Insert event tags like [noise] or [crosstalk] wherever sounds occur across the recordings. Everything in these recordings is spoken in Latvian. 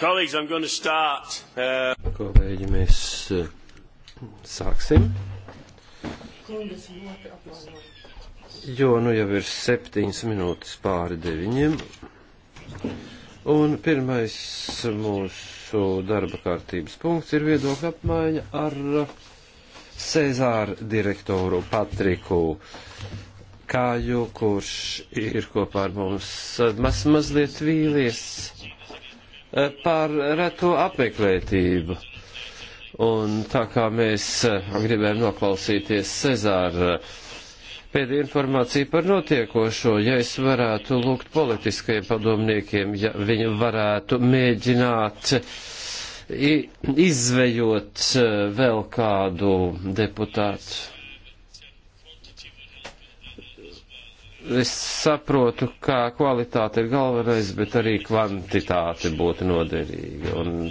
Colleagues, I'm going to start. Uh... Kolēģi, mēs uh, sāksim. Jo nu jau ir septiņas minūtes pāri deviņiem. Un pirmais mūsu darba kārtības punkts ir viedokļa apmaiņa ar Cezāra direktoru Patriku Kāju, kurš ir kopā ar mums uh, maz mazliet vīlies Eh, par reto apmeklētību. Un tā kā mēs eh, gribējām noklausīties Cezāra eh, pēdējo informāciju par notiekošo, ja es varētu lūgt politiskajiem padomniekiem, ja viņi varētu mēģināt izvejot vēl kādu deputātu. es saprotu, ka kvalitāte ir galvenais, bet arī kvantitāte būtu noderīga. Un,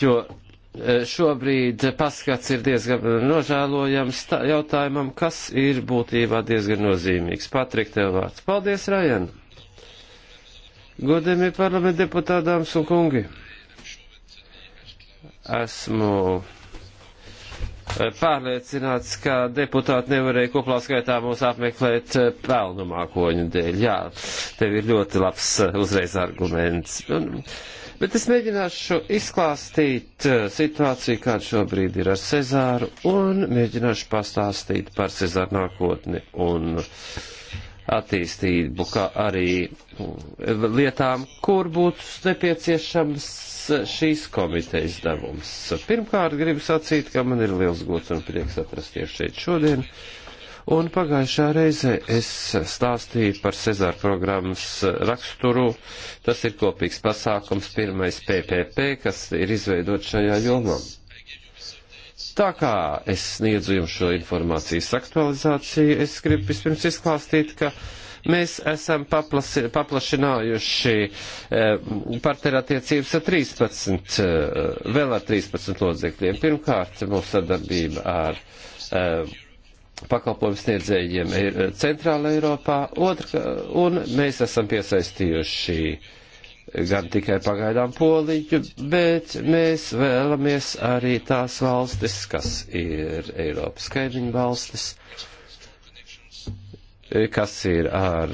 jo e, šobrīd paskats ir diezgan nožēlojams tā, jautājumam, kas ir būtībā diezgan nozīmīgs. Patrik, tev vārds. Paldies, Rajan! Godējumie parlamenta deputātāms un kungi! Esmu pārliecināts, ka deputāti nevarēja koplā skaitā mūs apmeklēt eh, pelnu mākoņu dēļ. Jā, tev ir ļoti labs eh, uzreiz arguments. Un, bet es mēģināšu izklāstīt eh, situāciju, kāda šobrīd ir ar Cezāru, un mēģināšu pastāstīt par Cezāru nākotni un attīstību, kā arī mm, lietām, kur būtu nepieciešams šīs komitejas devums. Pirmkārt, gribu sacīt, ka man ir liels gods un prieks atrasties šeit šodien. Un pagājušā reize es stāstīju par Cezāra programmas raksturu. Tas ir kopīgs pasākums, pirmais PPP, kas ir izveidot šajā jomā. Tā kā es sniedzu jums šo informācijas aktualizāciju, es gribu vispirms izklāstīt, ka uh, Mēs esam paplasi, paplašinājuši eh, partnerattiecības ar 13, eh, vēl ar 13 lodzekļiem. Pirmkārt, mūsu sadarbība ar eh, pakalpojumu sniedzējiem ir Centrāla Eiropā, otrka, un mēs esam piesaistījuši gan tikai pagaidām Poliju, bet mēs vēlamies arī tās valstis, kas ir Eiropas kaimiņu valstis, uh, kas ir ar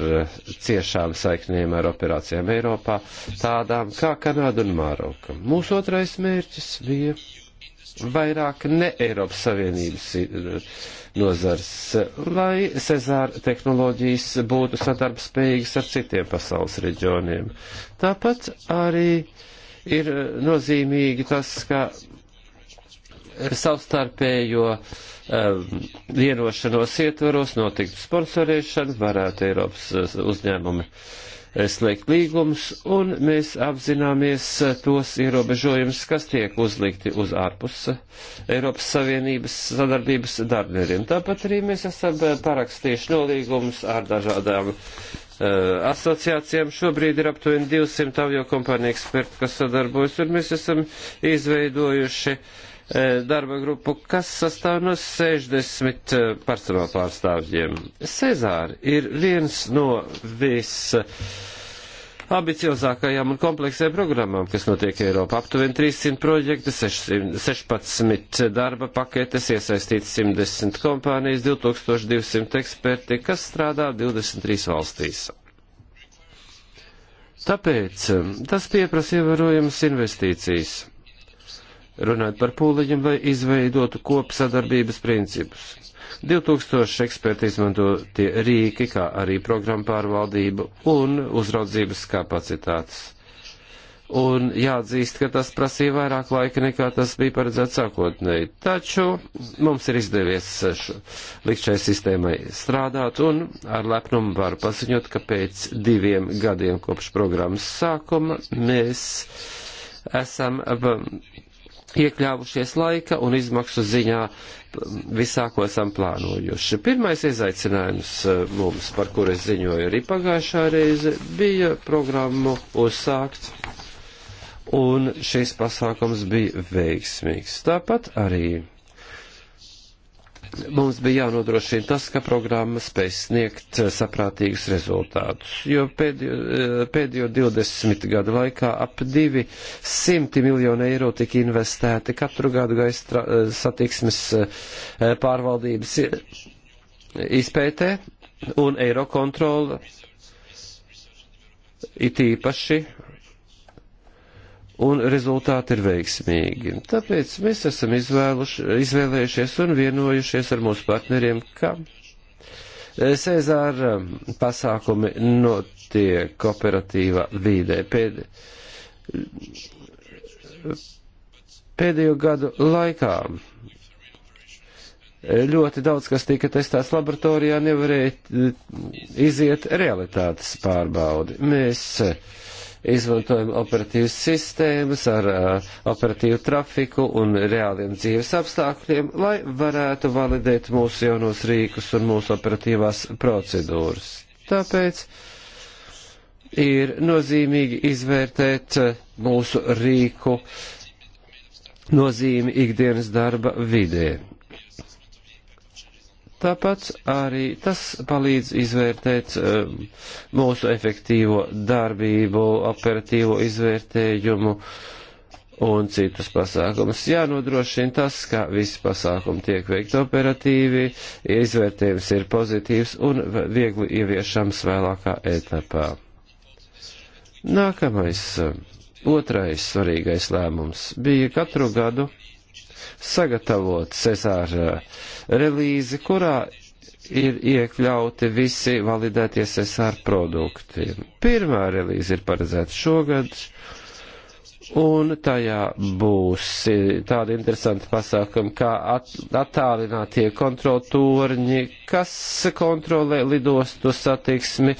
ciešām saiknēm ar operācijām Eiropā, tādām kā Kanāda un Māroka. Mūsu otrais mērķis bija vairāk ne Eiropas Savienības nozars, lai Cezāra tehnoloģijas būtu sadarbspējīgas ar citiem pasaules reģioniem. Tāpat arī ir nozīmīgi tas, ka savstarpējo uh, Ehm, vienošanos ietvaros notiktu sponsorēšana, varētu Eiropas eh, uzņēmumi eh, slēgt līgumus, un mēs apzināmies eh, tos ierobežojumus, kas tiek uzlikti uz ārpus Eiropas Savienības sadarbības darbieriem. Tāpat arī mēs esam parakstījuši nolīgumus ar dažādām asociācijām šobrīd ir aptuveni 200 avio kompāniju eksperti, kas sadarbojas, un mēs esam izveidojuši uh, E, darba grupu, kas sastāv no 60 e, personāla pārstāvjiem. Cezāri ir viens no vis ambiciozākajām un kompleksajām programmām, kas notiek Eiropā. Aptuveni 300 projekti, 16 darba paketes, iesaistīts 110 kompānijas, 2200 eksperti, kas strādā 23 valstīs. Tāpēc e, tas pieprasa ievērojams investīcijas runājot par pūliņiem, lai izveidotu kopsadarbības principus. 2000 eksperti izmanto tie rīki, kā arī programmu pārvaldību un uzraudzības kapacitātes. Un jāatzīst, ka tas prasīja vairāk laika nekā tas bija paredzēts sākotnēji. Taču mums ir izdevies likšķai sistēmai strādāt un ar lepnumu varu paziņot, ka pēc diviem gadiem kopš programmas sākuma mēs esam iekļāvušies laika un izmaksu ziņā visā, ko esam plānojuši. Pirmais izaicinājums eh, mums, par kur es ziņoju arī pagājušā reize, bija programmu uzsākt, un šis pasākums bija veiksmīgs. Tāpat arī Mums bija jānodrošina tas, ka programma spēj sniegt saprātīgus rezultātus, jo pēdējo, eh, pēdējo 20 gadu laikā ap 200 miljonu eiro tika investēti katru gadu gaistra eh, satiksmes eh, pārvaldības izpētē un eiro kontrola it īpaši un rezultāti ir veiksmīgi. Tāpēc mēs esam izvēluši, izvēlējušies un vienojušies ar mūsu partneriem, ka e, Cēzāra pasākumi notiek operatīvā vīdē. Pēd... Pēdējo gadu laikā ļoti daudz, kas tika testēts laboratorijā, nevarēja iziet realitātes pārbaudi. Mēs uh, izmantojam operatīvas sistēmas ar uh, operatīvu trafiku un reāliem dzīves apstākļiem, lai varētu validēt mūsu jaunos rīkus un mūsu operatīvās procedūras. Tāpēc ir nozīmīgi izvērtēt mūsu rīku nozīmi ikdienas darba vidē. Tāpat arī tas palīdz izvērtēt um, mūsu efektīvo darbību, operatīvo izvērtējumu un citus pasākumus. Jānodrošina tas, ka visi pasākumi tiek veikti operatīvi, izvērtējums ir pozitīvs un viegli ieviešams vēlākā etapā. Nākamais, um, otrais svarīgais lēmums bija katru gadu sagatavot Cezāra relīzi, kurā ir iekļauti visi validētie Cezāra produkti. Pirmā relīze ir paredzēta šogad Un tajā būs e, tādi interesanti pasākumi kā at, attālinātie kontroltorņi, kas kontrolē lidostu satiksmi,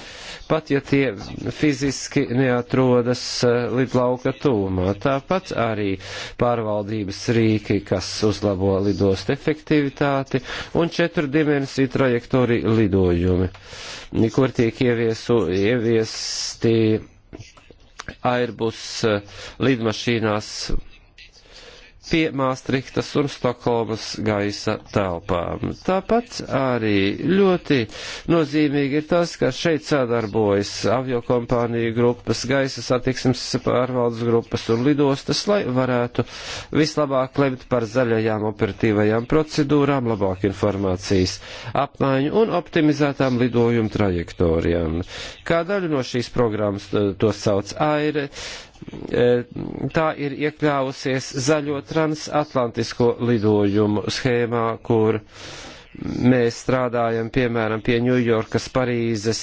pat ja tie fiziski neatrodas e, lidlauka tūmā. Tāpat arī pārvaldības rīki, kas uzlabo lidostu efektivitāti un četru dimensiju trajektoriju lidojumi, kur tiek ieviesu, ieviesti Airbus eh, lidmašīnās pie Māstrihtas un Stokholmas gaisa telpām. Tāpat arī ļoti nozīmīgi ir tas, ka šeit sadarbojas aviokompāniju grupas, gaisa satiksmes pārvaldes grupas un lidostas, lai varētu vislabāk lemt par zaļajām operatīvajām procedūrām, labāk informācijas apmaiņu un optimizētām lidojumu trajektorijām. Kā daļu no šīs programmas to sauc AIRE, E, tā ir iekļāvusies zaļo transatlantisko lidojumu schēmā, kur mēs strādājam piemēram pie Ņujorkas, Parīzes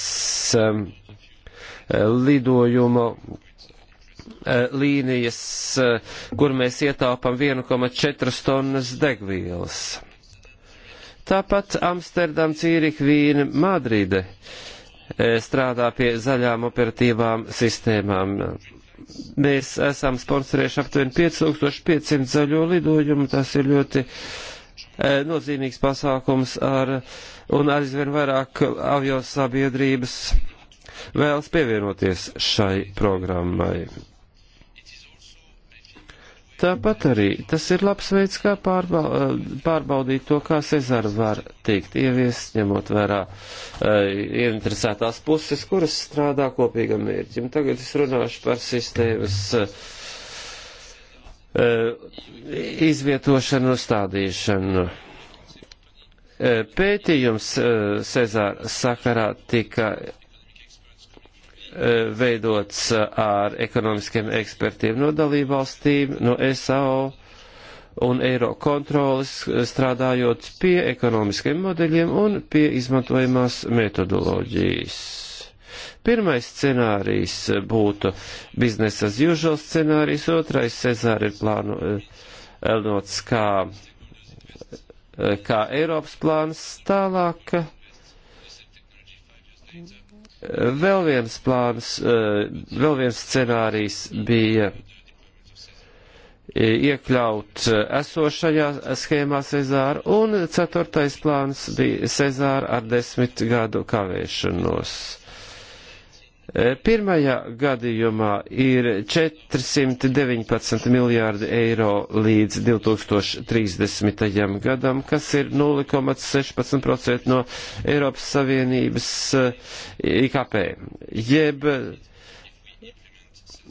um, e, lidojumu e, līnijas, kur mēs ietaupam 1,4 tonnas degvielas. Tāpat Amsterdam, Cīrika, Vīna, Madride strādā pie zaļām operatīvām sistēmām Mēs esam sponsorējuši aptuveni 5500 zaļo lidojumu, tas ir ļoti eh, nozīmīgs pasākums ar, un aizvien vairāk avio sabiedrības vēlas pievienoties šai programmai. Tāpat arī tas ir labs veids, kā eh, pārbaudīt to, kā Cezara var tikt ieviest, ņemot vērā eh, ieinteresētās puses, kuras strādā kopīgam mērķim. Tagad es runāšu par sistēmas eh, izvietošanu un stādīšanu. Pētījums Cezāra sakarā tika Eh, veidots eh, ar ekonomiskiem ekspertiem no dalībvalstīm, no SAO un eiro kontrolas, eh, strādājot pie ekonomiskiem modeļiem un pie izmantojamās metodoloģijas. Pirmais scenārijs būtu business as usual scenārijs, otrais Cezāra ir plānots kā, kā Eiropas plāns, tālāk Vēl viens plāns, e, vēl viens scenārijs bija e, iekļaut esošajā schēmā Cezāru, un ceturtais plāns bija Cezāra ar desmit gadu kavēšanos. E, pirmajā gadījumā ir 419 miljārdi eiro līdz 2030. gadam, kas ir 0,16% no Eiropas Savienības e, IKP, jeb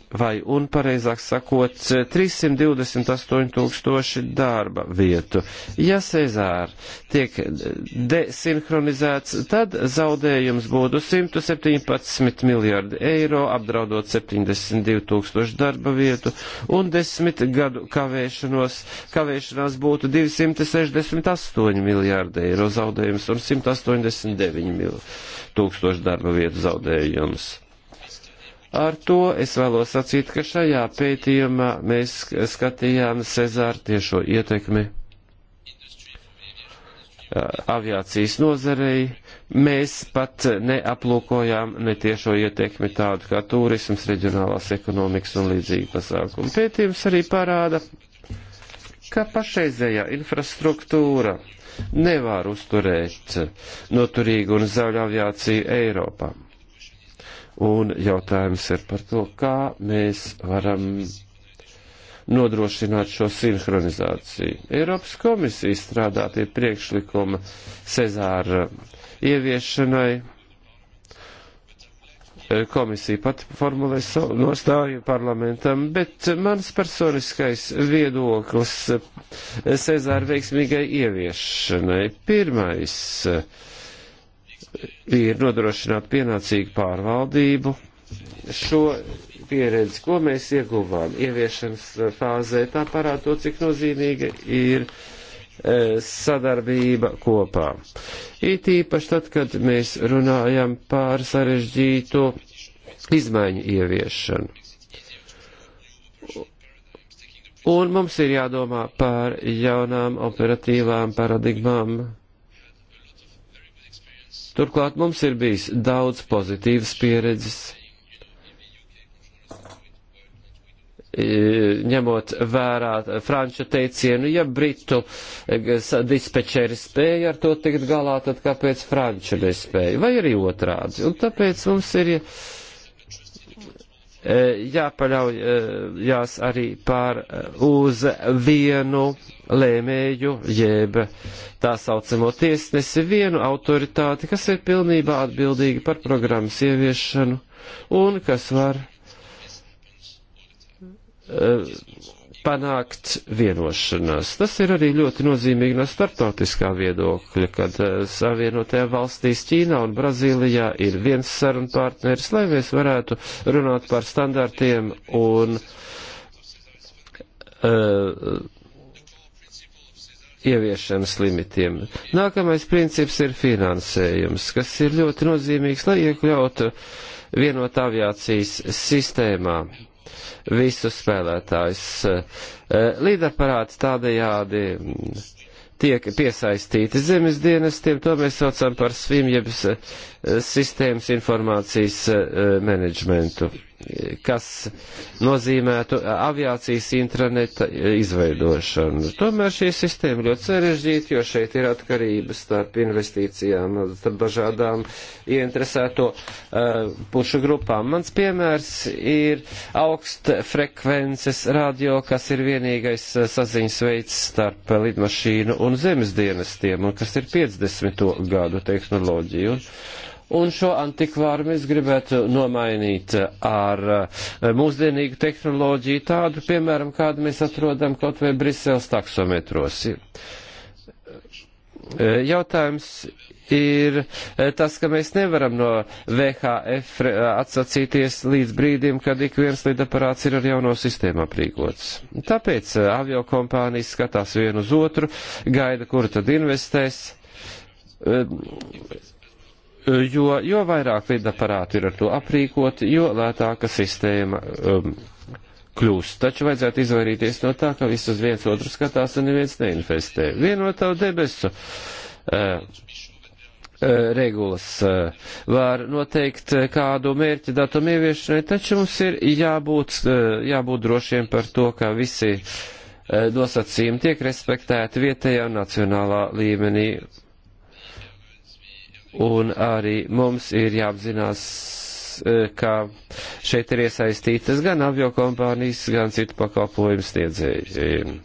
vai un pareizāk sakot 328 tūkstoši darba vietu. Ja Cezāra tiek desinhronizēts, tad zaudējums būtu 117 miljardi eiro, apdraudot 72 tūkstoši darba vietu un 10 gadu kavēšanos, kavēšanās būtu 268 miljardi eiro zaudējums un 189 tūkstoši darba vietu zaudējums. Ar to es vēlos sacīt, ka šajā pētījumā mēs skatījām Cezāru tiešo ietekmi aviācijas nozarei. Mēs pat neaplūkojām netiešo ietekmi tādu kā turisms, reģionālās ekonomikas un līdzīgi pasākumi. Pētījums arī parāda, ka pašreizējā infrastruktūra nevar uzturēt noturīgu un zaļu aviāciju Eiropā. Un jautājums ir par to, kā mēs varam nodrošināt šo sinhronizāciju. Eiropas komisija strādā pie priekšlikuma Cezāra ieviešanai. Komisija pati formulē savu nostāju parlamentam, bet mans personiskais viedoklis Cezāra veiksmīgai ieviešanai. Pirmais. Uh, ir nodrošināt pienācīgu pārvaldību. Šo pieredzi, ko mēs ieguvām ieviešanas fāzē, tā parāda to, cik nozīmīga ir e, sadarbība kopā. It īpaši tad, kad mēs runājam par sarežģītu izmaiņu ieviešanu. Un mums ir jādomā par jaunām operatīvām paradigmām, Turklāt mums ir bijis daudz pozitīvas pieredzes, e, ņemot vērā franču teicienu, ja britu e, dispečeri spēja ar to tikt galā, tad kāpēc franču nespēja? Vai arī otrādi? Un tāpēc mums ir. Ja, Eh, jāpaļaujas eh, arī pār eh, uz vienu lēmēju, jeb tā saucamo tiesnesi, vienu autoritāti, kas ir pilnībā atbildīga par programmas ieviešanu un kas var uh, panākt vienošanās. Tas ir arī ļoti nozīmīgi no startautiskā viedokļa, kad eh, Savienotajā valstīs Ķīnā un Brazīlijā ir viens sarunu partneris, lai mēs varētu runāt par standartiem un uh, ieviešanas limitiem. Nākamais princips ir finansējums, kas ir ļoti nozīmīgs, lai iekļautu vienot aviācijas sistēmā visus spēlētājus. Eh, Līdaparāts tādējādi tiek piesaistīti zemes dienestiem, to mēs saucam par svim, jeb eh, sistēmas informācijas eh, menedžmentu kas nozīmētu aviācijas intraneta izveidošanu. Tomēr šī sistēma ļoti sarežģīta, jo šeit ir atkarības starp investīcijām, starp dažādām ieinteresēto uh, pušu grupām. Mans piemērs ir augstfrekvences radio, kas ir vienīgais eh, saziņas veids starp lidmašīnu un zemes dienestiem, un kas ir 50. gadu tehnoloģiju. Un, Un šo antikvāru mēs gribētu nomainīt ar eh, mūsdienīgu tehnoloģiju, tādu, piemēram, kādu mēs atrodam kaut vai Briseles taksometros. Eh, jautājums ir eh, tas, ka mēs nevaram no VHF atsacīties līdz brīdim, kad ik viens lidaparāts ir ar jauno sistēmu aprīkots. Tāpēc avio kompānijas skatās vienu uz otru, gaida, kur tad investēs jo, jo vairāk lidaparātu ir ar to aprīkoti, jo lētāka sistēma um, kļūst. Taču vajadzētu izvairīties no tā, ka visus viens otru skatās un neviens neinvestē. Vienotā debesu uh, uh, regulas uh, var noteikt uh, kādu mērķi datumu ieviešanai, taču mums ir jābūt, uh, jābūt drošiem par to, ka visi uh, nosacījumi tiek respektēti vietējā un nacionālā līmenī Un arī mums ir jāapzinās, e, ka šeit ir iesaistītas gan aviokompānijas, gan citu pakalpojumu sniedzēji.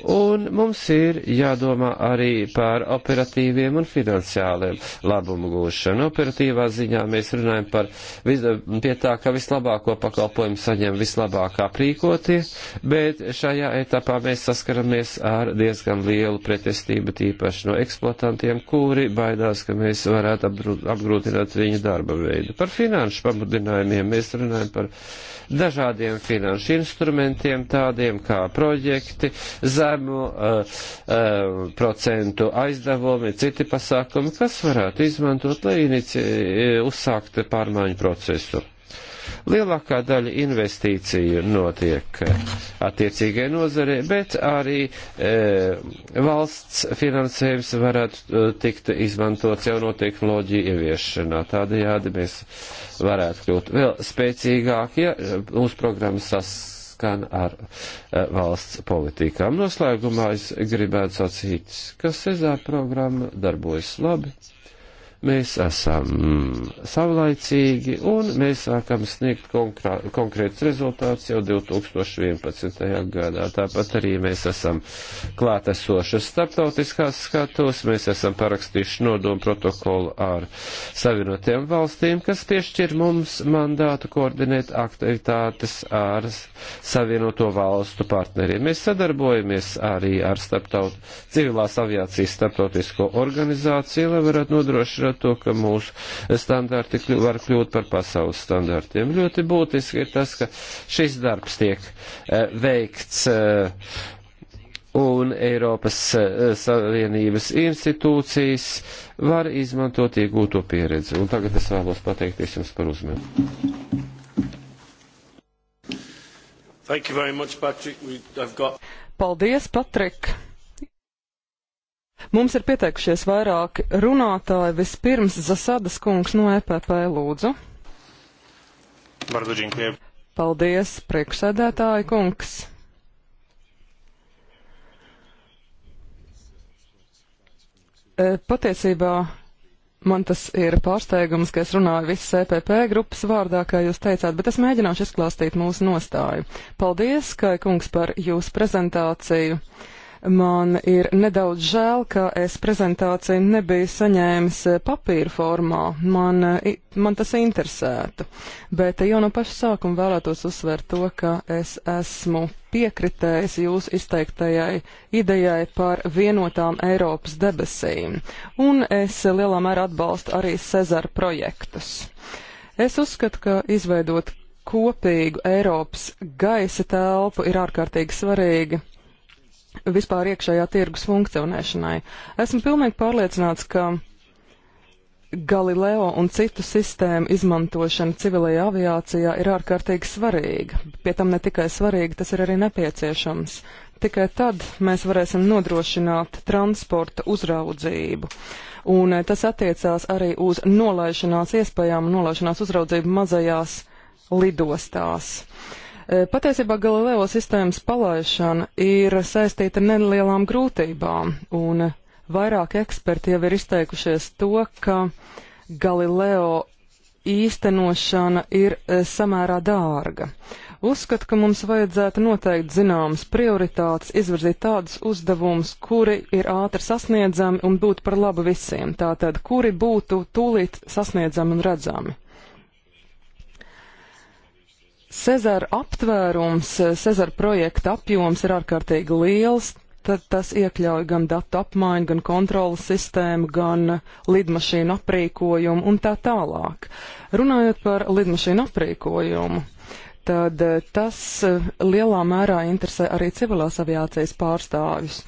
Un mums ir jādomā arī par operatīviem un finansiāliem labumu gūšanu. Operatīvā ziņā mēs runājam par vis, pie tā, ka vislabāko pakalpojumu saņem vislabākā prīkotie, bet šajā etapā mēs saskaramies ar diezgan lielu pretestību tīpaši no eksploatantiem, kuri baidās, ka mēs varētu apgrūtināt viņu darba veidu. Par finanšu pamudinājumiem mēs runājam par dažādiem finanšu instrumentiem, tādiem kā projekti, zemu uh, uh, procentu aizdevumi, citi pasākumi, kas varētu izmantot, lai inici, uzsākt pārmaiņu procesu. Lielākā daļa investīciju notiek attiecīgai nozarē, bet arī e, valsts finansējums varētu tikt izmantots jauno tehnoloģiju ieviešanā. Tādējādi mēs varētu kļūt vēl spēcīgāki, ja mūsu programmas sasniegt saskan ar eh, valsts politikām. Noslēgumā es gribētu sacīt, ka Cezāra programma darbojas labi mēs esam mm, savlaicīgi un mēs sākam sniegt konkrētus rezultātus jau 2011. gadā. Tāpat arī mēs esam klātesošas starptautiskās skatos, mēs esam parakstījuši nodomu protokolu ar savienotiem valstīm, kas piešķir mums mandātu koordinēt aktivitātes ar savienoto valstu partneriem. Mēs sadarbojamies arī ar starptaut, civilās aviācijas starptautisko organizāciju, lai varētu nodrošināt ievērot to, ka mūsu standarti var kļūt par pasaules standartiem. Ļoti būtiski ir tas, ka šis darbs tiek eh, veikts eh, un Eiropas eh, Savienības institūcijas var izmantot iegūto pieredzi. Un tagad es vēlos pateikties jums par uzmanību. Got... Paldies, Patrik! Mums ir pieteikušies vairāki runātāji. Vispirms Zasadas kungs no EPP lūdzu. Paldies, priekšsēdētāji kungs. E, patiesībā man tas ir pārsteigums, ka es runāju visas EPP grupas vārdā, kā jūs teicāt, bet es mēģināšu izklāstīt mūsu nostāju. Paldies, Kai kungs, par jūsu prezentāciju. Uh, Man ir nedaudz žēl, ka es prezentāciju nebiju saņēmis eh, papīra formā. Man, eh, man tas interesētu. Bet jau no paša sākuma vēlētos uzsvērt to, ka es esmu piekritējis jūsu izteiktajai idejai par vienotām Eiropas debesīm. Un es lielā mērā atbalstu arī Cezara projektus. Es uzskatu, ka izveidot kopīgu Eiropas gaisa telpu ir ārkārtīgi svarīgi vispār iekšējā tirgus funkcionēšanai. Esmu pilnīgi pārliecināts, ka Galileo un citu sistēmu izmantošana civilajā aviācijā ir ārkārtīgi svarīga. Pie tam ne tikai svarīga, tas ir arī nepieciešams. Tikai tad mēs varēsim nodrošināt transporta uzraudzību. Un eh, tas attiecās arī uz nolaišanās iespējām un nolaišanās uzraudzību mazajās lidostās. Uh, Eh, patiesībā Galileo sistēmas palaišana ir saistīta ar nelielām grūtībām, un vairāk eksperti jau ir izteikušies to, ka Galileo īstenošana ir eh, samērā dārga. Uzskat, ka mums vajadzētu noteikt zināmas prioritātes, izvirzīt tādus uzdevumus, kuri ir ātri sasniedzami un būtu par labu visiem, tātad kuri būtu tūlīt sasniedzami un redzami. Cezara aptvērums, eh, Cezara projekta apjoms ir ārkārtīgi liels. Tad tas iekļauj gan datu apmaiņu, gan kontrolas sistēmu, gan lidmašīnu aprīkojumu un tā tālāk. Runājot par lidmašīnu aprīkojumu, tad eh, tas eh, lielā mērā interesē arī civilās aviācijas pārstāvjus.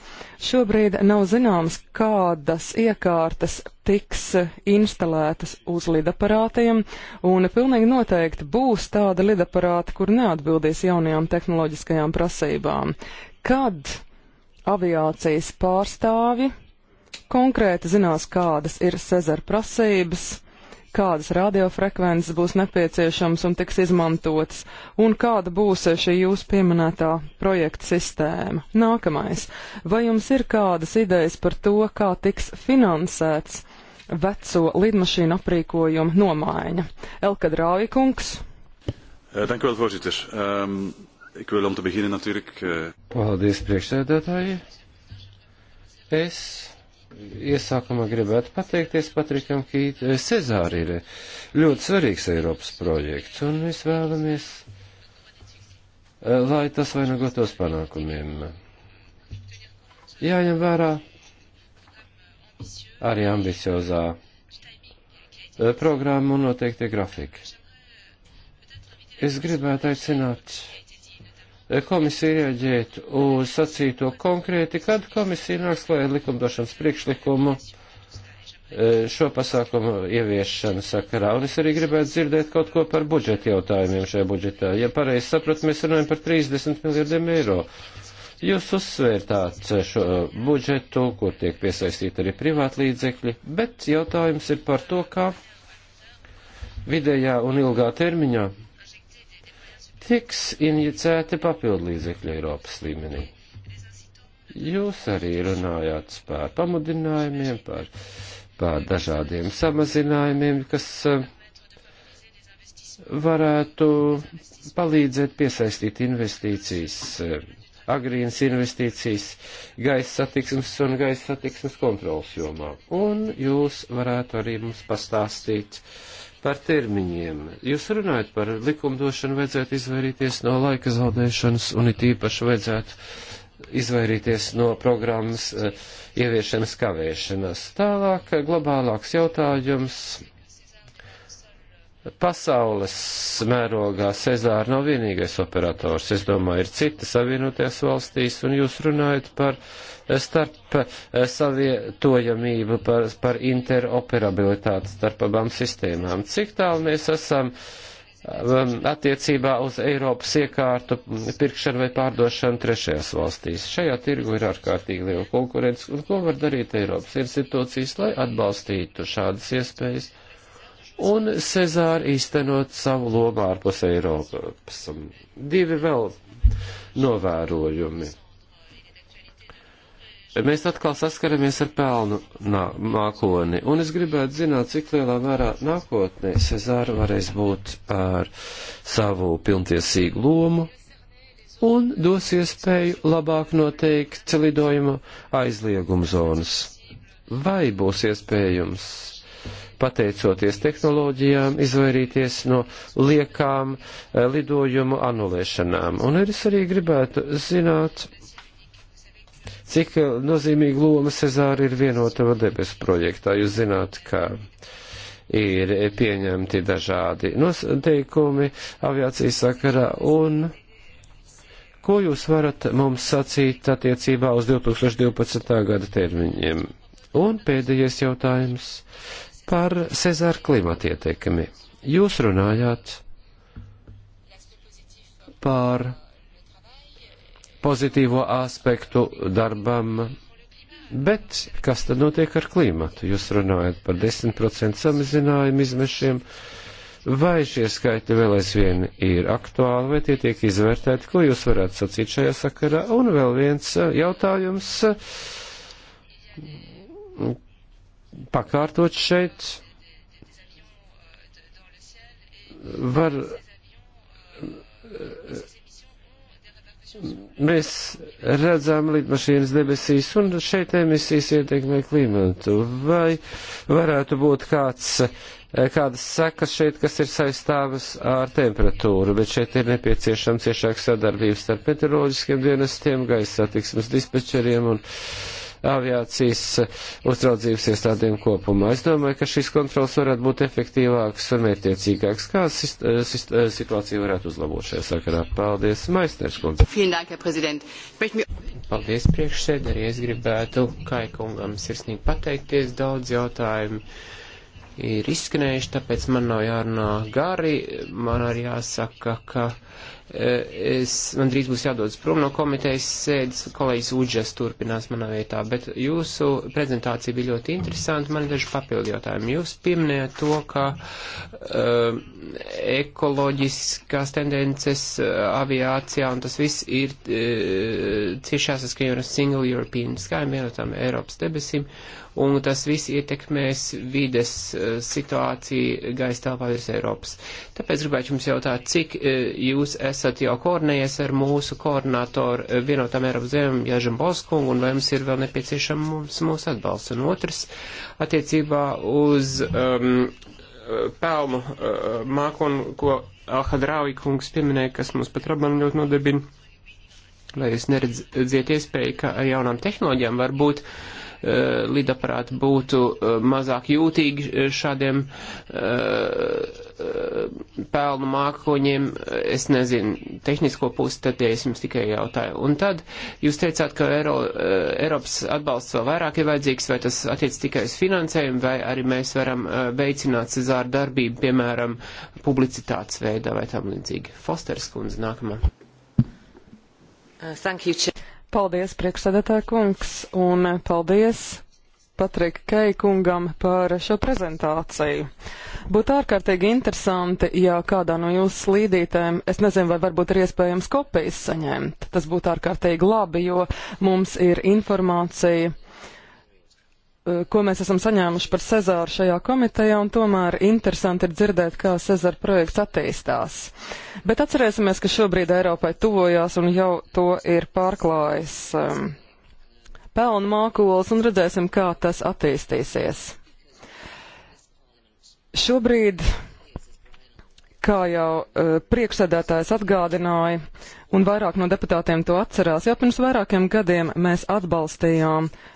Šobrīd nav zināms, kādas iekārtas tiks eh, instalētas uz lidaparātiem, un pilnīgi noteikti būs tāda lidaparāta, kur neatbildīs jaunajām tehnoloģiskajām prasībām. Kad aviācijas pārstāvi konkrēti zinās, kādas ir Cezara prasības, kādas radiofrekvences būs nepieciešams un tiks izmantotas, un kāda būs šī jūsu pieminētā projekta sistēma. Nākamais. Vai jums ir kādas idejas par to, kā tiks finansēts veco lidmašīnu aprīkojumu nomaiņa? Elka Drāvikungs. Eh, dank u wel, voorzitter. Um, ik wil om te beginnen natuurlijk... Uh... Paldies, priekšsēdētāji. Es iesākumā gribētu pateikties Patrikam Kītam. Eh, Cezāri ir ļoti svarīgs Eiropas projekts, un mēs vēlamies, eh, lai tas vainagotos nu panākumiem. Jāņem vērā arī ambiciozā eh, programma un noteikti grafika. Es gribētu aicināt komisija rieģēt uz sacīto konkrēti, kad komisija nāks klājā likumdošanas priekšlikumu e, šo pasākumu ieviešanu sakarā. Un es arī gribētu dzirdēt kaut ko par budžeta jautājumiem šajā budžetā. Ja pareizi sapratu, mēs runājam par 30 miljardiem eiro. Jūs uzsvērtāt šo budžetu, kur tiek piesaistīti arī privāti līdzekļi, bet jautājums ir par to, kā vidējā un ilgā termiņā tiks injicēti papildu līdzekļi Eiropas līmenī. Jūs arī runājāt par pamudinājumiem, par, par dažādiem samazinājumiem, kas eh, varētu palīdzēt piesaistīt investīcijas, eh, agrīnas investīcijas gaisa satiksmes un gaisa satiksmes kontrols jomā. Un jūs varētu arī mums pastāstīt uh, par termiņiem. Jūs runājat par likumdošanu, vajadzētu izvairīties no laika zaudēšanas un it īpaši vajadzētu izvairīties no programmas eh, ieviešanas kavēšanas. Tālāk, eh, globālāks jautājums. Pasaules mērogā Cezāra nav vienīgais operators. Es domāju, ir citi savienoties valstīs, un jūs runājat par starp eh, savietojamību par, par interoperabilitāti starp abām sistēmām. Cik tālu mēs esam um, attiecībā uz Eiropas iekārtu pirkšanu vai pārdošanu trešajās valstīs. Šajā tirgu ir ārkārtīgi liela konkurence, un ko var darīt Eiropas institūcijas, lai atbalstītu šādas iespējas? un Cezāra īstenot savu lomu ārpus Eiropas. Divi vēl novērojumi mēs atkal saskaramies ar pelnu nākotni, un es gribētu zināt, cik lielā mērā nākotnē Cezāra varēs būt ar savu pilntiesīgu lomu un dos iespēju labāk noteikt lidojuma aizliegumu zonas. Vai būs iespējams, pateicoties tehnoloģijām, izvairīties no liekām eh, lidojumu anulēšanām? Un es arī gribētu zināt, cik nozīmīga loma Cezāra ir vienota debesu projektā. Jūs zināt, ka ir pieņemti dažādi noteikumi aviācijas sakarā un ko jūs varat mums sacīt attiecībā uz 2012. gada termiņiem? Un pēdējais jautājums par Cezāra klimata ietekmi. Jūs runājāt par pozitīvo aspektu darbam, bet kas tad notiek ar klimatu? Jūs runājat par 10% samazinājumu izmešiem, vai šie skaitļi vēl aizvien ir aktuāli, vai tie tiek izvērtēti, ko jūs varētu sacīt šajā sakarā? Un vēl viens eh, jautājums pakārtot šeit. Var mēs redzam lidmašīnas debesīs un šeit emisijas ietekmē klimatu. Vai varētu būt kāds, kādas sekas šeit, kas ir saistāvas ar temperatūru, bet šeit ir nepieciešams ciešāk sadarbības starp meteoroloģiskiem dienestiem, gaisa satiksmes dispečeriem un. Uh, aviācijas uzraudzības iestādēm kopumā. Es domāju, ka šīs kontrols varētu būt efektīvāks un mērķiecīgāks. Kā sist, eh, sist, eh, situācija varētu uzlabot šajā sakarā? Paldies, Maisners kundze. Paldies, priekšsēd, arī es gribētu Kaikungam sirsnīgi pateikties daudz jautājumu ir izskanējuši, tāpēc man nav jārunā gari. Man arī jāsaka, ka Eh, es, man drīz būs jādodas prom no komitejas sēdes, kolēģis Uģas turpinās manā vietā, bet jūsu prezentācija bija ļoti interesanta, man ir daži papildu jautājumi. Jūs pieminējat to, ka uh, ekoloģiskās tendences uh, aviācijā un tas viss ir uh, ciešā saskaņā ar Single European Sky, vienotām Eiropas debesīm. Uh, un tas viss ietekmēs vides eh, situāciju gaisa telpā virs Eiropas. Tāpēc gribētu jums jautāt, cik eh, jūs esat jau koordinējies ar mūsu koordinātoru eh, vienotām Eiropas zemēm Jažam Boskungu, un vai jums ir vēl nepieciešams mūsu atbalsts? Un otrs, attiecībā uz um, pelnu uh, mākonu, ko Alhadrauji kungs pieminēja, kas mums pat rabam ļoti nodarbina. Vai jūs neredzat iespēju, ka ar jaunām tehnoloģijām var būt uh, Eh, lidaparāti būtu eh, mazāk jūtīgi eh, šādiem pelnu mākoņiem, es nezinu, tehnisko pusi, tad es jums tikai jautāju. Un tad jūs teicāt, ka Eiro, Eiropas atbalsts vēl vairāk ir vajadzīgs, vai tas attiec tikai uz finansējumu, vai arī mēs varam veicināt Cezāru darbību, piemēram, publicitātes veidā vai tam līdzīgi. Fosters kundze nākamā. Uh, Paldies, priekšsēdētāja kungs, un paldies Patrika Keikungam par šo prezentāciju. Būtu ārkārtīgi interesanti, ja kādā no jūsu slīdītēm, es nezinu, vai varbūt ir iespējams kopijas saņemt. Tas būtu ārkārtīgi labi, jo mums ir informācija Eh, ko mēs esam saņēmuši par Cezāru šajā komitejā, un tomēr interesanti ir dzirdēt, kā Cezāra projekts attīstās. Bet atcerēsimies, ka šobrīd Eiropai tuvojās un jau to ir pārklājis um, pelnu mākols, un redzēsim, kā tas attīstīsies. Šobrīd, kā jau uh, priekšsēdētājs atgādināja, un vairāk no deputātiem to atcerās, jau pirms vairākiem gadiem mēs atbalstījām uh,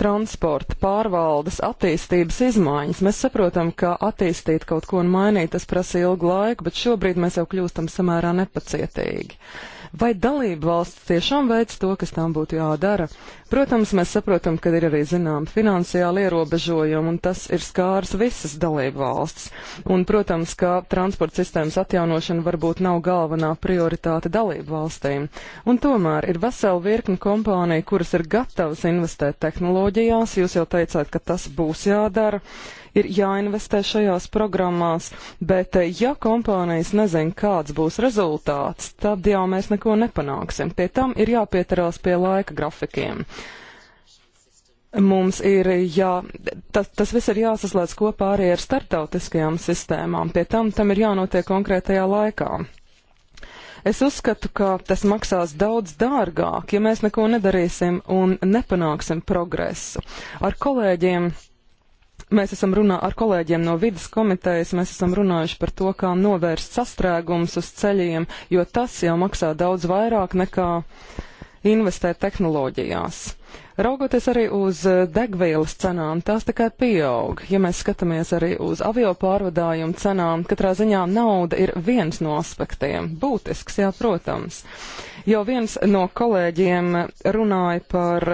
transporta pārvaldes attīstības izmaiņas. Mēs saprotam, ka attīstīt kaut ko un mainīt, tas prasa ilgu laiku, bet šobrīd mēs jau kļūstam samērā nepacietīgi. Uh, Vai dalība valsts tiešām veic to, kas tām būtu jādara? Protams, mēs saprotam, ka ir arī zinām finansiāli ierobežojumi, un tas ir skārs visas dalība valsts. Un, protams, ka transporta sistēmas atjaunošana varbūt nav galvenā prioritāte dalību valstīm. Un tomēr ir vesela virkni kompāniju, kuras ir gatavas investēt tehnoloģijās. Jūs jau teicāt, ka tas būs jādara. Uh, ir jāinvestē šajās programmās, bet eh, ja kompānijas nezin, kāds būs rezultāts, tad jau mēs neko nepanāksim. Pie tam ir jāpieturās pie laika grafikiem. Mums ir jā, tas, tas viss ir jāsaslēdz kopā arī ar starptautiskajām sistēmām, pie tam tam ir jānotiek konkrētajā laikā. Es uzskatu, ka tas maksās daudz dārgāk, ja mēs neko nedarīsim un nepanāksim progresu. Ar kolēģiem Mēs esam runā ar kolēģiem no vidas komitejas, mēs esam runājuši par to, kā novērst sastrēgumus uz ceļiem, jo tas jau maksā daudz vairāk nekā investēt tehnoloģijās. Raugoties arī uz degvielas cenām, tās tikai pieaug. Ja mēs skatāmies arī uz avio pārvadājumu cenām, katrā ziņā nauda ir viens no aspektiem. Būtisks, jā, protams. Jau viens no kolēģiem runāja par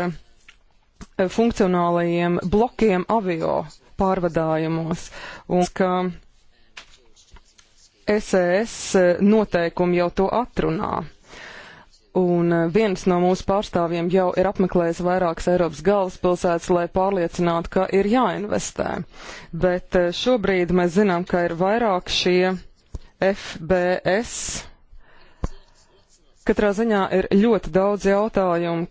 funkcionālajiem blokiem avio pārvadājumos. Un ka SES e noteikumi jau to atrunā. Un eh, viens no mūsu pārstāvjiem jau ir apmeklējis vairākas Eiropas galvaspilsētas, lai pārliecinātu, ka ir jāinvestē. Bet eh, šobrīd mēs zinām, ka ir vairāk šie FBS. Katrā ziņā ir ļoti daudz jautājumu,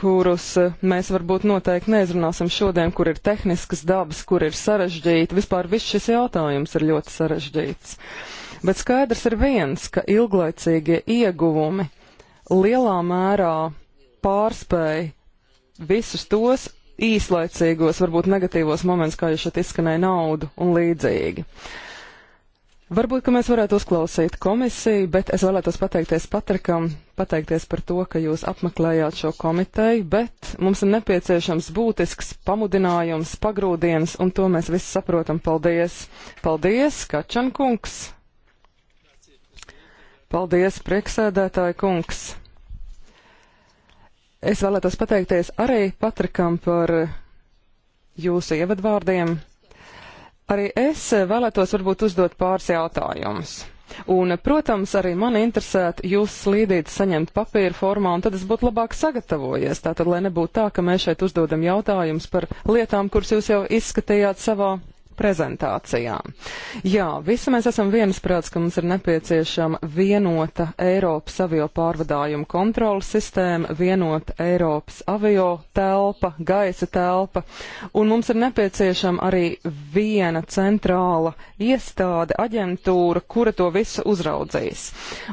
kurus eh, mēs varbūt noteikti neizrunāsim šodien, kur ir tehniskas dabas, kur ir sarežģīti. Vispār viss šis jautājums ir ļoti sarežģīts. Bet skaidrs ir viens, ka ilglaicīgie ieguvumi lielā mērā pārspēj visus tos īslaicīgos, varbūt negatīvos momentus, kā jau šeit izskanēja naudu un līdzīgi. Uh, Varbūt, ka mēs varētu uzklausīt komisiju, bet es vēlētos pateikties Patrikam, pateikties par to, ka jūs apmeklējāt šo komiteju, bet mums ir nepieciešams būtisks pamudinājums, pagrūdiens, un to mēs visi saprotam. Paldies! Paldies, Kačankungs! Paldies, prieksēdētāja kungs! Es vēlētos pateikties arī Patrikam par jūsu ievadvārdiem. Arī es vēlētos varbūt uzdot pāris jautājumus. Un, protams, arī man interesētu jūs slīdīt saņemt papīra formā, un tad es būtu labāk sagatavojies. Tātad, lai nebūtu tā, ka mēs šeit uzdodam jautājumus par lietām, kuras jūs jau izskatījāt savā prezentācijām. Jā, visi mēs esam viensprāts, ka mums ir nepieciešama vienota Eiropas avio pārvadājuma kontrolas sistēma, vienota Eiropas avio telpa, gaisa telpa, un mums ir nepieciešama arī viena centrāla iestāde, aģentūra, kura to visu uzraudzīs.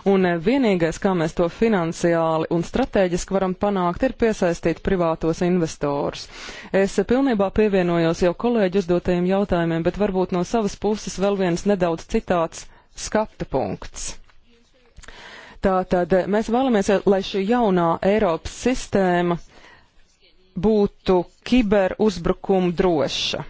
Un eh, vienīgais, kā mēs to finansiāli un strateģiski varam panākt, ir piesaistīt privātos investorus. Es pilnībā pievienojos jau kolēģi uzdotajiem jautājumiem jautājumiem, bet varbūt no savas puses vēl viens nedaudz citāds skatu punkts. Tātad mēs vēlamies, lai šī jaunā Eiropas sistēma būtu kiberuzbrukumu droša.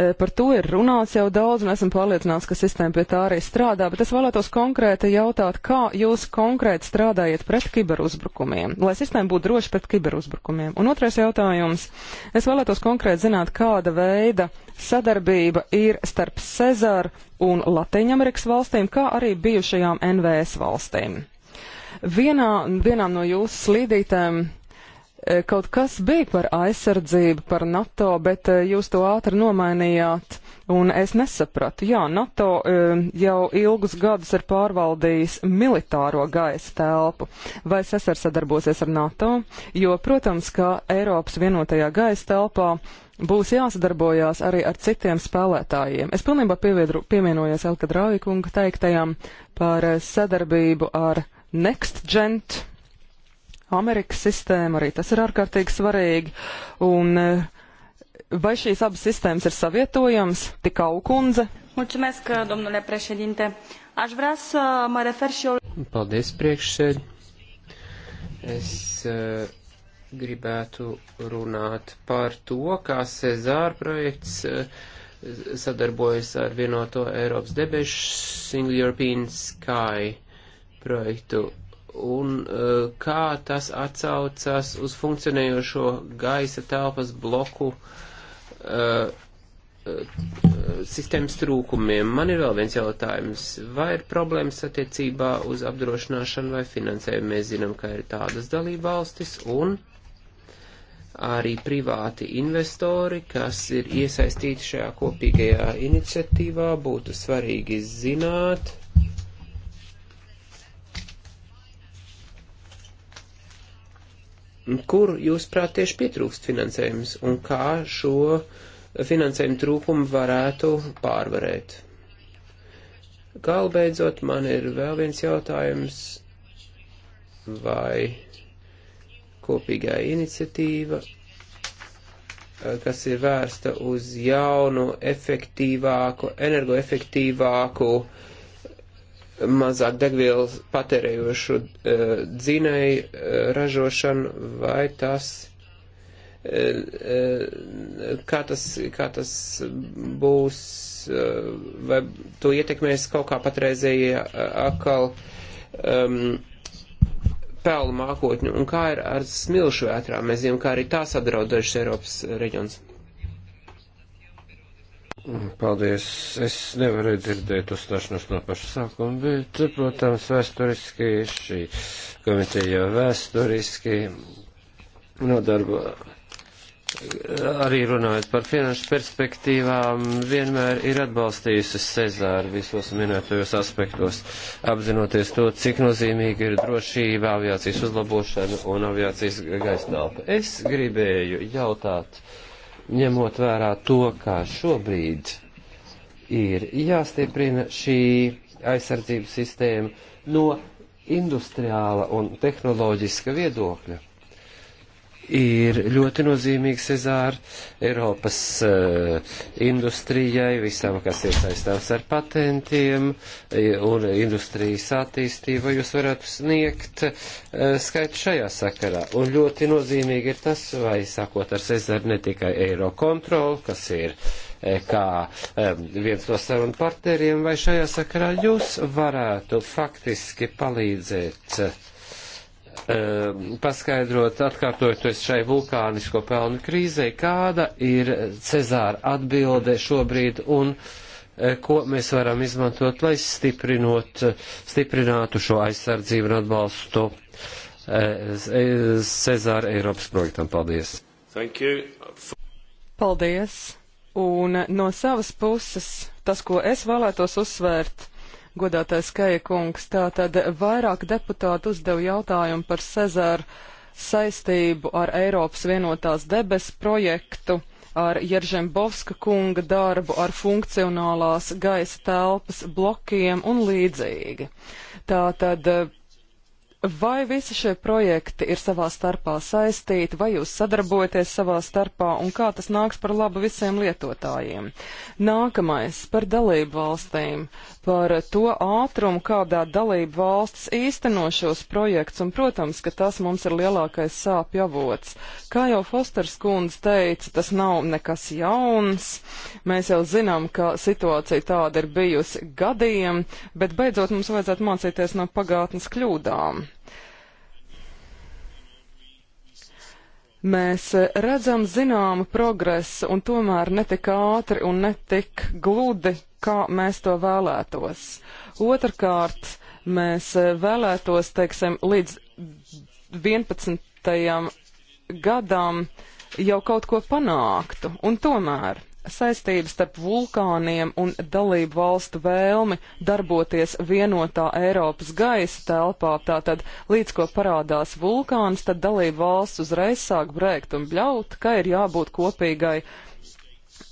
Eh, par to ir runāts jau daudz, un esmu pārliecināts, ka sistēma pie tā arī strādā, bet es vēlētos konkrēti jautāt, kā jūs konkrēti strādājat pret kiberuzbrukumiem, lai sistēma būtu droša pret kiberuzbrukumiem. Un otrais jautājums. Es vēlētos konkrēti zināt, kāda veida sadarbība ir starp Cezaru un Latvijas valstīm, kā arī bijušajām NVS valstīm. Vienā, vienā no jūsu slīdītēm Eh, kaut kas bija par aizsardzību, par NATO, bet eh, jūs to ātri nomainījāt, un es nesapratu. Jā, NATO eh, jau ilgus gadus ir pārvaldījis militāro gaisa telpu. Vai SSR sadarbosies ar NATO? Jo, protams, ka Eiropas vienotajā gaisa telpā būs jāsadarbojās arī ar citiem spēlētājiem. Es pilnībā pieviedru, pievienojos Elka Draujikunga teiktajam par sadarbību ar NextGent Amerikas sistēmu, arī tas ir ārkārtīgi svarīgi. Un eh, vai šīs abas sistēmas ir savietojamas? Tikā Ukundze. Mulțumesc, domnule președinte. Aș vrea să mă refer și eu. Paldies, priekšsēd. Es uh, gribētu runāt par to, kā Cezāra projekts uh, sadarbojas ar vienoto Eiropas debešu Single European Sky projektu un eh, kā tas atsaucas uz funkcionējošo gaisa telpas bloku uh, sistēmas trūkumiem. Man ir vēl viens jautājums. Vai ir problēmas attiecībā uz apdrošināšanu vai finansējumu? Mēs zinām, ka ir tādas dalībvalstis un arī privāti investori, kas ir iesaistīti šajā kopīgajā iniciatīvā, būtu svarīgi zināt, Kur, jūsuprāt, tieši pietrūkst finansējums un kā šo finansējumu trūkumu varētu pārvarēt? Galbeidzot, man ir vēl viens jautājums, vai kopīgā iniciatīva eh, kas ir vērsta uz jaunu, efektīvāku, energoefektīvāku uh, mazāk degvielas patērējošu uh, dzinēju uh, ražošanu, vai tas, uh, uh, kā tas, kā tas būs, uh, vai to ietekmēs kaut kā patreizējie uh, akal um, pelnu mākotņu, un kā ir ar smilšu vētrām, mēs zinām, kā arī tās apdraud dažas Eiropas reģions. Paldies. Es nevarēju dzirdēt uzstāšanos no paša sākuma, bet, protams, vēsturiski šī komiteja jau vēsturiski nodarbo. Arī runājot par finanšu perspektīvām, vienmēr ir atbalstījusi Cezāru visos minētajos aspektos, apzinoties to, cik nozīmīgi ir drošība, aviācijas uzlabošana un aviācijas gaisnāpa. Es gribēju jautāt. Uh, ņemot vērā to, kā šobrīd ir jāstieprina šī aizsardzības sistēma no industriāla un tehnoloģiska viedokļa ir ļoti nozīmīgs Cezāra Eiropas uh, industrijai, visam, kas ir saistāms ar patentiem eh, un industrijas attīstību. Jūs varētu sniegt uh, skaitu šajā sakarā. Un ļoti nozīmīgi ir tas, vai sākot ar Cezāru ne tikai eiro kontroli, kas ir uh, kā um, viens no sarunu partneriem, vai šajā sakarā jūs varētu faktiski palīdzēt uh, Ehm, paskaidrot, atkārtojoties šai vulkānisko pelnu krīzei, kāda ir Cezāra atbilde šobrīd un e, ko mēs varam izmantot, lai stiprinot, stiprinātu šo aizsardzību un atbalstu e, e, Cezāra Eiropas projektam. Paldies! Paldies! Un no savas puses tas, ko es vēlētos uzsvērt, godātais Keikungs. Tātad vairāk deputāti uzdeva jautājumu par Cezaru saistību ar Eiropas vienotās debes projektu, ar Jeržembovska kunga darbu, ar funkcionālās gaisa telpas blokiem un līdzīgi. Tātad Vai visi šie projekti ir savā starpā saistīti, vai jūs sadarbojaties savā starpā un kā tas nāks par labu visiem lietotājiem? Nākamais par dalību valstīm, par to ātrumu, kādā dalību valsts īsteno šos projekts, un, protams, ka tas mums ir lielākais sāpju avots. Kā jau Fosters kundze teica, tas nav nekas jauns. Mēs jau zinām, ka situācija tāda ir bijusi gadiem, bet beidzot mums vajadzētu mācīties no pagātnes kļūdām. Mēs eh, redzam zināmu progresu un tomēr netik ātri un netik gludi, kā mēs to vēlētos. Otrkārt, mēs eh, vēlētos, teiksim, līdz 11. gadam jau kaut ko panāktu, un tomēr saistības starp vulkāniem un dalību valstu vēlmi darboties vienotā Eiropas gaisa telpā. Tātad, līdz ko parādās vulkāns, tad dalību valsts uzreiz sāk brēkt un bļaut, ka ir jābūt kopīgai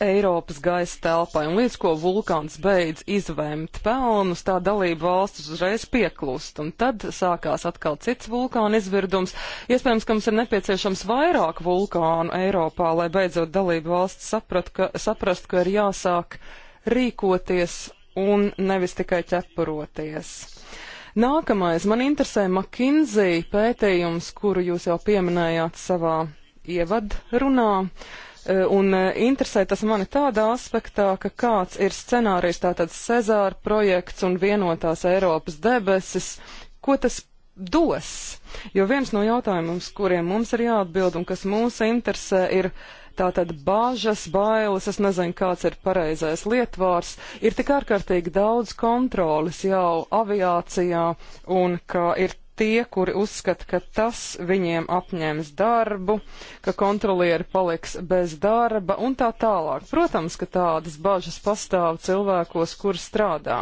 Eiropas gaisa telpai, un līdz ko vulkāns beidz izvēmt pelnus, tā dalība valsts uzreiz pieklust, un tad sākās atkal cits vulkāna izvirdums. Iespējams, ka mums ir nepieciešams vairāk vulkānu Eiropā, lai beidzot dalība valsts saprat, ka, saprast, ka ir jāsāk rīkoties un nevis tikai ķepuroties. Nākamais man interesē McKinsey pētījums, kuru jūs jau pieminējāt savā ievadrunā. runā. E, un e, interesē tas mani tādā aspektā, ka kāds ir scenārijs, tātad Cezāra projekts un vienotās Eiropas debesis, ko tas dos? Jo viens no jautājumiem, uz kuriem mums ir jāatbild un kas mūs interesē, ir tātad bāžas, bailes, es nezinu, kāds ir pareizais lietvārs, ir tik ārkārtīgi daudz kontrolas jau aviācijā un ka ir tie, kuri uzskata, ka tas viņiem apņēmis darbu, ka kontrolieri paliks bez darba un tā tālāk. Protams, ka tādas bažas pastāv cilvēkos, kur strādā.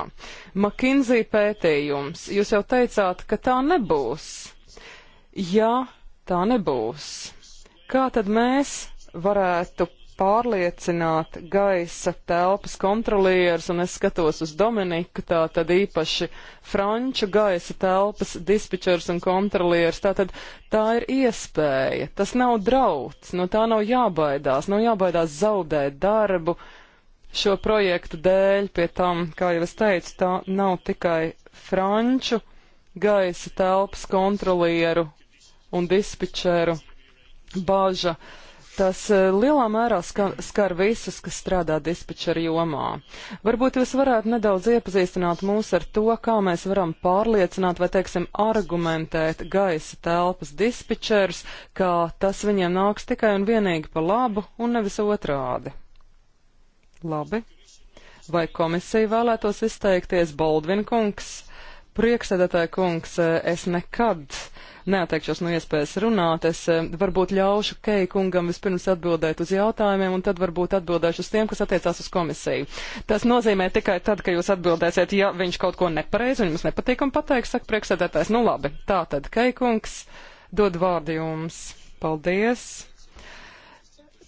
McKinsey pētījums, jūs jau teicāt, ka tā nebūs. Ja tā nebūs, kā tad mēs varētu pārliecināt gaisa telpas kontrolierus, un es skatos uz Dominiku, tā tad īpaši franču gaisa telpas dispečers un kontrolieris. Tā tad tā ir iespēja, tas nav drauds, no tā nav jābaidās, nav jābaidās zaudēt darbu šo projektu dēļ, pie tam, kā jau es teicu, tā nav tikai franču gaisa telpas kontrolieru un dispečeru bāža. Uh, Tas e, lielā mērā ska, skar visus, kas strādā dispečera jomā. Varbūt jūs varētu nedaudz iepazīstināt mūs ar to, kā mēs varam pārliecināt vai, teiksim, argumentēt gaisa telpas dispečers, ka tas viņiem nāks tikai un vienīgi pa labu un nevis otrādi. Labi. Vai komisija vēlētos izteikties Baldvin kungs? Priekšsēdētāja kungs, eh, es nekad neatteikšos no iespējas runāt. Es eh, varbūt ļaušu Keja kungam vispirms atbildēt uz jautājumiem, un tad varbūt atbildēšu uz tiem, kas attiecās uz komisiju. Tas nozīmē tikai tad, ka jūs atbildēsiet, ja viņš kaut ko nepareizi un jums nepatīk un pateiks, saka priekšsēdētājs. Nu labi, tā tad Keja kungs dod vārdu jums. Paldies!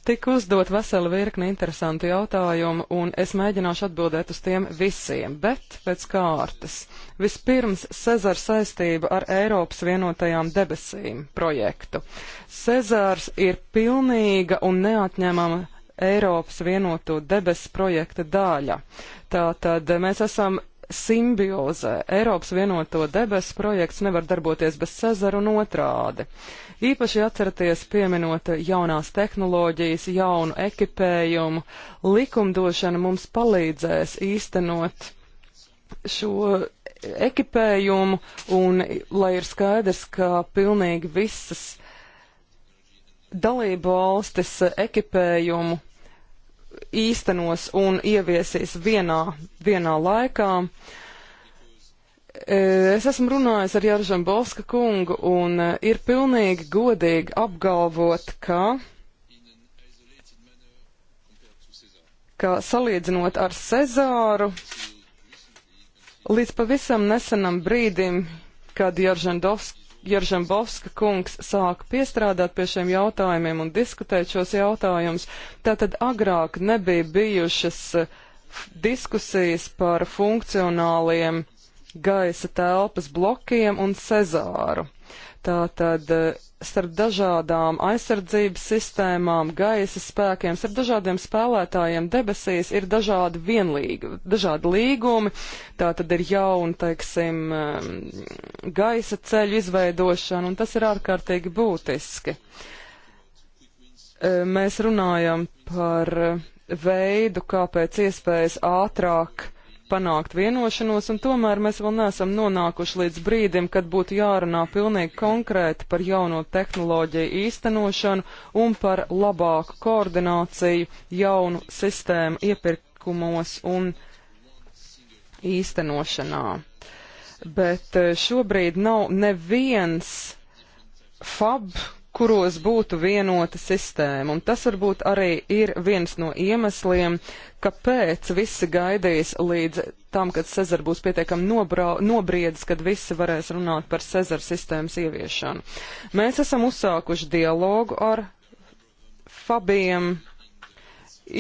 Tik uzdot veseli virkni interesantu jautājumu, un es mēģināšu atbildēt uz tiem visiem, bet pēc kārtas. Vispirms Cezars saistība ar Eiropas vienotajām debesīm projektu. Cezars ir pilnīga un neatņemama Eiropas vienoto debesu projekta daļa. Tātad mēs esam simbiozē. Eiropas vienoto debesu projekts nevar darboties bez Cezara un otrādi. Uh, Īpaši atceraties pieminot jaunās tehnoloģijas, jaunu ekipējumu, likumdošana mums palīdzēs īstenot šo ekipējumu un lai ir skaidrs, ka pilnīgi visas dalību valstis ekipējumu īstenos un ieviesīs vienā, vienā laikā. Uh, Eh, es esmu runājis ar Jāržam Bolska kungu un eh, ir pilnīgi godīgi apgalvot, ka, ka salīdzinot ar Cezāru, līdz pavisam nesenam brīdim, kad Jāržam Bolska kungs sāka piestrādāt pie šiem jautājumiem un diskutēt šos jautājumus, tātad agrāk nebija bijušas eh, diskusijas par funkcionāliem gaisa telpas blokiem un Cezāru. Tātad eh, starp dažādām aizsardzības sistēmām, gaisa spēkiem, starp dažādiem spēlētājiem debesīs ir dažādi vienlīgi, dažādi līgumi. Tātad ir jauna, teiksim, gaisa ceļu izveidošana, un tas ir ārkārtīgi būtiski. Mēs runājam par veidu, kāpēc iespējas ātrāk panākt vienošanos, un tomēr mēs vēl neesam nonākuši līdz brīdim, kad būtu jārunā pilnīgi konkrēti par jauno tehnoloģiju īstenošanu un par labāku koordināciju jaunu sistēmu iepirkumos un īstenošanā. Bet eh, šobrīd nav neviens fab kuros būtu vienota sistēma, un tas varbūt arī ir viens no iemesliem, kāpēc visi gaidīs līdz tam, kad Cezar būs pietiekami nobriedis, kad visi varēs runāt par Cezar sistēmas ieviešanu. Mēs esam uzsākuši dialogu ar Fabiem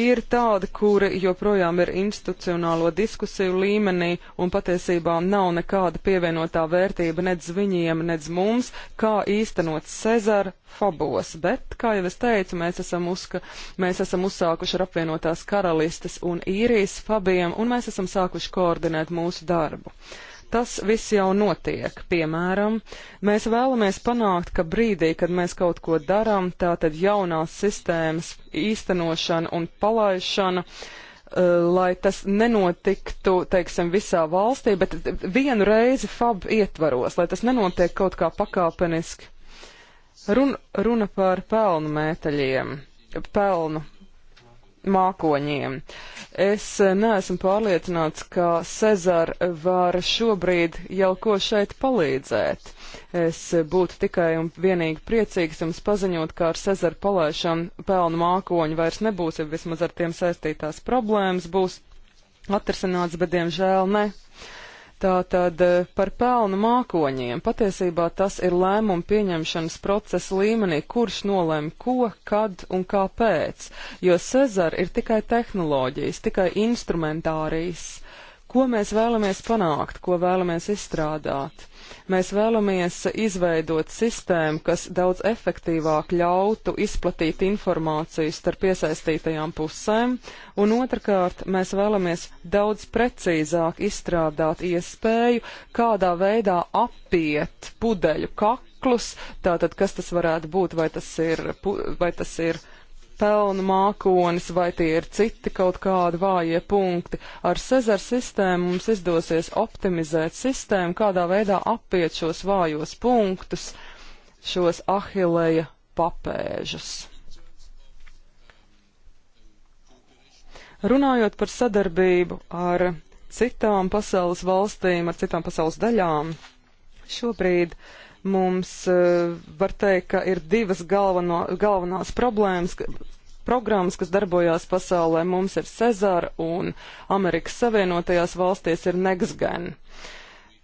ir tādi, kuri joprojām ir institucionālo diskusiju līmenī un patiesībā nav nekāda pievienotā vērtība nedz viņiem, nedz mums, kā īstenot Cezara fabos. Bet, kā jau es teicu, mēs esam, uzka, mēs esam uzsākuši ar apvienotās karalistes un īrijas fabiem un mēs esam sākuši koordinēt mūsu darbu. Tas viss jau notiek. Piemēram, mēs vēlamies panākt, ka brīdī, kad mēs kaut ko darām, tātad jaunās sistēmas īstenošana un palaišana, eh, lai tas nenotiktu, teiksim, visā valstī, bet vienu reizi FAB ietvaros, lai tas nenotiek kaut kā pakāpeniski. Run, runa par pelnu mēteļiem, pelnu mākoņiem. Es eh, neesmu pārliecināts, ka Cezar var šobrīd jau ko šeit palīdzēt. Es būtu tikai un vienīgi priecīgs jums paziņot, ka ar Cezaru palaišanu pelnu mākoņu vairs nebūs, ja vismaz ar tiem saistītās problēmas būs atrisināts, bet diemžēl ne. Uh, Tātad eh, par pelnu mākoņiem. Patiesībā tas ir lēmumu pieņemšanas procesa līmenī, kurš nolēma ko, kad un kāpēc. Jo Cezara ir tikai tehnoloģijas, tikai instrumentārijas. Ko mēs vēlamies panākt, ko vēlamies izstrādāt? Mēs vēlamies izveidot sistēmu, kas daudz efektīvāk ļautu izplatīt informāciju starp iesaistītajām pusēm, un otrkārt mēs vēlamies daudz precīzāk izstrādāt iespēju, kādā veidā apiet pudeļu kaklus, tātad kas tas varētu būt, vai tas ir, vai tas ir pelnu mākonis vai tie ir citi kaut kādi vājie punkti. Ar Cezar sistēmu mums izdosies optimizēt sistēmu, kādā veidā apiet šos vājos punktus, šos ahilēja papēžus. Runājot par sadarbību ar citām pasaules valstīm, ar citām pasaules daļām, šobrīd uh, Mums eh, var teikt, ka ir divas galveno, galvenās problēmas, programmas, kas darbojās pasaulē. Mums ir Cezara un Amerikas Savienotajās valstīs ir Nexgen.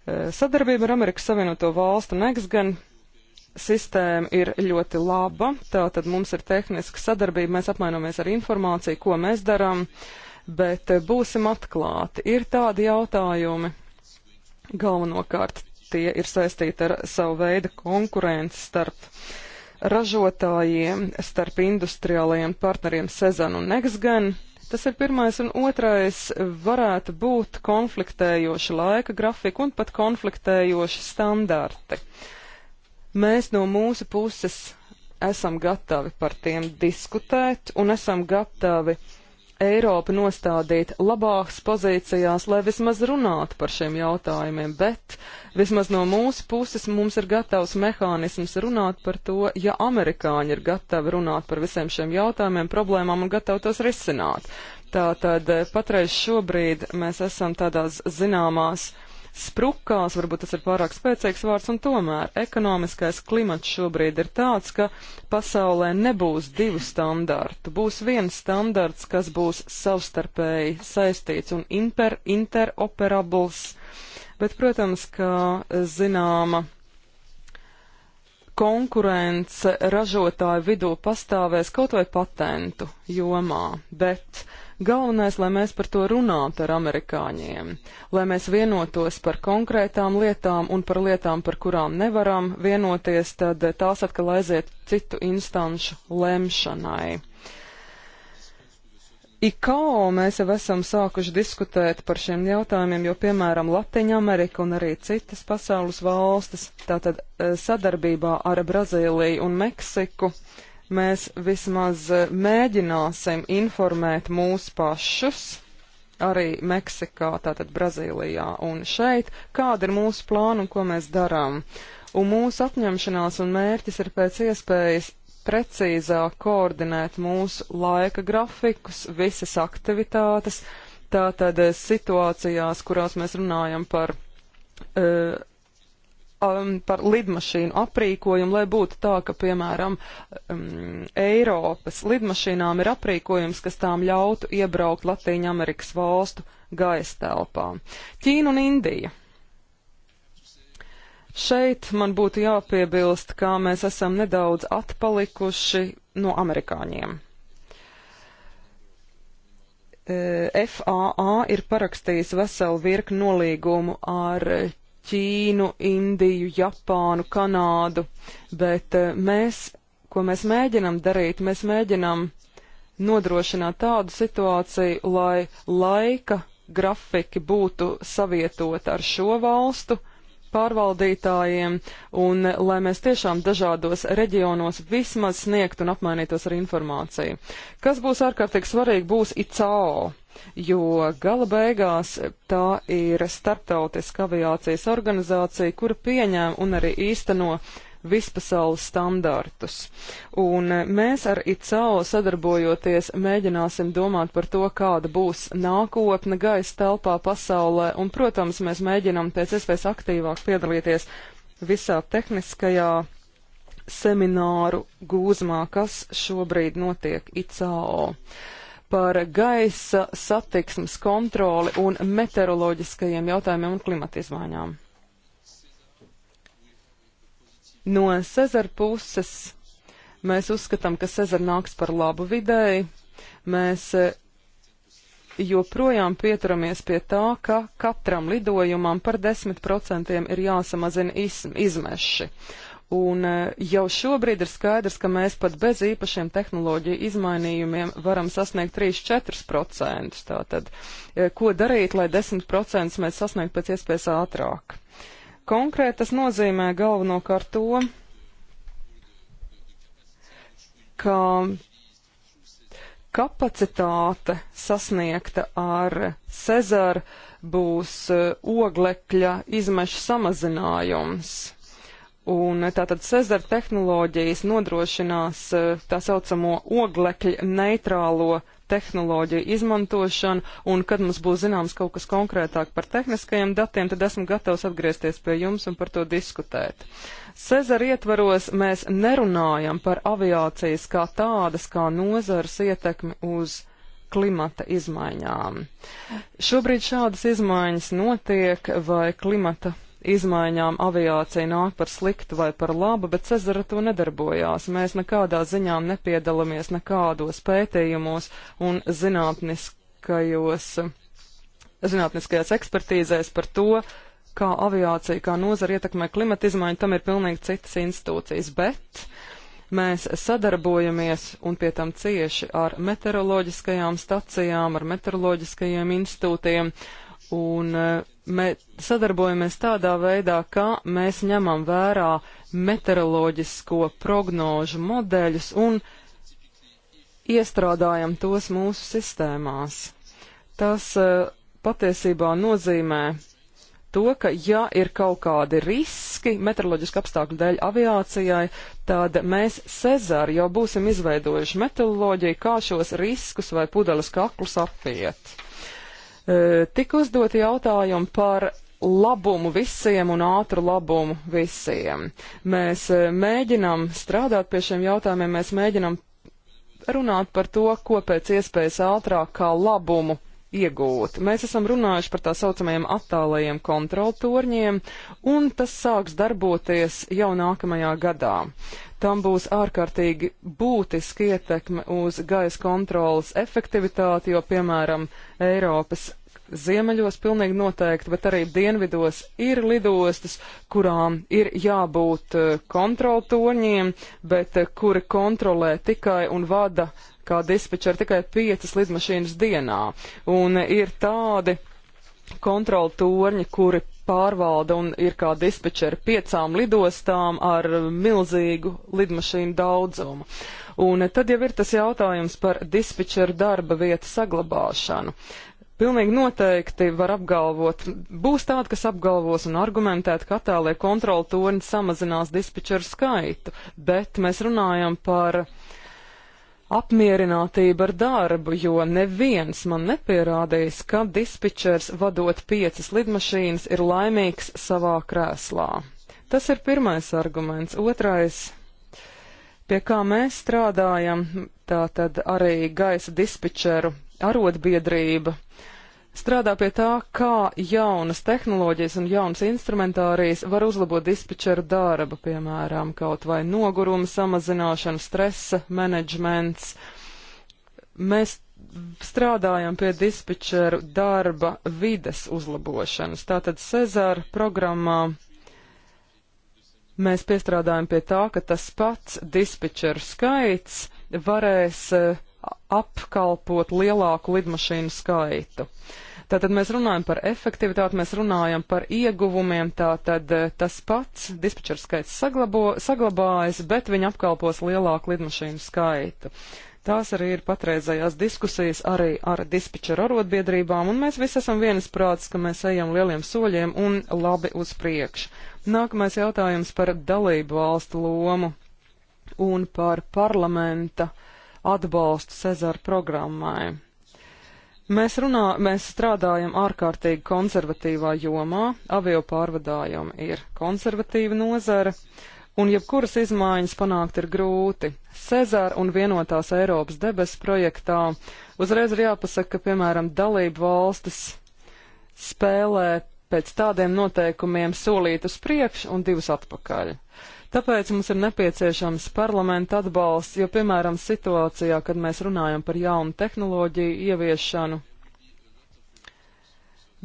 Eh, sadarbība ar Amerikas Savienoto valstu Nexgen sistēma ir ļoti laba, tātad mums ir tehniska sadarbība, mēs apmainomies ar informāciju, ko mēs darām, bet eh, būsim atklāti. Ir tādi jautājumi galvenokārt tie ir saistīti ar savu veidu konkurenci starp ražotājiem, starp industriālajiem partneriem Sezan un Nexgen. Tas ir pirmais un otrais varētu būt konfliktējoši laika grafika un pat konfliktējoši standarti. Mēs no mūsu puses esam gatavi par tiem diskutēt un esam gatavi uh, Eiropu nostādīt labākās pozīcijās, lai vismaz runātu par šiem jautājumiem, bet vismaz no mūsu puses mums ir gatavs mehānisms runāt par to, ja amerikāņi ir gatavi runāt par visiem šiem jautājumiem, problēmām un gatavi tos risināt. Tātad eh, patreiz šobrīd mēs esam tādās zināmās sprukās, varbūt tas ir pārāk spēcīgs vārds, un tomēr ekonomiskais klimats šobrīd ir tāds, ka pasaulē nebūs divu standartu. Būs viens standarts, kas būs savstarpēji saistīts un inter interoperabls, bet, protams, ka zināma konkurence ražotāju vidū pastāvēs kaut vai patentu jomā, bet Galvenais, lai mēs par to runātu ar amerikāņiem, lai mēs vienotos par konkrētām lietām un par lietām, par kurām nevaram vienoties, tad tās atkal aiziet citu instanšu lemšanai. IKO mēs jau esam sākuši diskutēt par šiem jautājumiem, jo, piemēram, Latviņa Amerika un arī citas pasaules valstis, tātad eh, sadarbībā ar Brazīliju un Meksiku, mēs vismaz e, mēģināsim informēt mūs pašus arī Meksikā, tātad Brazīlijā un šeit, kāda ir mūsu plāna un ko mēs darām. Un mūsu apņemšanās un mērķis ir pēc iespējas precīzāk koordinēt mūsu laika grafikus, visas aktivitātes, tātad e, situācijās, kurās mēs runājam par uh, um, par lidmašīnu aprīkojumu, lai būtu tā, ka, piemēram, um, Eiropas lidmašīnām ir aprīkojums, kas tām ļautu iebraukt Latīņu Amerikas valstu gaistelpām. Ķīna un Indija. Šeit man būtu jāpiebilst, kā mēs esam nedaudz atpalikuši no amerikāņiem. E, FAA ir parakstījis veselu virkni nolīgumu ar Ķīnu, Indiju, Japānu, Kanādu, bet eh, mēs, ko mēs mēģinam darīt, mēs mēģinam nodrošināt tādu situāciju, lai laika grafiki būtu savietot ar šo valstu pārvaldītājiem, un lai mēs tiešām dažādos reģionos vismaz sniegtu un apmainītos ar informāciju. Kas būs ārkārtīgi svarīgi, būs ICAO, jo gala beigās tā ir starptautiska aviācijas organizācija, kura pieņēma un arī īsteno vispasaules standartus. Un eh, mēs ar ICAO sadarbojoties mēģināsim domāt par to, kāda būs nākotne gaisa telpā pasaulē, un, protams, mēs mēģinam pēc iespējas aktīvāk piedalīties visā tehniskajā semināru gūzmā, kas šobrīd notiek ICAO par gaisa satiksmes kontroli un meteoroloģiskajiem jautājumiem un klimatizmaiņām. No Cezara puses mēs uzskatām, ka Cezara nāks par labu videi. Mēs eh, joprojām pieturamies pie tā, ka katram lidojumam par 10% ir jāsamazina izmeši. Un eh, jau šobrīd ir skaidrs, ka mēs pat bez īpašiem tehnoloģiju izmainījumiem varam sasniegt 3-4%. Tātad, eh, ko darīt, lai 10% mēs sasniegtu pēc iespējas ātrāk? Uh, Konkrēt tas nozīmē galvenokārt to, ka kapacitāte sasniegta ar Cezaru būs eh, oglekļa izmeša samazinājums. Un tātad Cezara tehnoloģijas nodrošinās eh, tā saucamo oglekļa neitrālo tehnoloģiju izmantošanu, un kad mums būs zināms kaut kas konkrētāk par tehniskajiem datiem, tad esmu gatavs atgriezties pie jums un par to diskutēt. Cezara ietvaros mēs nerunājam par aviācijas kā tādas, kā nozares ietekmi uz klimata izmaiņām. Šobrīd šādas izmaiņas notiek vai klimata izmaiņām aviācija nāk par sliktu vai par labu, bet Cezara to nedarbojās. Mēs nekādā ziņā nepiedalāmies nekādos pētījumos un zinātniskajos, zinātniskajās ekspertīzēs par to, kā aviācija, kā nozara ietekmē klimata izmaiņu, tam ir pilnīgi citas institūcijas, bet mēs sadarbojamies un pie tam cieši ar meteoroloģiskajām stacijām, ar meteoroloģiskajiem institūtiem, un mēs sadarbojamies tādā veidā, ka mēs ņemam vērā meteoroloģisko prognožu modeļus un iestrādājam tos mūsu sistēmās. Tas uh, patiesībā nozīmē to, ka ja ir kaut kādi riski meteoroloģiski apstākļu dēļ aviācijai, tad mēs Cezāri jau būsim izveidojuši meteoroloģiju, kā šos riskus vai pudeles kaklus apiet. E, tik uzdoti jautājumi par labumu visiem un ātru labumu visiem. Mēs e, mēģinam strādāt pie šiem jautājumiem, mēs mēģinam runāt par to, ko pēc iespējas ātrāk kā labumu iegūt. Mēs esam runājuši par tā saucamajiem attālajiem kontroltorņiem, un tas sāks darboties jau nākamajā gadā. Tam būs ārkārtīgi būtiski ietekme uz gaisa kontrolas efektivitāti, jo, piemēram, Eiropas ziemeļos pilnīgi noteikti, bet arī dienvidos ir lidostas, kurām ir jābūt eh, kontroltorņiem, bet eh, kuri kontrolē tikai un vada kā dispečeri tikai piecas lidmašīnas dienā. Un eh, ir tādi kontroltorņi, kuri pārvalda un ir kā dispečeri piecām lidostām ar milzīgu lidmašīnu daudzumu. Un tad jau ir tas jautājums par dispečeru darba vietu saglabāšanu. Pilnīgi noteikti var apgalvot, būs tādi, kas apgalvos un argumentēt, ka attēlē kontrola torņi samazinās dispečeru skaitu, bet mēs runājam par uh, apmierinātība ar darbu, jo neviens man nepierādījis, ka dispečers vadot piecas lidmašīnas ir laimīgs savā krēslā. Tas ir pirmais arguments. Otrais, pie kā mēs strādājam, tā tad arī gaisa dispečeru arotbiedrība. Uh, strādā pie tā, kā jaunas tehnoloģijas un jaunas instrumentārijas var uzlabot dispečera darbu, piemēram, kaut vai noguruma samazināšana, stresa menedžments. Mēs strādājam pie dispečeru darba vides uzlabošanas. Tātad Cezāra programmā mēs piestrādājam pie tā, ka tas pats dispečeru skaits varēs uh, apkalpot lielāku lidmašīnu skaitu. Tātad mēs runājam par efektivitāti, mēs runājam par ieguvumiem, tātad eh, tas pats dispečers skaits saglabo, saglabājas, bet viņi apkalpos lielāku lidmašīnu skaitu. Tās arī ir patreizējās diskusijas arī ar dispečeru arotbiedrībām, un mēs visi esam vienisprāts, ka mēs ejam lieliem soļiem un labi uz priekšu. Nākamais jautājums par dalību valstu lomu un par parlamenta uh, atbalstu Cezara programmai. Mēs, runā, mēs strādājam ārkārtīgi konservatīvā jomā, avio pārvadājumi ir konservatīva nozara, un jebkuras izmaiņas panākt ir grūti. Cezara un vienotās Eiropas debesu projektā uzreiz ir jāpasaka, ka, piemēram, dalību valstis spēlē pēc tādiem noteikumiem solīt uz priekšu un divus atpakaļ. Uh, Tāpēc mums ir nepieciešams parlamenta atbalsts, jo, piemēram, situācijā, kad mēs runājam par jaunu tehnoloģiju ieviešanu,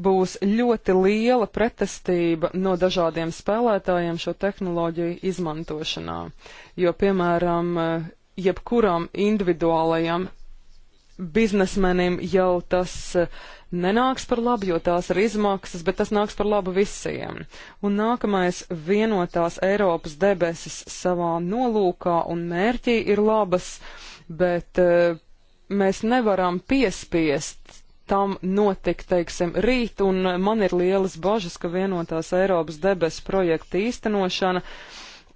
būs ļoti liela pretestība no dažādiem spēlētājiem šo tehnoloģiju izmantošanā. Jo, piemēram, jebkuram individuālajam biznesmenim jau tas eh, nenāks par labu, jo tās ir izmaksas, bet tas nāks par labu visiem. Un nākamais vienotās Eiropas debesis savā nolūkā un mērķī ir labas, bet eh, mēs nevaram piespiest tam notikt, teiksim, rīt, un man ir lielas bažas, ka vienotās Eiropas debesu projekta īstenošana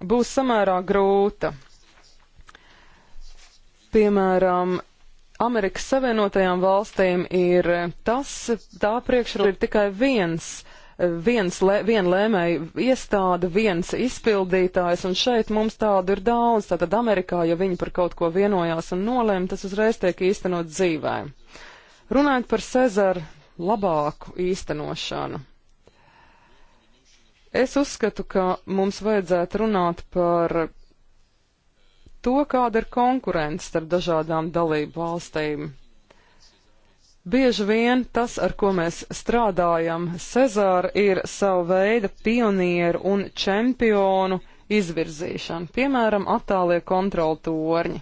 būs samērā grūta. Piemēram, Amerikas Savienotajām valstīm ir eh, tas, tā priekšroba ir tikai viens, eh, viens lē, vien lēmēja iestāde, viens izpildītājs, un šeit mums tādu ir daudz. Tātad Amerikā, ja viņi par kaut ko vienojās un nolēma, tas uzreiz tiek īstenot dzīvē. Runājot par Cezaru labāku īstenošanu. Es uzskatu, ka mums vajadzētu runāt par to, kāda ir konkurence starp dažādām dalību valstīm. Bieži vien tas, ar ko mēs strādājam, Cezāra ir savu veidu pionieru un čempionu izvirzīšana, piemēram, attālie kontrolu torņi.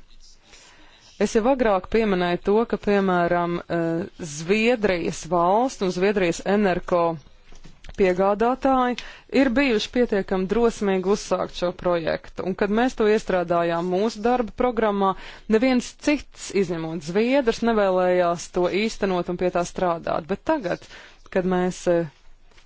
Es jau agrāk pieminēju to, ka, piemēram, eh, Zviedrijas valsts un Zviedrijas energo piegādātāji ir bijuši pietiekami drosmīgi uzsākt šo projektu. Un, kad mēs to iestrādājām mūsu darba programmā, neviens cits, izņemot Zviedrs, nevēlējās to īstenot un pie tā strādāt. Bet tagad, kad mēs e,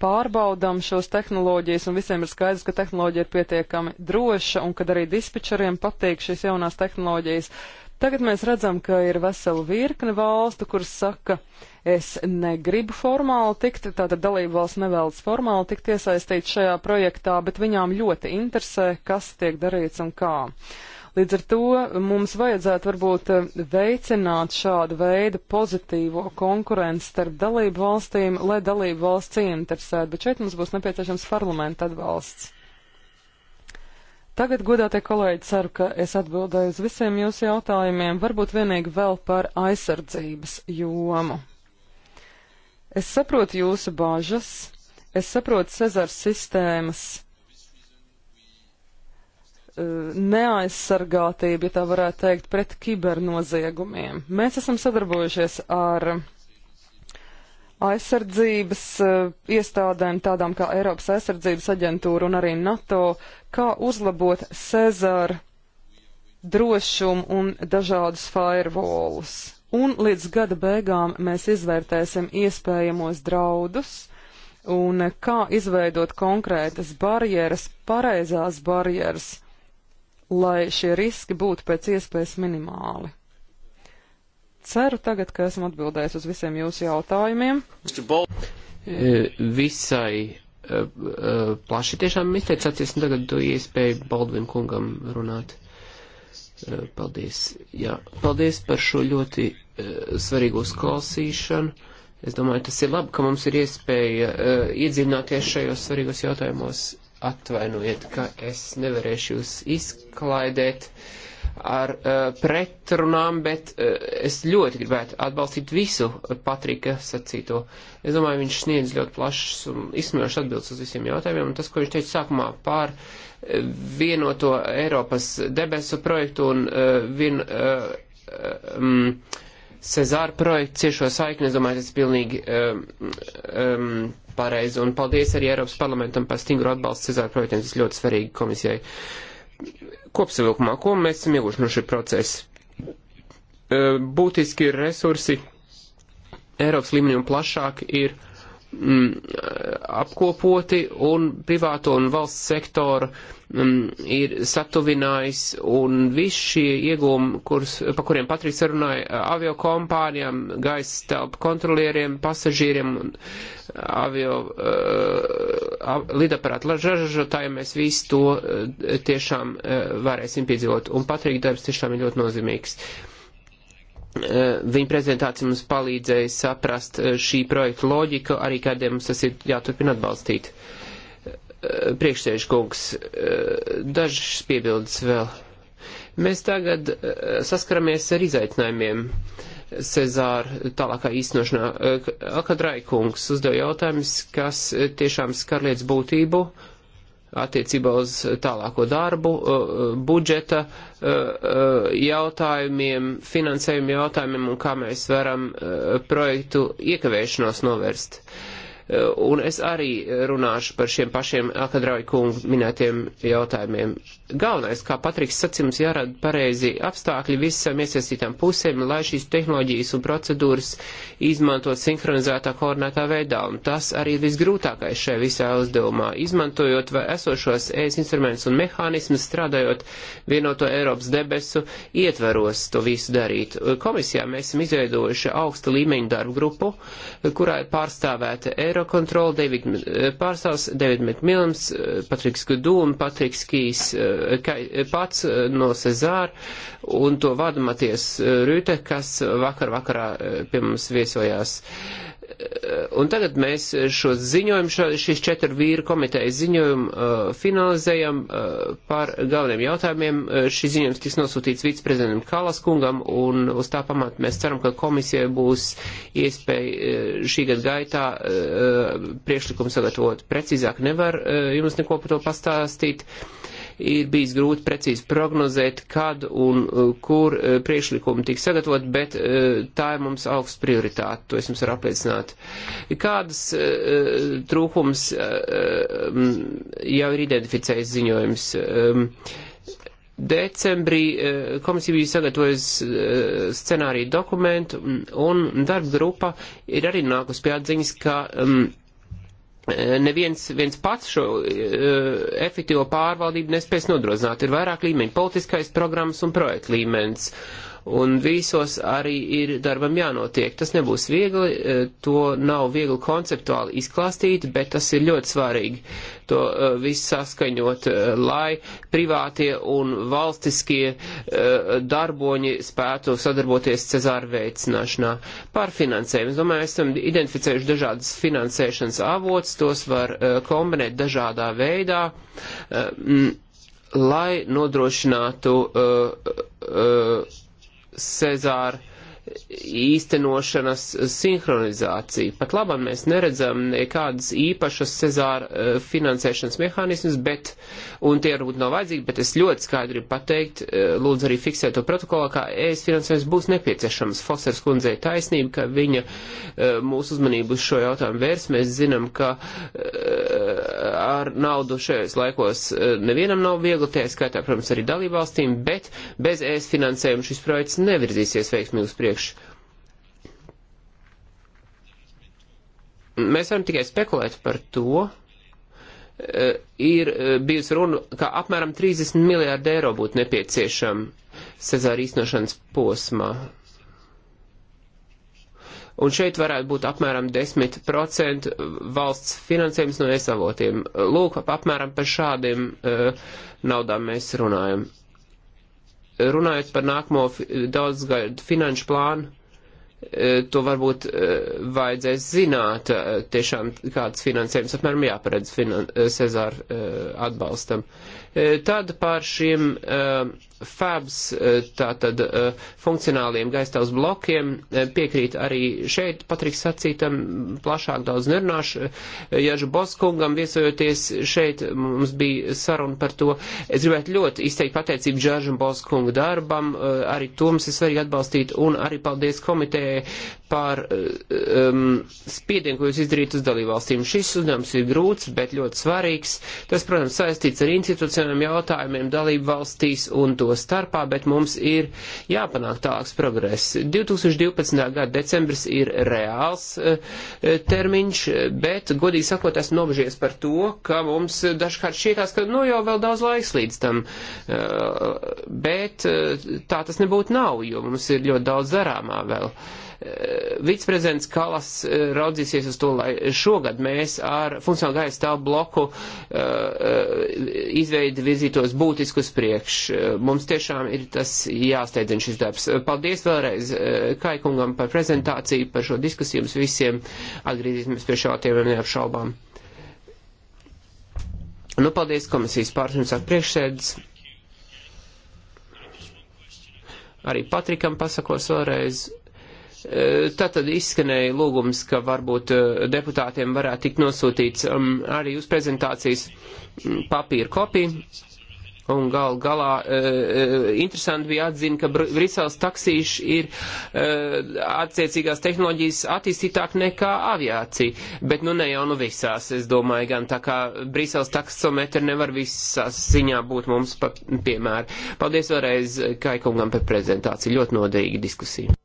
pārbaudām šos tehnoloģijas, un visiem ir skaidrs, ka tehnoloģija ir pietiekami droša, un kad arī dispečeriem patīk šīs jaunās tehnoloģijas, Tagad mēs redzam, ka ir vesela virkne valstu, kuras saka, es negribu formāli tikt, tātad dalību valsts nevēlas formāli tikt iesaistīt šajā projektā, bet viņām ļoti interesē, kas tiek darīts un kā. Līdz ar to mums vajadzētu varbūt veicināt šādu veidu pozitīvo konkurenci starp dalību valstīm, lai dalību valsts ieinteresētu, bet šeit mums būs nepieciešams parlamenta atbalsts. Tagad, godātie kolēģi, ceru, ka es atbildēju uz visiem jūsu jautājumiem, varbūt vienīgi vēl par aizsardzības jomu. Es saprotu jūsu bāžas, es saprotu Cezars sistēmas eh, neaizsargātību, ja tā varētu teikt, pret kibernoziegumiem. Mēs esam sadarbojušies ar aizsardzības eh, iestādēm, tādām kā Eiropas aizsardzības aģentūra un arī NATO, kā uzlabot Cezāru drošumu un dažādus firewallus. Un līdz gada beigām mēs izvērtēsim iespējamos draudus un kā izveidot konkrētas barjeras, pareizās barjeras, lai šie riski būtu pēc iespējas minimāli. Ceru tagad, ka esam atbildējis uz visiem jūsu jautājumiem. E, visai e, e, plaši tiešām izteicāties, un tagad tu iespēju Baldvin kungam runāt. Paldies. Jā, paldies par šo ļoti svarīgu uzklausīšanu. Es domāju, tas ir labi, ka mums ir iespēja uh, iedzināties šajos svarīgos jautājumos. Atvainojiet, ka es nevarēšu jūs izklaidēt. Uh, ar uh, pretrunām, bet uh, es ļoti gribētu atbalstīt visu eh, Patrika sacīto. Es domāju, viņš sniedz ļoti plašs un izsmējošs atbildes uz visiem jautājumiem, un tas, ko viņš teica sākumā pār uh, vienoto Eiropas debesu projektu un uh, vien, uh, um, Cezāra projektu ciešo saikni, es domāju, tas ir pilnīgi um, um, pareizi, un paldies arī Eiropas parlamentam par stingru atbalstu Cezāra projektiem, tas ļoti svarīgi komisijai. Uh, Kopsavilkumā, ko mēs esam ieguši no šī procesa? Būtiski ir resursi Eiropas līmenī un plašāk ir uh, Mm, apkopoti un privāto un valsts sektoru um, mm, ir satuvinājis un visi šie iegūmi, kurus, pa kuriem Patriks runāja, avio kompānijām, gaisa telpu kontrolieriem, pasažīriem un eh, avio uh, lidaparātu ražotājiem, mēs visu to uh, tiešām uh, varēsim piedzīvot. Un Patrika darbs tiešām ir ļoti nozīmīgs. Uh, Eh, viņa prezentācija mums palīdzēja saprast eh, šī projekta loģiku, arī kādiem mums tas ir jāturpina atbalstīt. Eh, Priekšsēžu kungs, dažas piebildes vēl. Mēs tagad saskaramies ar izaicinājumiem. Cezāra tālākā īstenošanā. Akadrai kungs uzdev jautājumus, kas tiešām skar lietas būtību attiecībā uz tālāko darbu, uh, uh, budžeta uh, jautājumiem, finansējuma jautājumiem un kā mēs varam projektu iekavēšanos novērst. Uh, Eh, un es arī runāšu par šiem pašiem akadrauju kungu minētiem jautājumiem. Galvenais, kā Patriks sacījums, jārada pareizi apstākļi visam iesaistītām pusēm, lai šīs tehnoloģijas un procedūras izmantot sinhronizētā, koordinētā veidā, un tas arī ir visgrūtākais šajā visā uzdevumā, izmantojot vai esošos ES instrumentus un mehānismus, strādājot vienoto Eiropas debesu ietveros to visu darīt. Komisijā mēs esam izveidojuši augsta līmeņa darbu grupu, kurā ir pārstāvēta Eiropa, Eurokontrol, David, eh, pārstāvs David McMillans, eh, Patriks Gudūm, Patriks Kīs eh, pats no Cezāra un to vada Maties Rūte, kas vakar vakarā pie mums viesojās. Uh, Un tagad mēs šo ziņojumu, šo, šīs četru vīru komitejas ziņojumu uh, finalizējam uh, par galveniem jautājumiem. Uh, šis ziņojums tiks nosūtīts viceprezidentam Kalas kungam, un uz tā pamata mēs ceram, ka komisijai būs iespēja uh, šī gada gaitā uh, priekšlikumu sagatavot precīzāk. Nevar uh, jums neko par to pastāstīt. Uh, ir bijis grūti precīzi prognozēt, kad un e, kur e, priekšlikumi tiks sagatavot, bet e, tā ir mums augsts prioritāte, to es jums varu apliecināt. Kādas trūkums jau ir identificējis ziņojums? decembrī komisija bija sagatavojusi scenāriju dokumentu, un darba grupa ir arī nākus pie atziņas, ka um, neviens viens pats šo uh, efektīvo pārvaldību nespēs nodrošināt. Ir vairāk līmeņi - politiskais programmas un projekta līmenis. Uh, un visos arī ir darbam jānotiek. Tas nebūs viegli, e, to nav viegli konceptuāli izklāstīt, bet tas ir ļoti svarīgi to e, visu saskaņot, e, lai privātie un valstiskie darboņi spētu sadarboties Cezāra veicināšanā. Par finansējumu. Es domāju, esam identificējuši dažādas finansēšanas avots, tos var kombinēt dažādā veidā lai nodrošinātu uh, uh, Cezāra īstenošanas sinhronizāciju. Pat labam mēs neredzam nekādas īpašas Cezāra eh, finansēšanas mehānismas, bet, un tie varbūt nav vajadzīgi, bet es ļoti skaidri pateikt, eh, lūdzu arī fiksēt to protokolā, ka ES finansējums būs nepieciešams. Fosters kundzei taisnība, ka viņa eh, mūsu uzmanību uz šo jautājumu vērs. Mēs zinām, ka ar naudu šajos laikos nevienam nav viegli, tie skaitā, protams, arī dalībvalstīm, bet bez ES finansējuma šis projekts nevirzīsies veiksmīgi uz priekšu iepriekš. Mēs varam tikai spekulēt par to. E, ir e, bijusi runa, ka apmēram 30 miljārdi eiro būtu nepieciešama Cezāra īstenošanas posmā. Un šeit varētu būt apmēram 10% valsts finansējums no iesavotiem. Lūk, apmēram par šādiem uh, naudām mēs runājam. Uh, runājot par nākamo daudzgadu finanšu plānu, e, to varbūt e, vajadzēs zināt, e, tiešām kāds finansējums apmēram jāparedz finan Cezāra atbalstam. E, tad par šiem e, FABS, e, tātad funkcionāliem gaistavas blokiem, piekrīt arī šeit Patriks sacītam, plašāk daudz nerunāšu. Jažu Boskungam viesojoties šeit, mums bija saruna par to. Es gribētu ļoti izteikt pateicību Džaržam Boskungu darbam, arī to mums ir svarīgi atbalstīt, un arī paldies komitējai par um, spiedienu, ko jūs izdarījat uz dalībvalstīm. Šis uzdevums ir grūts, bet ļoti svarīgs. Tas, protams, saistīts ar institucionālajiem reģionāliem jautājumiem dalību valstīs un to starpā, bet mums ir jāpanāk tālāks progress. 2012. gada decembris ir reāls eh, termiņš, bet, godīgi sakot, esmu nobežies par to, ka mums dažkārt šķietās, ka nu jau vēl daudz laiks līdz tam, eh, bet eh, tā tas nebūtu nav, jo mums ir ļoti daudz darāmā vēl. Uh, Viceprezidents Kalas eh, raudzīsies uz to, lai šogad mēs ar funkcionālu gaisa stāvu bloku eh, eh, izveidi virzītos būtiski uz priekšu. Mums tiešām ir tas jāsteidzina šis darbs. Paldies vēlreiz Kaikungam par prezentāciju, par šo diskusiju jums visiem. Atgriezīsimies pie šādiem neapšaubām. Nu, paldies komisijas pārstāvjums ar priekšsēdus. Arī Patrikam pasakos vēlreiz. Tātad izskanēja lūgums, ka varbūt deputātiem varētu tikt nosūtīts um, arī uz prezentācijas mm, papīra kopija. Un gal galā uh, interesanti bija atzina, ka Br Briseles taksīši ir uh, attiecīgās tehnoloģijas attīstītāk nekā aviācija, bet nu ne jau nu visās, es domāju, gan tā kā Briseles taksometri nevar visās ziņā būt mums pa piemēra. Paldies vēlreiz Kaikungam par prezentāciju, ļoti noderīga diskusija.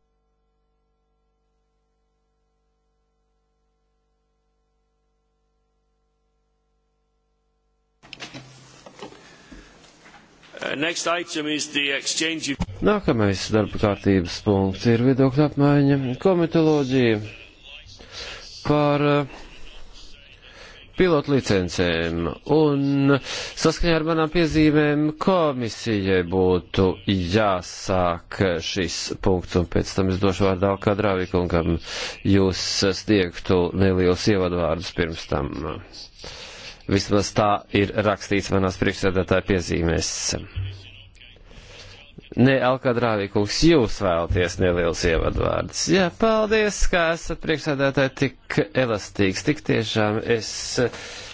Nākamais darba kārtības punkts ir viedokļa apmaiņa komitoloģija par eh, pilotu licencēm. Un saskaņā ar manām piezīmēm komisijai būtu jāsāk šis punkts, un pēc tam es došu vārdu Alkadrāvikungam, jūs sniegtu nelielus ievadvārdus pirms tam. Vismaz tā ir rakstīts manās priekšsēdētāja piezīmēs. Nē, Alkadrāvī kungs, jūs vēlaties neliels ievadvārds. Jā, paldies, kā esat priekšsēdētāji tik elastīgs, tik tiešām es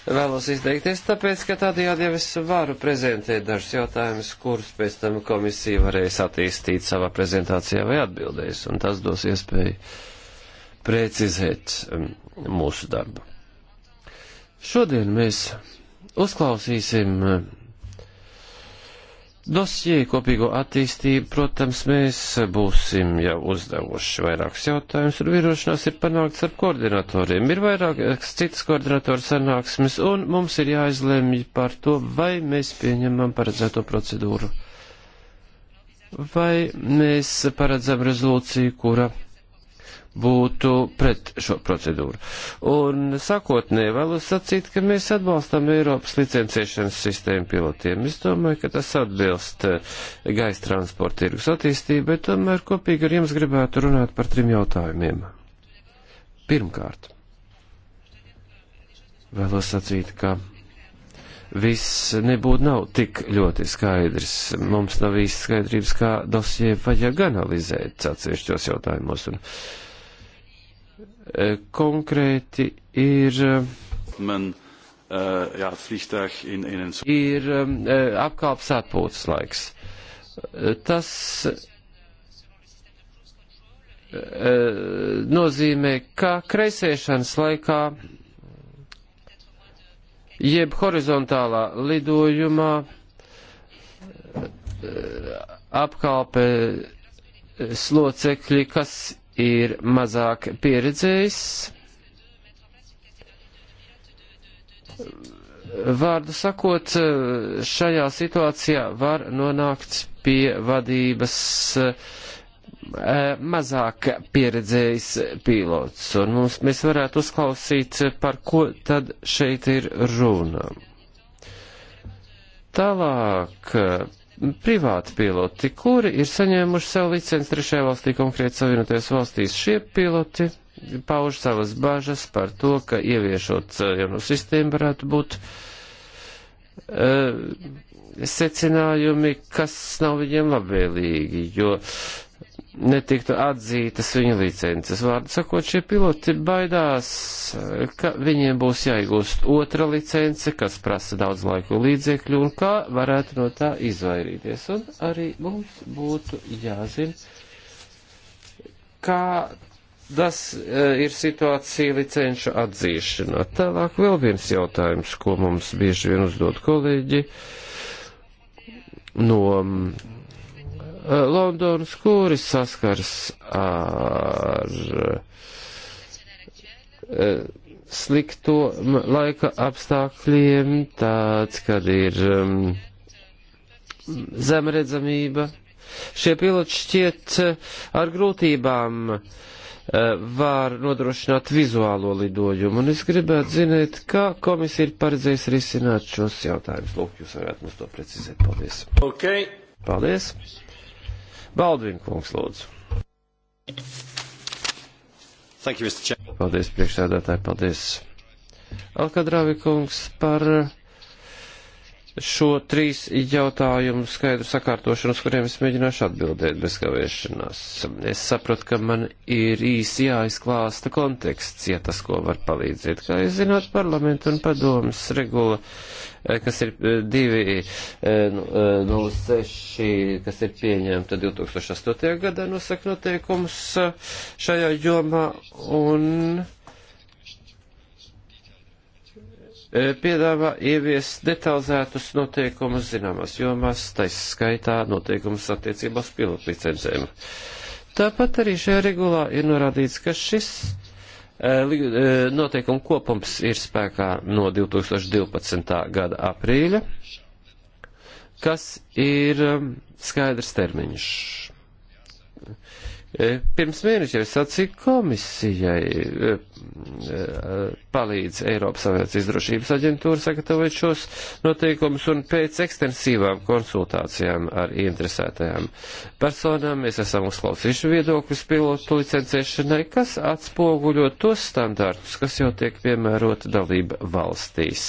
vēlos izteikties, tāpēc, ka tādējādi jau es varu prezentēt dažus jautājumus, kurus pēc tam komisija varēs attīstīt savā prezentācijā vai atbildēs, un tas dos iespēju precizēt mm, mūsu darbu. Šodien mēs uzklausīsim eh, dosjē kopīgo attīstību. Protams, mēs būsim jau uzdevuši vairākus jautājumus, un virošanās ir panākts ar koordinatoriem. Ir vairākas citas koordinatoru sanāksmes, un mums ir jāizlemj par to, vai mēs pieņemam paredzēto procedūru. Vai mēs paredzam rezolūciju, kura būtu pret šo procedūru. Un sakotnē vēlos sacīt, ka mēs atbalstam Eiropas licencēšanas sistēmu pilotiem. Es domāju, ka tas atbilst eh, gaisa transporta tirgus attīstībai, bet tomēr kopīgi ar jums gribētu runāt par trim jautājumiem. Pirmkārt, vēlos sacīt, ka viss nebūtu nav tik ļoti skaidrs. Mums nav īsti skaidrības, kā dosie vajag analizēt atsevišķos jautājumos. Un, uh, Eh, konkrēti ir. Man, uh, eh, jā, vliegtuig in, in een... Ir uh, apkalps atpūtas laiks. Tas uh, nozīmē, ka kreisēšanas laikā jeb horizontālā lidojumā apkalpe slocekļi, kas ir mazāk pieredzējis vārdu sakot, šajā situācijā var nonākt pie vadības eh, mazāk pieredzējis pilots, un mums, mēs varētu uzklausīt, par ko tad šeit ir runa. Tālāk privāti piloti, kuri ir saņēmuši savu licenci trešajā valstī, konkrēti Savienotajās valstīs. Šie piloti pauž savas bažas par to, ka ieviešot eh, jaunu sistēmu varētu būt uh, secinājumi, kas nav viņiem labvēlīgi, jo netiktu atzītas viņa licences. Vārdu sakot, šie piloti baidās, ka viņiem būs jāiegūst otra licence, kas prasa daudz laiku līdzekļu, un kā varētu no tā izvairīties. Un arī mums būtu jāzina, kā tas e, ir situācija licenšu atzīšanā. Tālāk vēl viens jautājums, ko mums bieži vien uzdod kolēģi no Eh, Londonas, kuri saskars ar eh, slikto laika apstākļiem, tāds, kad ir mm, zemredzamība. Šie piloti šķiet eh, ar grūtībām var nodrošināt vizuālo lidojumu, un es gribētu zināt, kā komisija ir paredzējusi risināt šos jautājumus. Lūk, jūs varētu mums to precizēt. Paldies. Okay. Paldies. Baldvin kungs, lūdzu. Thank you, Mr. Chair. Paldies, priekšsēdētāji, paldies. Alkadrāvi kungs par šo trīs jautājumu skaidru sakārtošanu, uz kuriem es mēģināšu atbildēt bez kavēšanās. Es saprotu, ka man ir īsi jāizklāsta konteksts, ja tas, ko var palīdzēt. Kā jūs zināt, parlamentu un padomas regula Eh, kas ir 206, eh, eh, nu, kas ir pieņemta 2008. gadā nosaka noteikums šajā jomā un piedāvā ieviest detalizētus noteikumus zināmās jomās, taisa skaitā noteikumus attiecībās pilotlicencēm. Tāpat arī šajā regulā ir norādīts, ka šis Eh, eh, noteikumu kopums ir spēkā no 2012. gada aprīļa, kas ir eh, skaidrs termiņš. E, pirms mēneša es sacīju komisijai e, e, palīdz Eiropas Savienības drošības aģentūra sagatavot šos noteikumus un pēc ekstensīvām konsultācijām ar interesētajām personām mēs esam uzklausījuši viedokļus pilotu licencēšanai, kas atspoguļo tos standārtus, kas jau tiek piemēroti dalība valstīs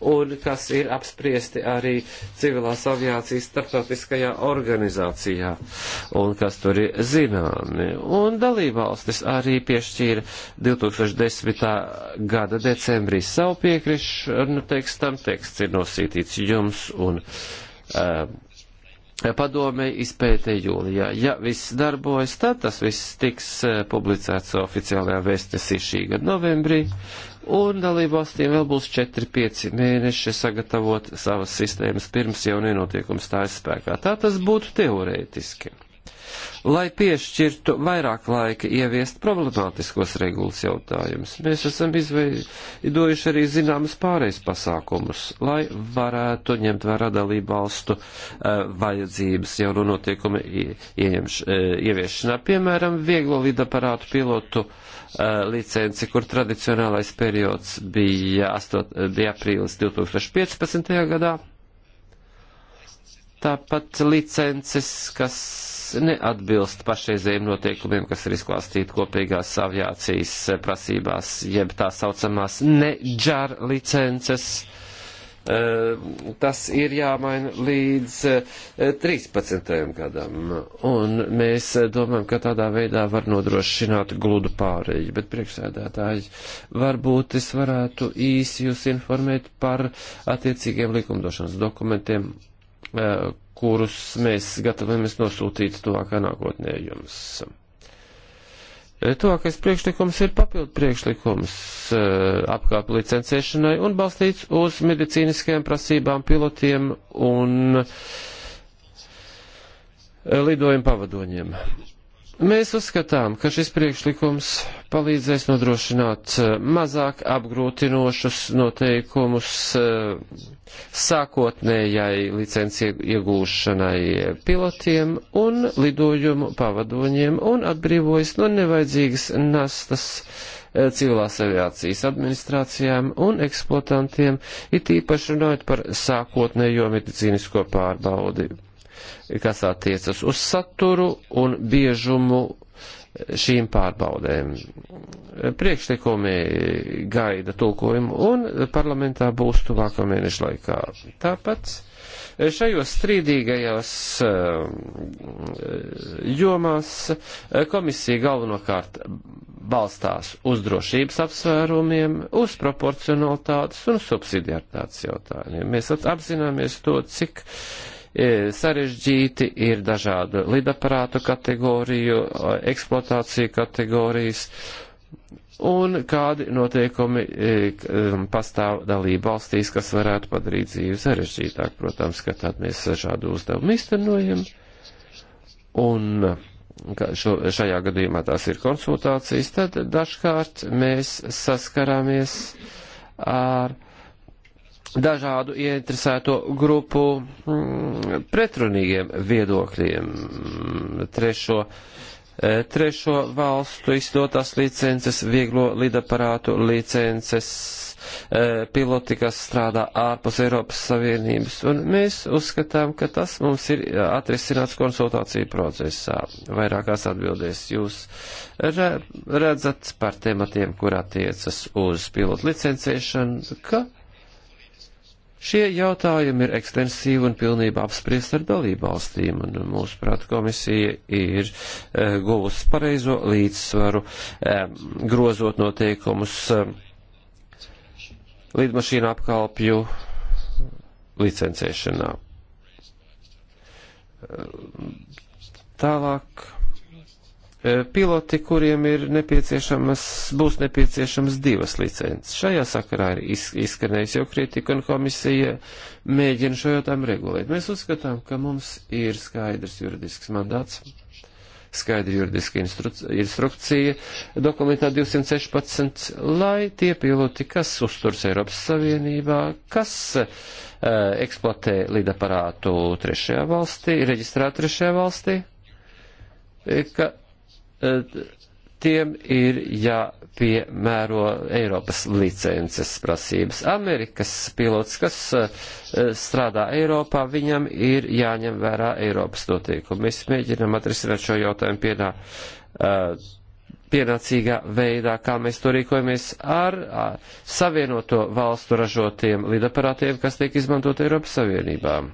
un kas ir apspriesti arī civilās aviācijas starptautiskajā organizācijā un kas tur ir zināmi. Un dalībvalstis arī piešķīra 2010. gada decembrī savu piekrišanu tekstam. Teksts ir nosītīts jums un. Um, eh, padomē izpētē jūlijā. Ja viss darbojas, tad tas viss tiks eh, publicēts oficiālajā vēstnesī šī gada novembrī, un dalībvalstīm vēl būs 4-5 mēneši sagatavot savas sistēmas pirms jau nenotiekums stājas spēkā. Tā tas būtu teorētiski lai piešķirtu vairāk laika ieviest problemātiskos regulas jautājumus. Mēs esam izveidojuši arī zināmas pārejas pasākumus, lai varētu ņemt vērā dalību valstu uh, vajadzības jau no notiekuma ieņemš, uh, ieviešanā. Piemēram, vieglo lidaparātu pilotu uh, licenci, kur tradicionālais periods bija, 8, bija aprīlis 2015. gadā. Tāpat licences, kas neatbilst pašreizējiem noteikumiem, kas ir izklāstīti kopīgās aviācijas prasībās, jeb tā saucamās neģar licences. Eh, tas ir jāmaina līdz 13. Eh, gadam, un mēs domājam, ka tādā veidā var nodrošināt gludu pārēju, bet priekšsēdētāji, varbūt es varētu īsi jūs informēt par attiecīgiem likumdošanas dokumentiem, eh, kurus mēs gatavojamies nosūtīt tuvākā nākotnē jums. E, tuvākais priekšlikums ir papildu priekšlikums e, apkāpu licencēšanai un balstīts uz medicīniskajām prasībām pilotiem un e, lidojumu pavadoņiem. Mēs uzskatām, ka šis priekšlikums palīdzēs nodrošināt eh, mazāk apgrūtinošus noteikumus eh, sākotnējai licenci iegūšanai pilotiem un lidojumu pavadoņiem un atbrīvojas no nevajadzīgas nastas eh, civilās aviācijas administrācijām un eksploatantiem, it īpaši runājot par sākotnējo medicīnisko pārbaudi kas attiecas uz saturu un biežumu šīm pārbaudēm. Priekšlikumi gaida tulkojumu un parlamentā būs tuvāko mēnešu laikā. Tāpat šajos strīdīgajās eh, jomās komisija galvenokārt balstās uz drošības apsvērumiem, uz proporcionalitātes un subsidiartātes jautājumiem. Mēs apzināmies to, cik uh, E, sarežģīti, ir dažādu lidaparātu kategoriju, e, eksploatāciju kategorijas un kādi noteikumi e, pastāv dalība valstīs, kas varētu padarīt dzīvi sarežģītāk. Protams, ka tad mēs šādu uzdevumu iztenojam. Un šo, šajā gadījumā tās ir konsultācijas, tad dažkārt mēs saskarāmies ar dažādu ieinteresēto grupu mm, pretrunīgiem viedokļiem. Trešo, e, trešo valstu izdotās licences, vieglo lidaparātu licences, e, piloti, kas strādā ārpus Eiropas Savienības, un mēs uzskatām, ka tas mums ir atrisināts konsultāciju procesā. Vairākās atbildēs jūs redzat par tematiem, kur attiecas uz pilotu licencēšanu, ka Šie jautājumi ir ekstensīvi un pilnībā apspriest ar dalībvalstīm, un mūsuprāt komisija ir e, guvusi pareizo līdzsvaru, e, grozot noteikumus e, lidmašīnu apkalpju licencēšanā. E, tālāk E, piloti, kuriem ir nepieciešamas, būs nepieciešamas divas licences. Šajā sakarā ir iz, izskanējis jau kritika un komisija mēģina šo jautājumu regulēt. Mēs uzskatām, ka mums ir skaidrs juridisks mandāts, skaidra juridiska instru, instrukcija dokumentā 216, lai tie piloti, kas uzturs Eiropas Savienībā, kas uh, eksploatē lidaparātu trešajā valstī, reģistrētu trešajā valstī, e, ka tiem ir jāpiemēro Eiropas licences prasības. Amerikas pilots, kas eh, strādā Eiropā, viņam ir jāņem vērā Eiropas notiekumi. Mēs mēģinām atrisināt šo jautājumu pienā, eh, pienācīgā veidā, kā mēs to rīkojamies ar savienoto valstu ražotiem lidaparātiem, kas tiek izmantot Eiropas Savienībām.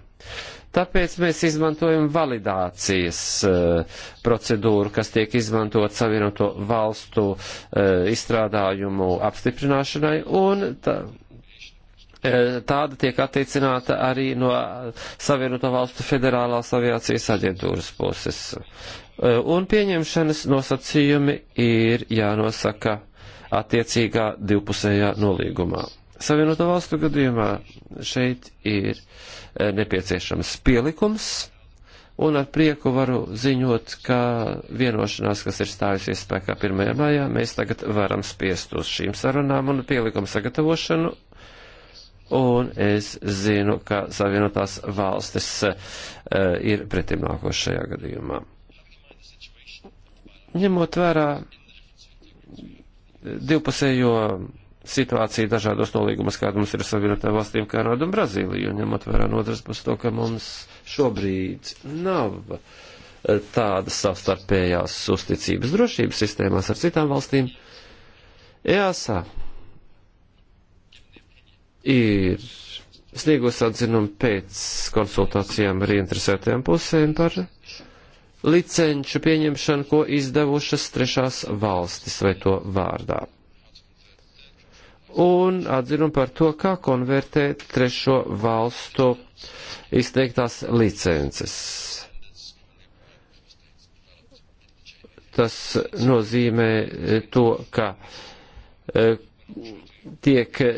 Tāpēc mēs izmantojam validācijas uh, procedūru, kas tiek izmantot savienoto valstu uh, izstrādājumu apstiprināšanai, un tā, eh, tāda tiek attiecināta arī no Savienoto valstu federālās aviācijas aģentūras puses. Un pieņemšanas nosacījumi ir jānosaka attiecīgā divpusējā nolīgumā. Savienoto valstu gadījumā šeit ir uh, Eh, nepieciešams pielikums, un ar prieku varu ziņot, ka vienošanās, kas ir stājusies spēkā 1. maijā, mēs tagad varam spiest uz šīm sarunām un pielikumu sagatavošanu. Un es zinu, ka Savienotās valstis uh, ir pretim nākošajā gadījumā. Ņemot vērā divpusējo situācija dažādos nolīgumas, kāda mums ir savienotā valstīm, kā Kanāda un Brazīlija, un ņemot vērā no otras puses to, ka mums šobrīd nav eh, tādas savstarpējās uzticības drošības sistēmās ar citām valstīm. EASA ir sniegus atzinumu pēc konsultācijām ar interesētajām pusēm par licenču pieņemšanu, ko izdevušas trešās valstis vai to vārdā un atzinumu par to, kā konvertēt trešo valstu izsniegtās licences. Tas nozīmē to, ka eh, tiek uh,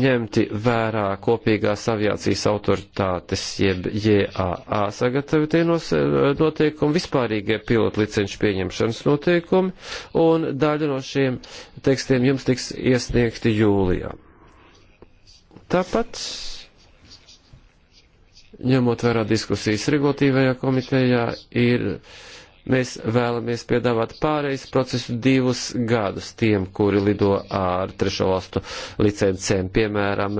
ņemti vērā kopīgās aviācijas autoritātes, jeb JAA sagatavotie noteikumi, vispārīgie pilotu licenšu pieņemšanas noteikumi, un daļa no šiem tekstiem jums tiks iesniegti jūlijā. Tāpat, ņemot vērā diskusijas regulatīvajā komitejā, ir Mēs vēlamies piedāvāt pārejas procesu divus gadus tiem, kuri lido ar trešo valstu licencēm. Piemēram,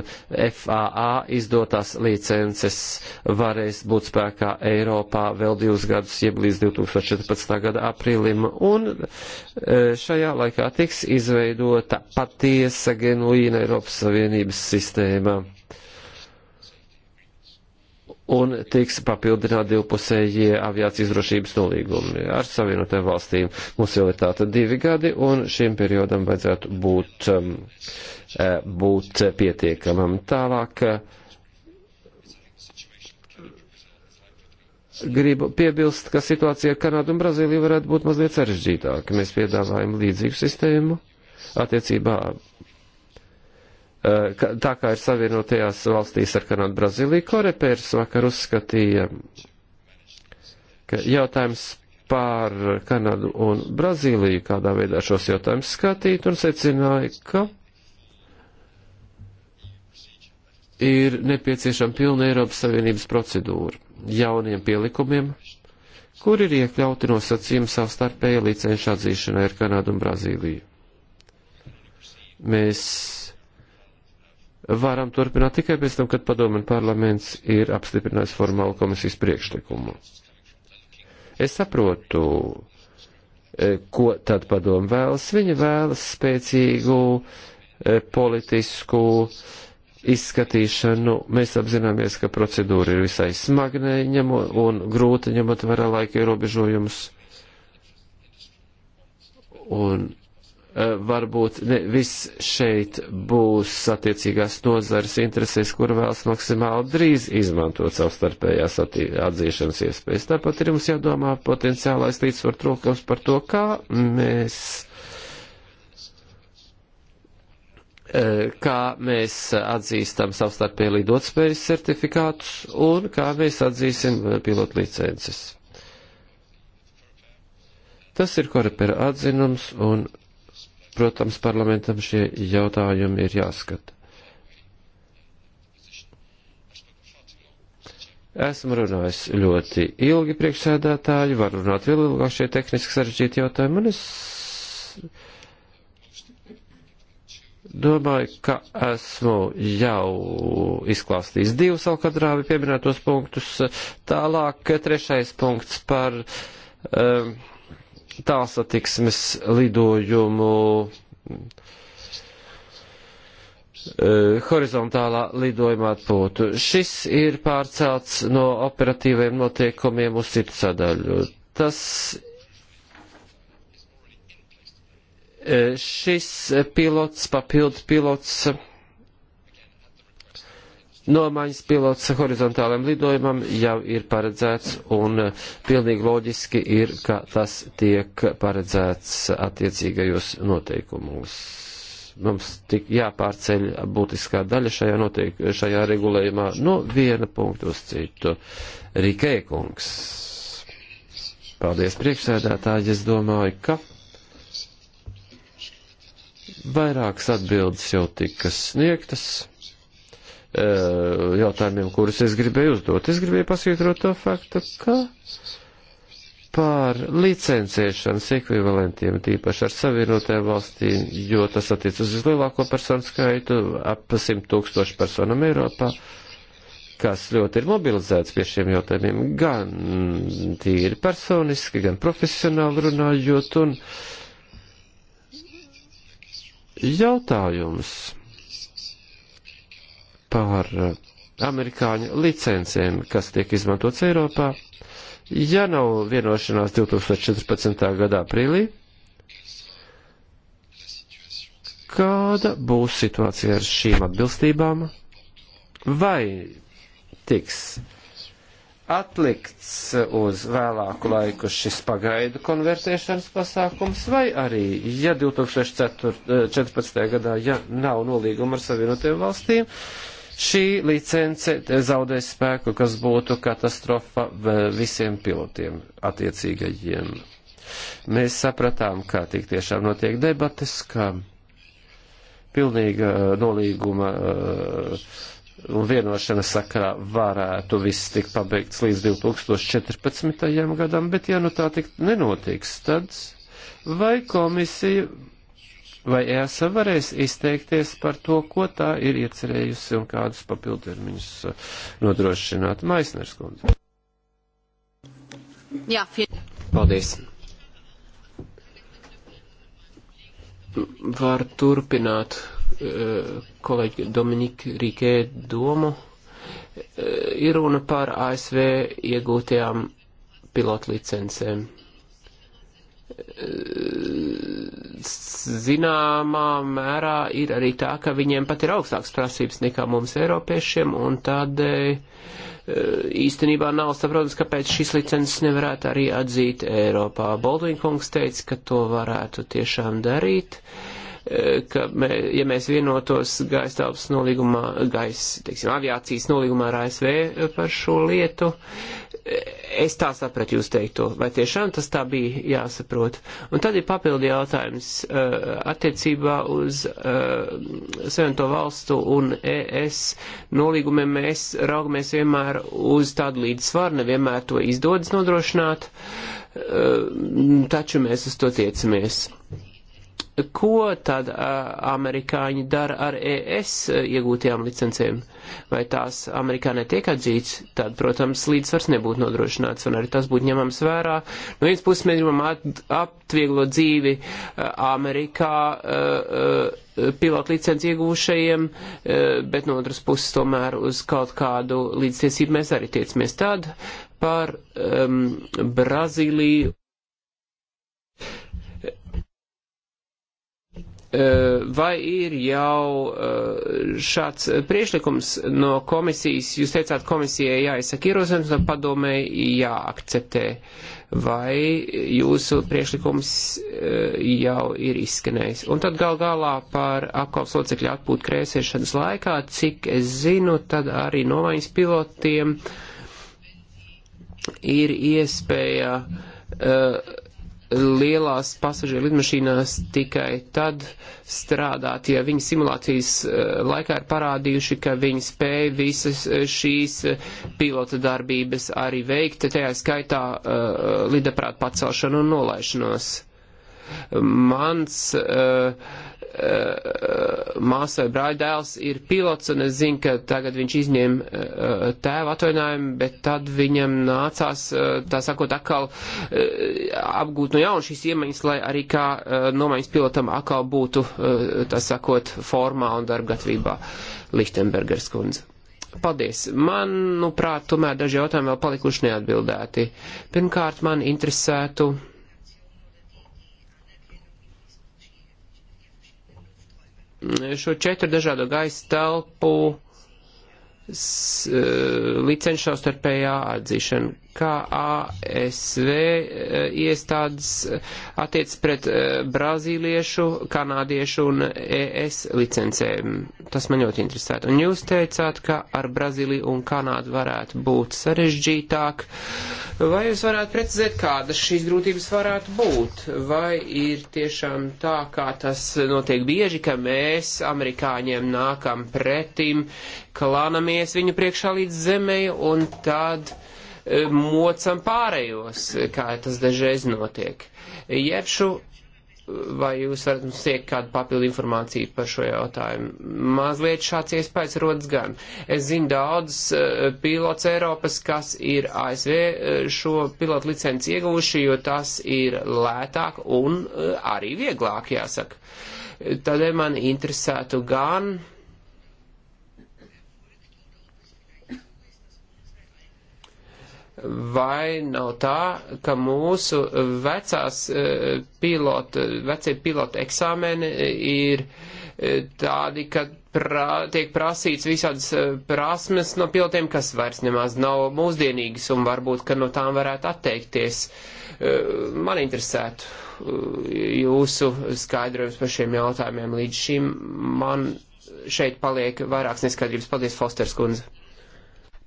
FAA izdotās licences varēs būt spēkā Eiropā vēl divus gadus, jeb līdz 2014. gada aprīlim. Un e, šajā laikā tiks izveidota patiesa genuīna Eiropas Savienības sistēma un tiks papildināt divpusējie aviācijas drošības nolīgumi ar savienotēm valstīm. Mums jau ir tātad divi gadi, un šim periodam vajadzētu būt, um, eh, būt pietiekamam. Tālāk eh, gribu piebilst, ka situācija ar Kanādu un Brazīliju varētu būt mazliet sarežģītāka. Mēs piedāvājam līdzīgu sistēmu attiecībā Eh, tā kā ir savienotajās valstīs ar Kanādu Brazīliju, Korepērs vakar uzskatīja, ka jautājums pār Kanadu un Brazīliju, kādā veidā šos jautājumus skatīt, un secināja, ka ir nepieciešama pilna Eiropas Savienības procedūra jauniem pielikumiem, kur ir iekļauti nosacījumi savstarpēja licenšu atzīšanai ar Kanādu un Brazīliju. Mēs varam turpināt tikai pēc tam, kad padomu un parlaments ir apstiprinājis formālu komisijas priekšlikumu. Es saprotu, e, ko tad padomu vēlas. Viņa vēlas spēcīgu e, politisku izskatīšanu. Mēs apzināmies, ka procedūra ir visai smagnēņama un grūta ņemot vērā laika ierobežojumus. Un Eh, varbūt ne viss šeit būs attiecīgās nozares interesēs, kur vēlas maksimāli drīz izmantot savstarpējās atzīšanas iespējas. Tāpat ir mums jādomā potenciālais līdzsvar trūkums par to, kā mēs eh, kā mēs atzīstam savstarpēji lidotspējas certifikātus un kā mēs atzīsim eh, pilotu licences. Tas ir korepera atzinums un Protams, parlamentam šie jautājumi ir jāskata. Esmu runājis ļoti ilgi priekšsēdētāji, var runāt vēl ilgāk šie tehniski sarežģīti jautājumi, un es domāju, ka esmu jau izklāstījis divus alkadrāvi pieminētos punktus. Tālāk trešais punkts par. Um, tālsatiksmes lidojumu e, horizontālā lidojuma atpūtu. Šis ir pārcelts no operatīviem notiekumiem uz citu sadaļu. Tas e, šis pilots, papildu pilots nomaiņas pilots horizontālam lidojumam jau ir paredzēts un eh, pilnīgi loģiski ir, ka tas tiek paredzēts attiecīgajos noteikumos. Mums tik jāpārceļ būtiskā daļa šajā, noteik, šajā regulējumā no viena punkta uz citu. Rikē kungs. Paldies priekšsēdētāji, es domāju, ka vairākas atbildes jau tika sniegtas Eh, jautājumiem, kurus es gribēju uzdot. Es gribēju pasvītrot to faktu, ka pār licencēšanas ekvivalentiem, tīpaši ar savienotajām valstīm, jo tas attiec uz vislielāko personu skaitu, ap 100 tūkstoši personam Eiropā, kas ļoti ir mobilizēts pie šiem jautājumiem, gan tīri personiski, gan profesionāli runājot, un jautājums par eh, amerikāņu licencēm, kas tiek izmantots Eiropā, ja nav vienošanās 2014. gada aprīlī, kāda būs situācija ar šīm atbilstībām? Vai tiks atlikts uz vēlāku laiku šis pagaidu konvertēšanas pasākums, vai arī, ja 2014. gadā ja nav nolīguma ar Savienotajām valstīm, šī licence zaudēs spēku, kas būtu katastrofa visiem pilotiem attiecīgajiem. Mēs sapratām, kā tik tiešām notiek debates, ka pilnīga eh, nolīguma eh, un vienošanas sakarā varētu viss tikt pabeigts līdz 2014. gadam, bet ja nu tā tik nenotiks, tad vai komisija vai ESA varēs izteikties par to, ko tā ir iecerējusi un kādus papildermiņus uh, nodrošināt. Maisners kundze. Jā, Paldies. Var turpināt uh, kolēģi Dominika Rīkē domu. Uh, ir runa par ASV iegūtajām pilotlicencēm zināmā mērā ir arī tā, ka viņiem pat ir augstāks prasības nekā mums Eiropiešiem, un tādēļ eh, īstenībā nav saprotams, kāpēc šīs licences nevarētu arī atzīt Eiropā. Boldvinkungs teica, ka to varētu tiešām darīt eh, ka, mē, ja mēs vienotos gaisa telpas nolīgumā, gaisa, teiksim, aviācijas nolīgumā ar ASV par šo lietu, Es tā sapratu jūs teikto, vai tiešām tas tā bija jāsaprot. Un tad ir papildi jautājums uh, attiecībā uz uh, Savienoto valstu un ES nolīgumiem. Mēs raugamies vienmēr uz tādu līdzsvaru, nevienmēr to izdodas nodrošināt, uh, taču mēs uz to tiecamies. Uh, Ko tad uh, amerikāņi dara ar ES iegūtajām licencēm? Vai tās Amerikā netiek atzīts? Tad, protams, līdzsvars nebūtu nodrošināts un arī tas būtu ņemams vērā. No vienas puses mēs gribam aptvieglot dzīvi uh, Amerikā. Uh, uh, pilotu licenci iegūšajiem, bet no otras puses tomēr uz kaut kādu līdztiesību mēs arī tiecamies tad par um, Brazīliju. Eh, vai ir jau eh, šāds priešlikums no komisijas, jūs teicāt, komisijai jāizsaka ierosinājums, no padomēji jāakceptē, vai jūsu priešlikums eh, jau ir izskanējis. Un tad gal galā par apkalps locekļu atpūt krēsiešanas laikā, cik es zinu, tad arī novaiņas pilotiem ir iespēja uh, lielās pasažieru lidmašīnās tikai tad strādāt, ja viņi simulācijas eh, laikā ir parādījuši, ka viņi spēja visas eh, šīs eh, pilota darbības arī veikt, tajā skaitā lidaprāta pacelšanu un nolaišanos. Mans uh, eh, eh, māsai brāļdēls ir pilots, un es zinu, ka tagad viņš izņēma eh, tēva atvainājumu, bet tad viņam nācās, tā sakot, atkal apgūt no jauna šīs iemaņas, lai arī kā nomaiņas pilotam atkal būtu, tā sakot, formā un darbgatavībā Lichtenbergers kundze. Paldies. Manuprāt, nu tomēr daži jautājumi vēl palikuši neatbildēti. Pirmkārt, man interesētu. šo četru dažādo gaisa telpu eh, licenšu savstarpējā atzīšana kā ASV eh, iestādes eh, attiec pret eh, brazīliešu, kanādiešu un ES licencēm. Tas man ļoti interesē. Un jūs teicāt, ka ar Brazīliju un Kanādu varētu būt sarežģītāk. Vai jūs varētu precizēt, kādas šīs grūtības varētu būt? Vai ir tiešām tā, kā tas notiek bieži, ka mēs amerikāņiem nākam pretim, klānamies viņu priekšā līdz zemē un tad. Uh, mocam pārējos, kā tas dažreiz notiek. Jebšu, vai jūs varat mums sniegt kādu papildu informāciju par šo jautājumu? Mazliet šāds iespējas rodas gan. Es zinu daudz eh, pilots Eiropas, kas ir ASV eh, šo pilotu licenci ieguvuši, jo tas ir lētāk un eh, arī vieglāk, jāsaka. Tādēļ man interesētu gan vai nav tā, ka mūsu vecās e, pilota, vecie pilota eksāmeni ir e, tādi, ka prā, tiek prasīts visādas e, prasmes no pilotiem, kas vairs nemaz nav mūsdienīgas un varbūt, ka no tām varētu atteikties. Man interesētu jūsu skaidrojums par šiem jautājumiem. Līdz šim man šeit paliek vairākas neskaidrības. Paldies, Fosters kundze.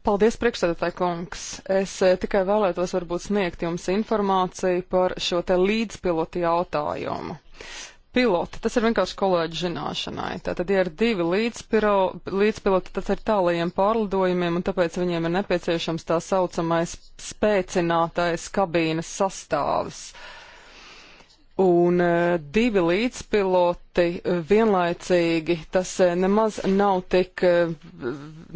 Paldies, priekšsēdētāji kungs. Es eh, tikai vēlētos varbūt sniegt jums informāciju par šo te līdzpilota jautājumu. Piloti, tas ir vienkārši kolēģi zināšanai. Tātad, ja ir divi līdzpiro, līdzpiloti, tas ir tālajiem pārlidojumiem, un tāpēc viņiem ir nepieciešams tā saucamais spēcinātais kabīnes sastāvs. Uh, un e, divi līdzpiloti e, vienlaicīgi, tas e, nemaz nav tik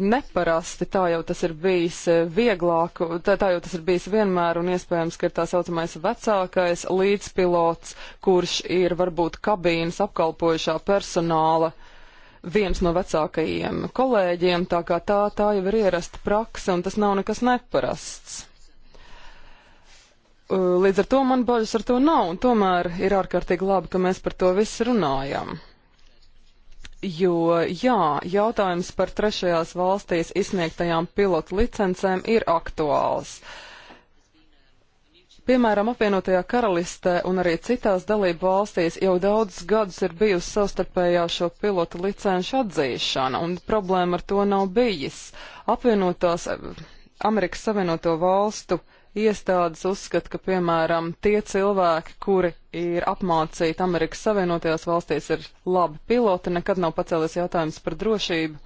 neparasti, tā jau tas ir bijis vieglāk, tā, tā jau tas ir bijis vienmēr, un iespējams, ka ir tā saucamais vecākais līdzpilots, kurš ir varbūt kabīnas apkalpojušā personāla viens no vecākajiem kolēģiem, tā kā tā, tā jau ir ierasta praksa, un tas nav nekas neparasts. Eh, līdz ar to man bažas ar to nav, un tomēr ir ārkārtīgi labi, ka mēs par to visu runājam. Jo, jā, jautājums par trešajās valstīs izsniegtajām pilotu licencēm ir aktuāls. Piemēram, apvienotajā karalistē un arī citās dalību valstīs jau daudzus gadus ir bijusi savstarpējā šo pilotu licenšu atzīšana, un problēma ar to nav bijis. Apvienotās eh, Amerikas Savienoto valstu uh, iestādes uzskata, ka, piemēram, tie cilvēki, kuri ir apmācīti Amerikas Savienotajās valstīs, ir labi piloti, nekad nav pacēlies jautājums par drošību.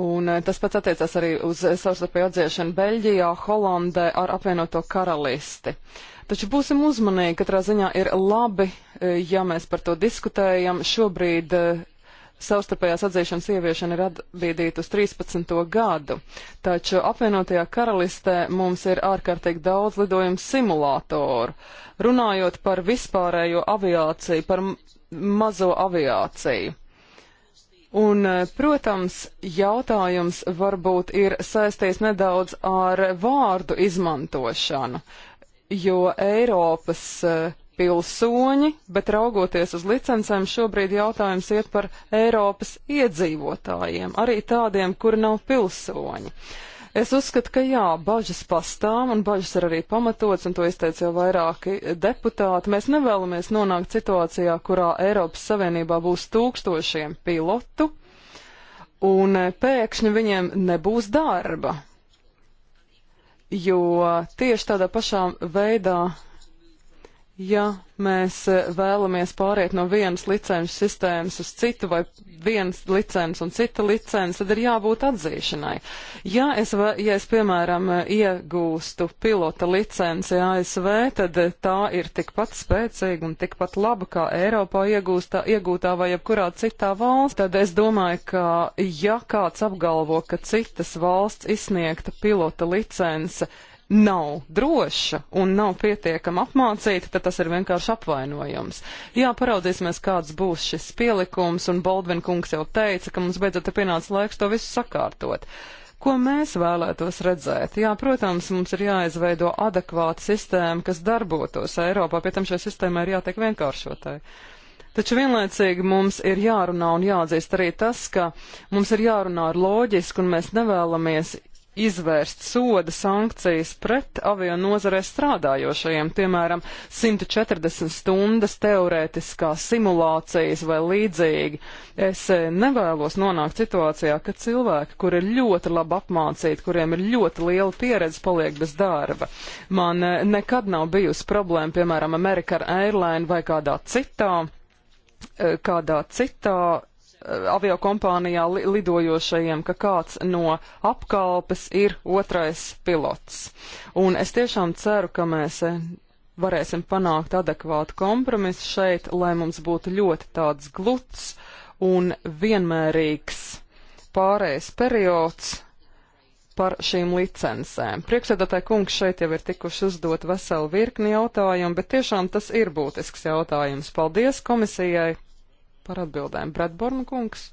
Un eh, tas pats attiecās arī uz savstarpēju atdziešanu Beļģijā, Holandē ar apvienoto karalisti. Taču būsim uzmanīgi, katrā ziņā ir labi, eh, ja mēs par to diskutējam. Šobrīd eh, savstarpējās atzīšanas ieviešana ir atbīdīta uz 13. gadu, taču apvienotajā karalistē mums ir ārkārtīgi daudz lidojumu simulātoru. Runājot par vispārējo aviāciju, par mazo aviāciju. Un, e, protams, jautājums varbūt ir saistīts nedaudz ar vārdu izmantošanu, jo Eiropas uh, pilsoņi, bet raugoties uz licencēm, šobrīd jautājums iet par Eiropas iedzīvotājiem, arī tādiem, kuri nav pilsoņi. Es uzskatu, ka jā, bažas pastāv un bažas ir arī pamatots, un to izteica jau vairāki deputāti. Mēs nevēlamies nonākt situācijā, kurā Eiropas Savienībā būs tūkstošiem pilotu, un pēkšņi viņiem nebūs darba, jo tieši tādā pašā veidā ja mēs e, vēlamies pāriet no vienas licences sistēmas uz citu vai vienas licences un cita licences, tad ir jābūt atzīšanai. Ja es, ja es piemēram, e, iegūstu pilota licenci ASV, tad e, tā ir tikpat spēcīga un tikpat laba kā Eiropā iegūstā, iegūtā vai jebkurā citā valsts, tad es domāju, ka ja kāds apgalvo, ka citas valsts izsniegta pilota licence, nav droša un nav pietiekama apmācīta, tad tas ir vienkārši apvainojums. Jā, paraudzīsimies, kāds būs šis pielikums, un Baldvin kungs jau teica, ka mums beidzot ir pienācis laiks to visu sakārtot. Ko mēs vēlētos redzēt? Jā, protams, mums ir jāizveido adekvāta sistēma, kas darbotos Eiropā, pie tam šai sistēmai ir jātiek vienkāršotai. Taču vienlaicīgi mums ir jārunā un jāatzīst arī tas, ka mums ir jārunā ar loģisku un mēs nevēlamies izvērst soda sankcijas pret avio nozarē strādājošajiem, piemēram, 140 stundas teorētiskā simulācijas vai līdzīgi. Es eh, nevēlos nonākt situācijā, ka cilvēki, kur ir ļoti labi apmācīti, kuriem ir ļoti liela pieredze, paliek bez darba. Man eh, nekad nav bijusi problēma, piemēram, American Airline vai kādā citā, eh, kādā citā Eh, aviokompānijā li lidojošajiem, ka kāds no apkalpes ir otrais pilots. Un es tiešām ceru, ka mēs eh, varēsim panākt adekvātu kompromisu šeit, lai mums būtu ļoti tāds gluds un vienmērīgs pārējais periods par šīm licencēm. Priekšsēdētāji kungs šeit jau ir tikuši uzdot veselu virkni jautājumu, bet tiešām tas ir būtisks jautājums. Paldies komisijai par atbildēm. Bradborna kungs.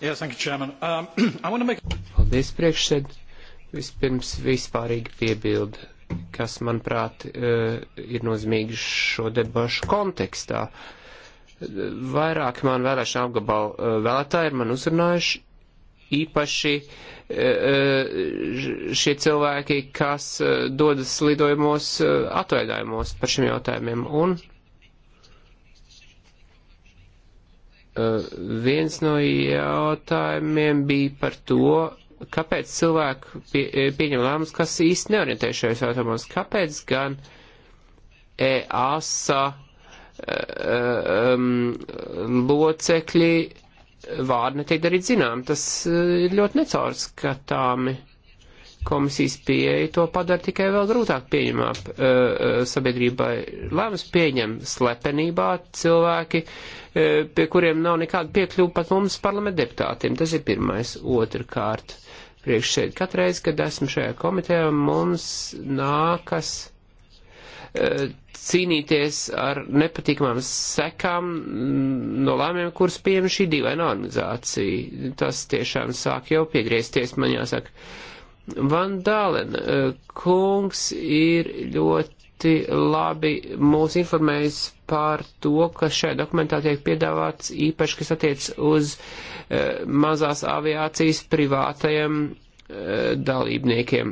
Yes, thank you, Chairman. Um, [clears throat] I want to make... Paldies, priekšsēd. Vispirms vispārīgi piebildu, kas, manuprāt, uh, ir nozīmīgi šo debašu kontekstā. Vairāk man vēlēšana apgabalu uh, vēlētāji ir man uzrunājuši īpaši uh, šie cilvēki, kas dodas lidojumos atvaļinājumos par šiem jautājumiem. Un Eh, viens no jautājumiem bija par to, kāpēc cilvēki pie, eh, pieņem lēmumus, kas īsti neorientē šajos jautājumos. Kāpēc gan EASA um, eh, locekļi vārdi netiek darīt zinām? Tas ir ļoti necaurskatāmi. Uh, komisijas pieeja to padara tikai vēl grūtāk pieņemā eh, eh, sabiedrībai. Lēmums pieņem slepenībā cilvēki, eh, pie kuriem nav nekāda piekļuva pat mums parlamenta deputātiem. Tas ir pirmais. Otrkārt, priekš šeit katreiz, kad esmu šajā komitejā, mums nākas cīnīties ar nepatīkamām sekām mm, no lēmiem, kuras pieņem šī divaina organizācija. Tas tiešām sāk jau piegriezties, man jāsaka Van Dālen eh, kungs ir ļoti labi mūs informējis par to, ka šajā dokumentā tiek piedāvāts īpaši, kas attiec uz uh, mazās aviācijas privātajiem uh, dalībniekiem.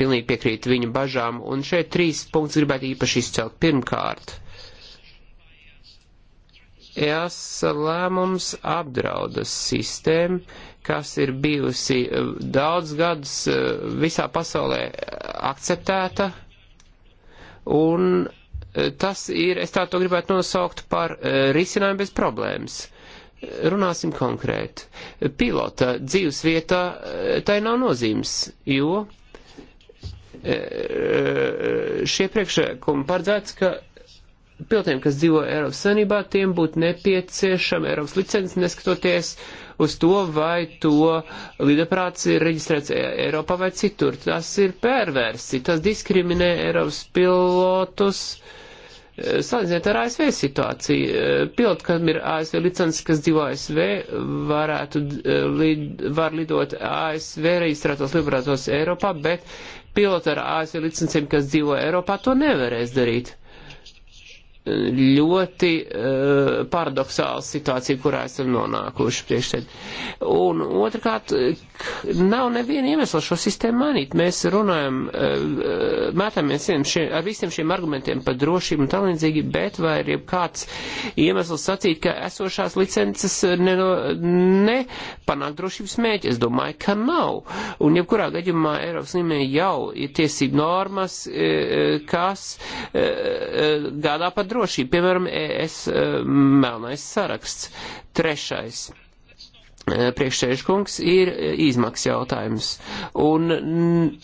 Pilnīgi piekrīt viņu bažām, un šeit trīs punktus gribētu īpaši izcelt. Pirmkārt, EAS lēmums apdrauda sistēmu, kas ir bijusi eh, daudz gadus eh, visā pasaulē eh, akceptēta, un tas ir, es tā to gribētu nosaukt par risinājumu bez problēmas. Runāsim konkrēti. Pilota dzīves vietā tai nav nozīmes, jo šie priekšēkumi paredzēts, ka pilotiem, kas dzīvo Eiropas Savienībā, tiem būtu nepieciešama Eiropas licences, neskatoties uh, uz to, vai to lidaprāts ir reģistrēts e- Eiropā vai citur. Tas ir perversi, tas diskriminē Eiropas pilotus. E, Salīdziniet ar ASV situāciju. E, Pilot, kam ir ASV licence, kas dzīvo ASV, varētu, lid, var lidot ASV reģistrētos liberātos Eiropā, bet piloti ar ASV licencēm, kas dzīvo Eiropā, to nevarēs darīt ļoti uh, paradoxāla situācija, kurā esam nonākuši priekšsēd. Un otrkārt, nav neviena iemesla šo sistēmu mainīt. Mēs runājam, uh, mētāmies šiem, ar visiem šiem argumentiem par drošību un tālīdzīgi, bet vai ir kāds iemesls sacīt, ka esošās licences eh, nepanāk ne drošības mēķi? Es domāju, ka nav. Un jebkurā gadījumā Eiropas līmenī jau ir tiesību normas, uh, kas uh, gādā par drošību drošību, piemēram, es e, melnais saraksts. Trešais e, priekšsēžkungs ir e, izmaksas jautājums. Un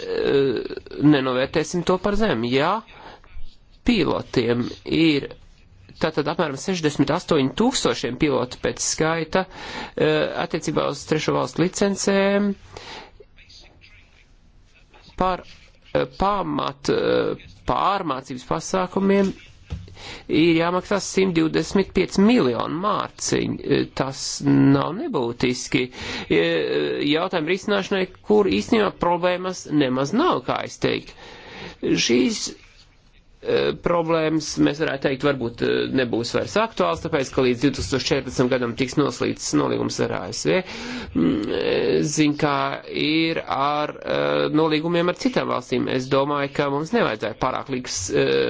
nenovērtēsim to par zemi. Jā, pilotiem ir tātad apmēram 68 tūkstošiem pilotu pēc skaita attiecībā uz trešo valstu licencēm par pamat pārmācības pasākumiem ir jāmaksā 125 miljonu mārciņu. E, tas nav nebūtiski. E, Jautājumu risināšanai, kur īstenībā problēmas nemaz nav, kā es teiktu. Šīs E, problēmas, mēs varētu teikt, varbūt e, nebūs vairs aktuāls, tāpēc, ka līdz 2014. gadam tiks noslīdis nolīgums ar ASV. Mm, e, zin, kā ir ar nolīgumiem ar citām valstīm. Es domāju, ka mums nevajadzēja pārāk liks,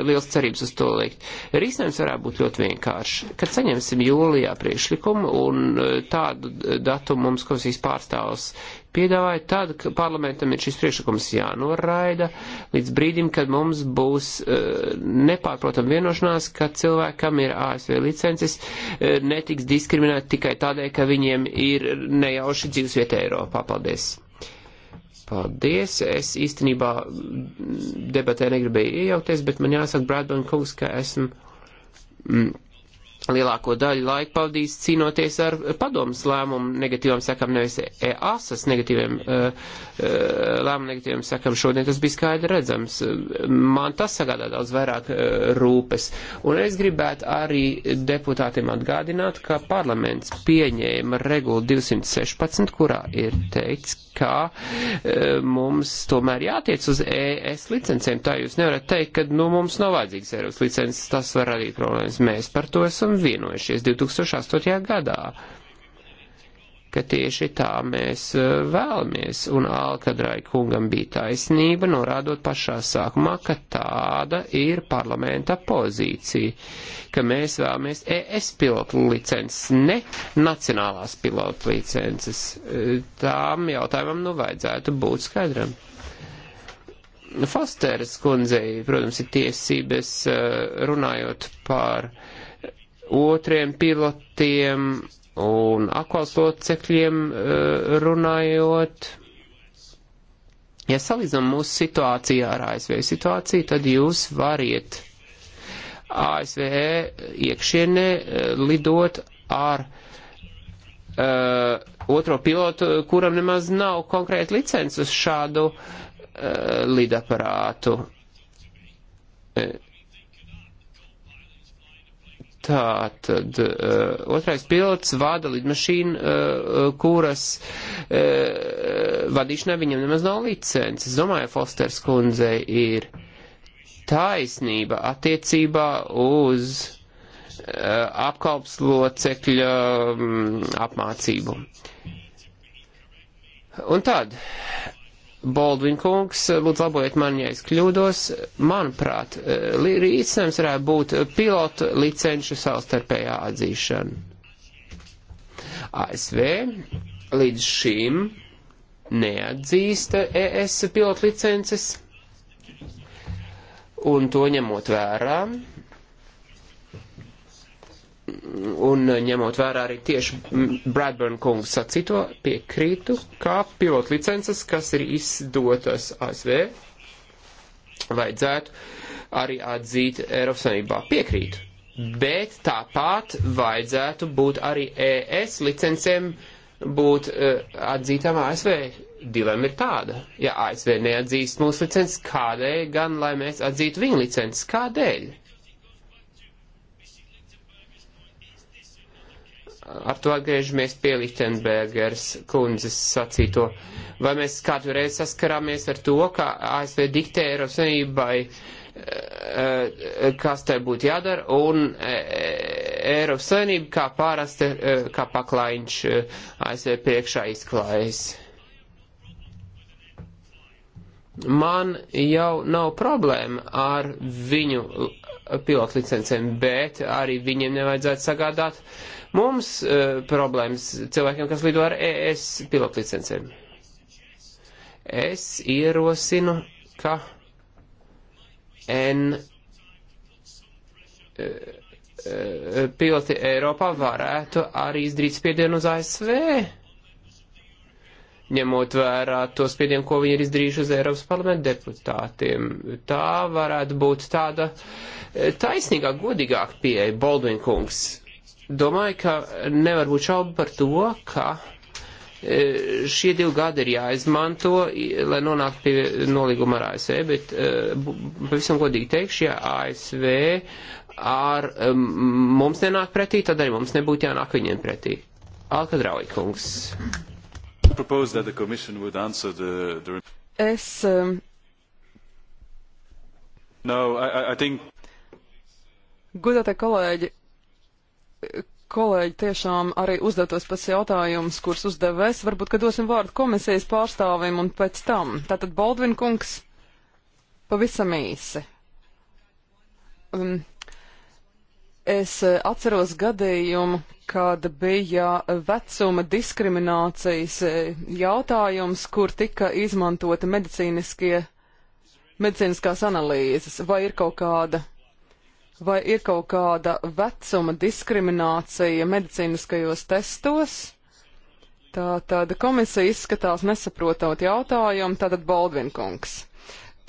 liels cerības uz to likt. Risinājums varētu būt ļoti vienkārši. Kad saņemsim jūlijā priešlikumu un tādu datumu mums komisijas pārstāvs piedāvāja, tad parlamentam ir šis priekšlikums jānoraida līdz brīdim, kad mums būs e, nepārprotam vienošanās, ka cilvēkam ir ASV licences, e, netiks diskriminēti tikai tādēļ, ka viņiem ir nejauši dzīvesvieta Eiropā. Paldies! Paldies! Es īstenībā debatē negribēju iejaukties, bet man jāsaka, Bradburn kungs, ka esmu mm, lielāko daļu laika pavadījis cīnoties ar padomas lēmumu negatīvām sakām, nevis EASAS negatīviem e, e, lēmumu negatīviem sakām. Šodien tas bija skaidri redzams. Man tas sagādā daudz vairāk e, rūpes. Un es gribētu arī deputātiem atgādināt, ka parlaments pieņēma regulu 216, kurā ir teikts, ka mums tomēr jātiec uz ES licencēm. Tā jūs nevarat teikt, ka nu, mums nav vajadzīgs Eiropas licences, tas var radīt problēmas. Mēs par to esam esam vienojušies 2008. gadā, ka tieši tā mēs e, vēlamies, un Alkadrai kungam bija taisnība, norādot pašā sākumā, ka tāda ir parlamenta pozīcija, ka mēs vēlamies ES pilotu licences, ne nacionālās pilotu licences. E, tām jautājumam nu vajadzētu būt skaidram. Fosteras kundzei, protams, ir tiesības e, runājot par uh, otriem pilotiem un akvāls locekļiem eh, runājot. Ja salīdzinām mūsu situāciju ar ASV situāciju, tad jūs variet ASV iekšienē eh, lidot ar uh, otro pilotu, kuram nemaz nav konkrēti licences šādu uh, lidaparātu. Uh, Tā tad uh, eh, otrais pilots vada lidmašīnu, uh, kuras uh, vadīšanai viņam nemaz nav licences. Es domāju, Fosters kundze ir taisnība attiecībā uz uh, apkalps locekļa um, mm, apmācību. Un tad Baldvin kungs, lūdzu labojiet mani, ja es kļūdos, manuprāt, eh, rīcinājums varētu būt pilotu licenšu savstarpējā atzīšana. ASV līdz šim neatzīsta ES pilotu licences, un to ņemot vērā, un ņemot vērā arī tieši Bradburn kungs sacīto, piekrītu, kā pilotu licences, kas ir izdotas ASV, vajadzētu arī atzīt Eiropas Savienībā. Piekrītu. Bet tāpat vajadzētu būt arī ES licencēm būt uh, atzītām ASV. Dilema ir tāda. Ja ASV neatzīst mūsu licences, kādēļ gan, lai mēs atzītu viņu licences? Kādēļ? ar to atgriežamies pie Lichtenbergers kundzes sacīto. Vai mēs kādu reizi saskarāmies ar to, ka ASV diktē Eiropas Savienībai, eh, eh, kas tai būtu jādara, un eh, Eiropas Savienība kā pārasti, kā paklaiņš ASV priekšā izklājas? Man jau nav problēma ar viņu pilotlicencēm, bet arī viņiem nevajadzētu sagādāt uh, Mums uh, problēmas cilvēkiem, kas lido ar ES pilotlicencēm. Es ierosinu, ka N uh, piloti Eiropā varētu arī izdarīt spiedienu uz ASV, ņemot vērā to spiedienu, ko viņi ir izdarījuši uz Eiropas parlamentu deputātiem. Tā varētu būt tāda taisnīgāk, godīgāk pieeja, Baldwin kungs. Domāju, ka nevar būt šaubu par to, ka e, šie divi gadi ir jāizmanto, lai nonāktu pie nolīguma ar ASV, bet e, pavisam godīgi teikšu, ja ASV ar e, mums nenāk pretī, tad arī mums nebūtu jānāk viņiem pretī. Alka Drauikungs. Es. Um, no, I, I think... Gudate kolēģi, kolēģi tiešām arī uzdotos pats jautājumus, kurus uzdevu es. Varbūt, ka dosim vārdu komisijas pārstāvim un pēc tam. Tātad Baldvin kungs pavisam īsi. Um, es eh, atceros gadījumu, kad bija eh, vecuma diskriminācijas eh, jautājums, kur tika izmantota medicīniskie, medicīniskās analīzes. Vai ir kaut kāda Vai ir kaut kāda vecuma diskriminācija medicīniskajos testos? Tā tad komisija izskatās nesaprotot jautājumu, tātad Baldvinkungs.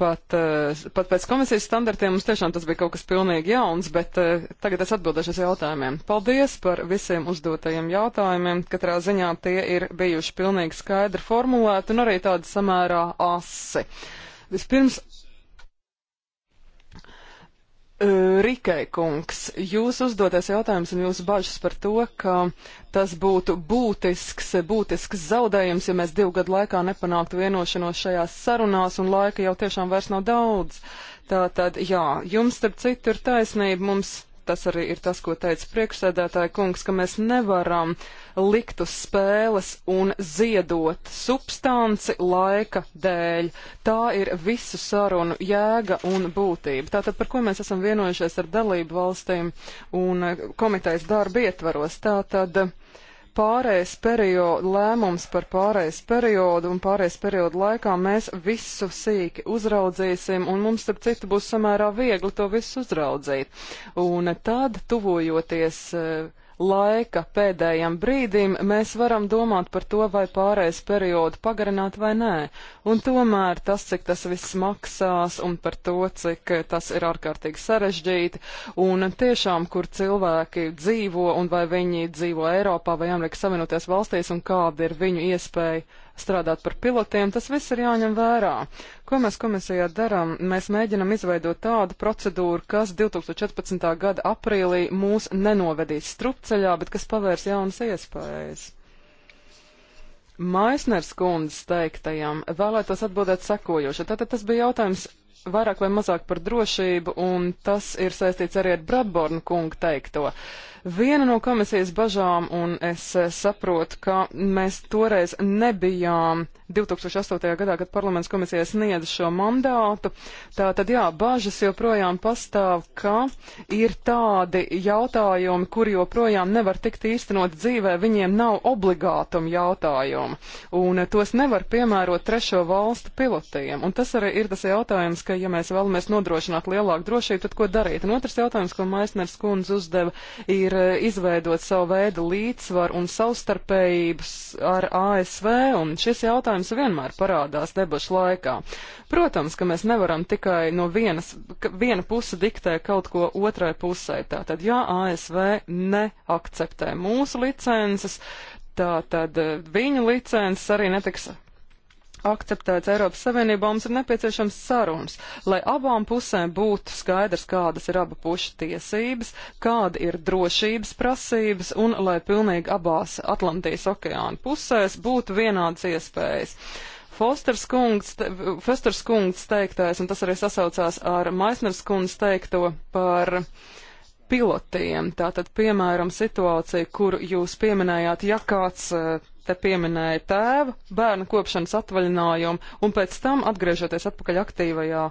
Pat, eh, pat pēc komisijas standartiem mums tiešām tas bija kaut kas pilnīgi jauns, bet eh, tagad es atbildēšu uz jautājumiem. Paldies par visiem uzdotajiem jautājumiem. Katrā ziņā tie ir bijuši pilnīgi skaidri formulēti un arī tādi samērā asi. Vispirms Rikai kungs, jūs uzdotais jautājums un jūsu bažas par to, ka tas būtu būtisks, būtisks zaudējums, ja mēs divu gadu laikā nepanāktu vienošanos šajās sarunās un laika jau tiešām vairs nav daudz. Tātad, jā, jums starp citu ir taisnība, mums tas arī ir tas, ko teica priekšsēdētāja kungs, ka mēs nevaram uh, likt uz spēles un ziedot substanci laika dēļ. Tā ir visu sarunu jēga un būtība. Tātad par ko mēs esam vienojušies ar dalību valstīm un eh, komitejas darba ietvaros. Tātad, pārējais periodu, lēmums par pārējais periodu un pārējais periodu laikā mēs visu sīki uzraudzīsim un mums, starp citu, būs samērā viegli to visu uzraudzīt. Un tad, tuvojoties uh, laika pēdējam brīdim, mēs varam domāt par to, vai pārējais periodu pagarināt vai nē. Un tomēr tas, cik tas viss maksās un par to, cik tas ir ārkārtīgi sarežģīti un tiešām, kur cilvēki dzīvo un vai viņi dzīvo Eiropā vai Amerikas Savienoties valstīs un kāda ir viņu iespēja strādāt par pilotiem, tas viss ir jāņem vērā. Ko mēs komisijā darām? Mēs mēģinam izveidot tādu procedūru, kas 2014. gada aprīlī mūs nenovedīs strupceļā, bet kas pavērs jaunas iespējas. Maisners kundzes teiktajam vēlētos atbildēt sekojoši. Tātad tas bija jautājums vairāk vai mazāk par drošību, un tas ir saistīts arī ar Bradbornu kungu teikto. Uh, Viena no komisijas bažām, un es eh, saprotu, ka mēs toreiz nebijām 2008. gadā, kad parlaments komisijai sniedza šo mandātu, tā tad jā, bažas joprojām pastāv, ka ir tādi jautājumi, kuri joprojām nevar tikt īstenot dzīvē, viņiem nav obligātuma jautājumi, un eh, tos nevar piemērot trešo valstu pilotiem. Un tas arī ir tas jautājums, ka ja mēs vēlamies nodrošināt lielāku drošību, tad ko darīt? Un otrs jautājums, ko Maisners kundze uzdeva, ir ir eh, izveidot savu veidu līdzsvaru un savstarpējības ar ASV, un šis jautājums vienmēr parādās debašu laikā. Protams, ka mēs nevaram tikai no vienas, viena puse diktē kaut ko otrai pusē. Tātad, ja ASV neakceptē mūsu licences, tātad eh, viņu licences arī netiks akceptēts Eiropas Savienībā, mums ir nepieciešams sarunas, lai abām pusēm būtu skaidrs, kādas ir abu pušu tiesības, kāda ir drošības prasības un lai pilnīgi abās Atlantijas okeāna pusēs būtu vienādas iespējas. Fosters kungs, Fosters kungs teiktais, un tas arī sasaucās ar Maisners kungs teikto par pilotiem. Tātad, piemēram, situācija, kuru jūs pieminējāt, ja kāds uh, te pieminēja tēva bērnu kopšanas atvaļinājumu, un pēc tam, atgriežoties atpakaļ aktīvajā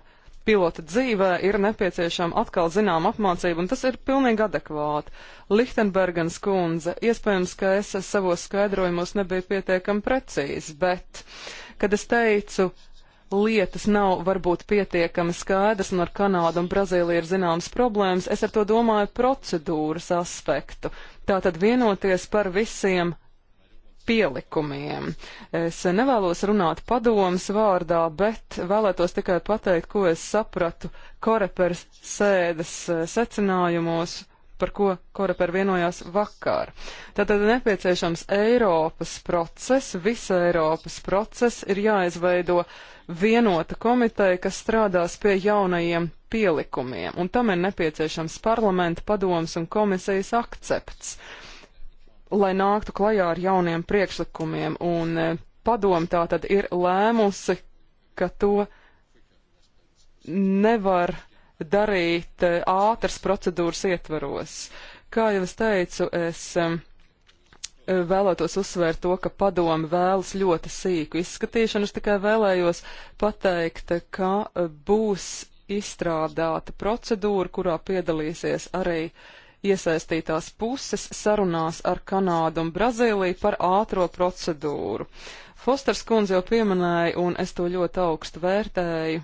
pilota dzīvē, ir nepieciešama atkal zinām apmācība, un tas ir pilnīgi adekvāti. Lichtenbergens kundze, iespējams, ka es savos skaidrojumos nebiju pietiekami precīzi, bet, kad es teicu, lietas nav varbūt pietiekami skaidras, un ar Kanādu un Brazīliju ir zināmas problēmas, es ar to domāju procedūras aspektu. Tātad vienoties par visiem pielikumiem. Es nevēlos runāt padomas vārdā, bet vēlētos tikai pateikt, ko es sapratu Korepers sēdes eh, secinājumos par ko Koreper vienojās vakar. Tātad nepieciešams Eiropas process, visa Eiropas process ir jāizveido vienota komiteja, kas strādās pie jaunajiem pielikumiem, un tam ir nepieciešams parlamenta padoms un komisijas akcepts. Uh, lai nāktu klajā ar jauniem priekšlikumiem, un e, padom tā tad ir lēmusi, ka to nevar darīt e, ātras procedūras ietvaros. Kā jau es teicu, es e, vēlētos uzsvērt to, ka padomi vēlas ļoti sīku izskatīšanu. Es tikai vēlējos pateikt, ka būs izstrādāta procedūra, kurā piedalīsies arī uh, iesaistītās puses sarunās ar Kanādu un Brazīliju par ātro procedūru. Fosters kundze jau pieminēja, un es to ļoti augstu vērtēju,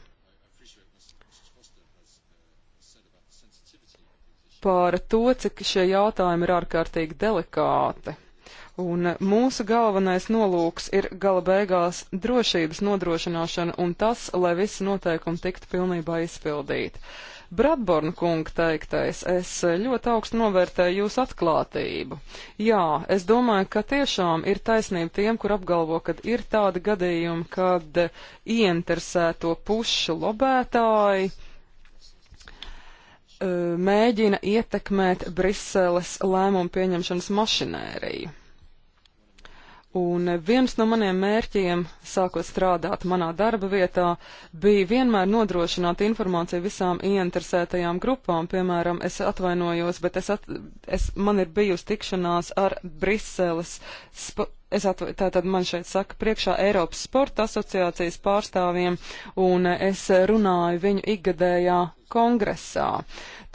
par to, cik šie jautājumi ir ārkārtīgi delikāti. Un mūsu galvenais nolūks ir gala beigās drošības nodrošināšana un tas, lai visi noteikumi tiktu pilnībā izpildīti. Bradborn kunga teiktais, es ļoti augstu novērtēju jūsu atklātību. Jā, es domāju, ka tiešām ir taisnība tiem, kur apgalvo, ka ir tādi gadījumi, kad ieinteresēto pušu lobētāji eh, mēģina ietekmēt Briseles lēmumu pieņemšanas mašinēriju. Un viens no maniem mērķiem, sākot strādāt manā darba vietā, bija vienmēr nodrošināt informāciju visām ieinteresētajām grupām. Piemēram, es atvainojos, bet es at, es, man ir bijusi tikšanās ar Briseles sp Es atv... Tātad man šeit saka priekšā Eiropas sporta asociācijas pārstāvjiem, un es runāju viņu ikgadējā kongresā.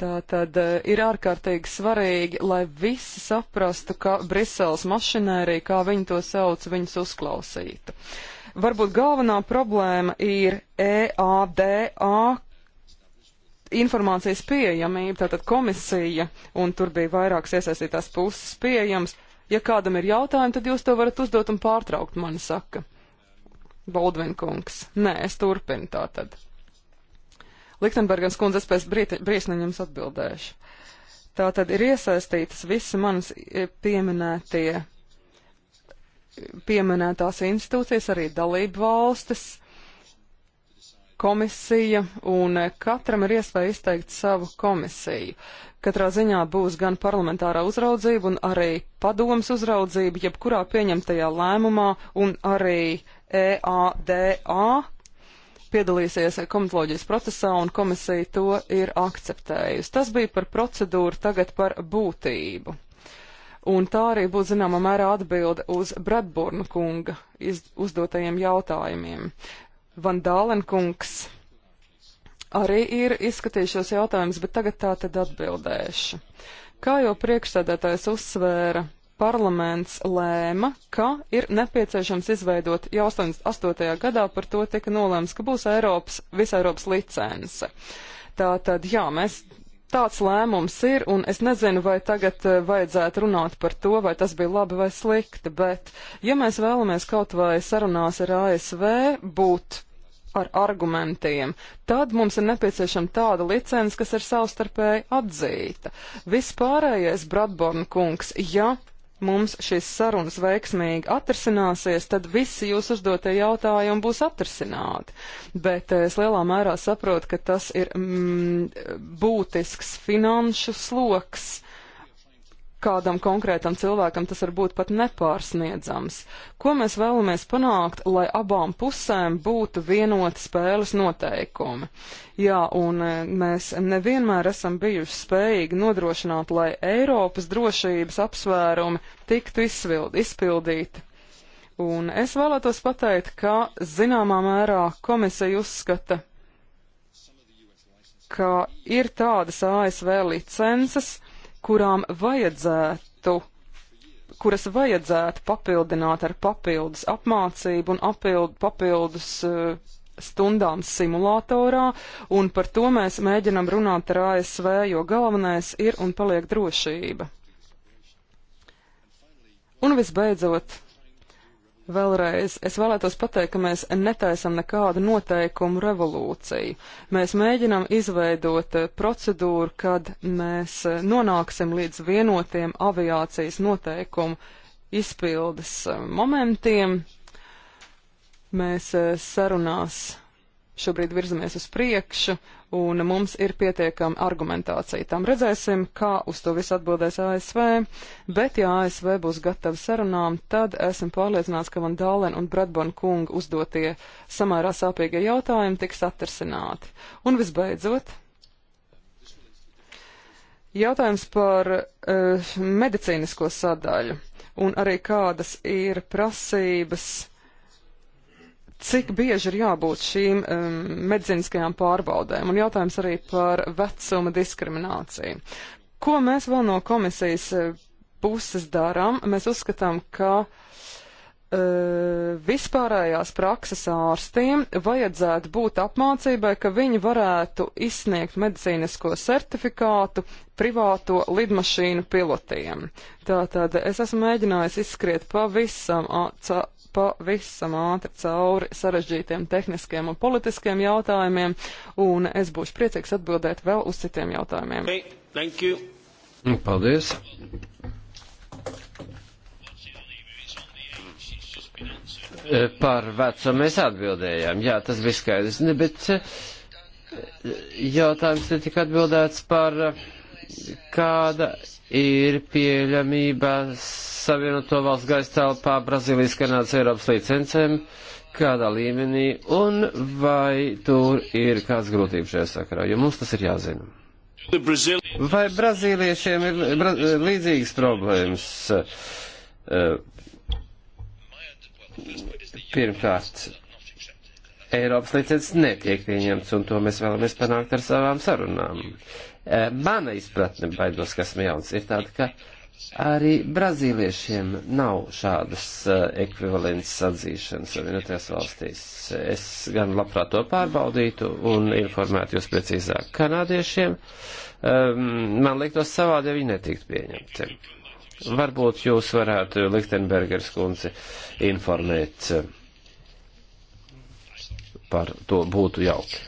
Tātad eh, ir ārkārtīgi svarīgi, lai visi saprastu, ka Briseles mašinērija, kā viņi to sauc, viņus uzklausītu. Varbūt galvenā problēma ir EADA informācijas pieejamība, tātad komisija, un tur bija vairākas iesaistītās puses pieejams, Ja kādam ir jautājumi, tad jūs to varat uzdot un pārtraukt, man saka. Boldvinkungs. Nē, es turpinu tā tad. Liktenbergens kundze, es pēc brīsniņums atbildēšu. Tā tad ir iesaistītas visi manas e, pieminētie, pieminētās institūcijas, arī dalību valstis, komisija, un katram ir iespēja izteikt savu komisiju. Katrā ziņā būs gan parlamentārā uzraudzība, un arī padomas uzraudzība, jebkurā pieņemtajā lēmumā, un arī EADA piedalīsies komitoloģijas procesā, un komisija to ir akceptējusi. Tas bija par procedūru, tagad par būtību. Un tā arī būtu zināmā mērā atbilde uz Bredburnu kunga iz, uzdotajiem jautājumiem. Vandālenkungs arī ir izskatījušos jautājumus, bet tagad tā tad atbildēšu. Kā jau priekšsēdētājs uzsvēra, parlaments lēma, ka ir nepieciešams izveidot jau 88. gadā par to tika nolēms, ka būs Eiropas, visa Eiropas licence. Tātad, jā, mēs Tāds lēmums ir, un es nezinu, vai tagad eh, vajadzētu runāt par to, vai tas bija labi vai slikti, bet ja mēs vēlamies kaut vai sarunās ar ASV būt ar argumentiem, tad mums ir nepieciešama tāda licence, kas ir savstarpēji atzīta. Vispārējais, Bradborn kungs, ja mums šīs sarunas veiksmīgi atrasināsies, tad visi jūs uzdotie jautājumi būs atrasināti. Bet eh, es lielā mērā saprotu, ka tas ir mm, būtisks finanšu sloks kādam konkrētam cilvēkam tas var būt pat nepārsniedzams. Ko mēs vēlamies panākt, lai abām pusēm būtu vienoti spēles noteikumi? Jā, un e, mēs nevienmēr esam bijuši spējīgi nodrošināt, lai Eiropas drošības apsvērumi tiktu izpild, izpildīti. Un es vēlētos pateikt, ka zināmā mērā komisija uzskata, ka ir tādas ASV licences, kurām vajadzētu kuras vajadzētu papildināt ar papildus apmācību un apild, papildus uh, stundām simulatorā, un par to mēs mēģinam runāt ar ASV, jo galvenais ir un paliek drošība. Un visbeidzot, Vēlreiz es vēlētos pateikt, ka mēs netaisam nekādu noteikumu revolūciju. Mēs mēģinam izveidot eh, procedūru, kad mēs eh, nonāksim līdz vienotiem aviācijas noteikumu izpildes eh, momentiem. Mēs sarunās šobrīd virzamies uz priekšu un mums ir pietiekama argumentācija. Tam redzēsim, kā uz to visu atbildēs ASV, bet ja ASV būs gatavi sarunām, tad esam pārliecināts, ka Van Dālen un Bradbon kunga uzdotie samērā sāpīgie jautājumi tiks atrasināti. Un visbeidzot. Jautājums par uh, medicīnisko sadaļu un arī kādas ir prasības cik bieži ir jābūt šīm um, medicīniskajām pārbaudēm, un jautājums arī par vecuma diskrimināciju. Ko mēs vēl no komisijas uh, puses darām? Mēs uzskatām, ka uh, E, vispārējās prakses ārstiem vajadzētu būt apmācībai, ka viņi varētu izsniegt medicīnisko certifikātu privāto lidmašīnu pilotiem. Tātad es esmu mēģinājis izskriet pavisam, ca, pavisam ātri cauri sarežģītiem tehniskiem un politiskiem jautājumiem, un es būšu priecīgs atbildēt vēl uz citiem jautājumiem. Okay, nu, Paldies! Eh, par vecumu mēs atbildējām. Jā, tas bija skaidrs. Ne, bet eh, jautājums netika atbildēts par eh, kāda ir pieļamība Savienoto valsts gaisa telpā Brazīlijas Kanādas Eiropas licencēm, kādā līmenī un vai tur ir kāds grūtības šajā sakarā, jo mums tas ir jāzina. Vai brazīliešiem ir bra līdzīgas problēmas? Uh, Pirmkārt, Eiropas licences netiek pieņemts, un to mēs vēlamies panākt ar savām sarunām. E, mana izpratne, baidos, kas man jauns, ir tāda, ka arī brazīliešiem nav šādas e, ekvivalents atzīšanas Savienotajās valstīs. Es gan labprāt to pārbaudītu un informētu jūs precīzāk. Kanādiešiem e, man liektos savādi, ja viņi netiktu pieņemti. Varbūt jūs varētu Lichtenbergers kundzi informēt eh, par to būtu jauki.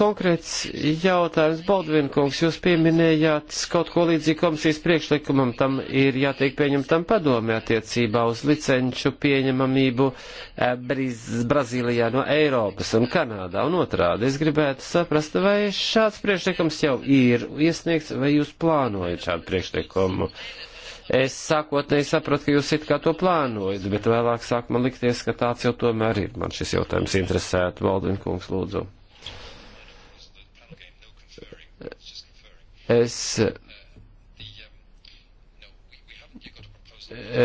Konkrēts jautājums, Baldvinkungs, jūs pieminējāt kaut ko līdzīgi komisijas priekšlikumam, tam ir jātiek pieņemtam padomē attiecībā uz licenču pieņemamību eh, Briz, Brazīlijā no Eiropas un Kanādā un otrādi. Es gribētu saprast, vai šāds priekšlikums jau ir iesniegts, vai jūs plānojat šādu priekšlikumu. Es sākotnēji sapratu, ka jūs it kā to plānojat, bet vēlāk sāk man likties, ka tāds jau tomēr ir. Man šis jautājums interesētu, Baldvinkungs, lūdzu. Es e,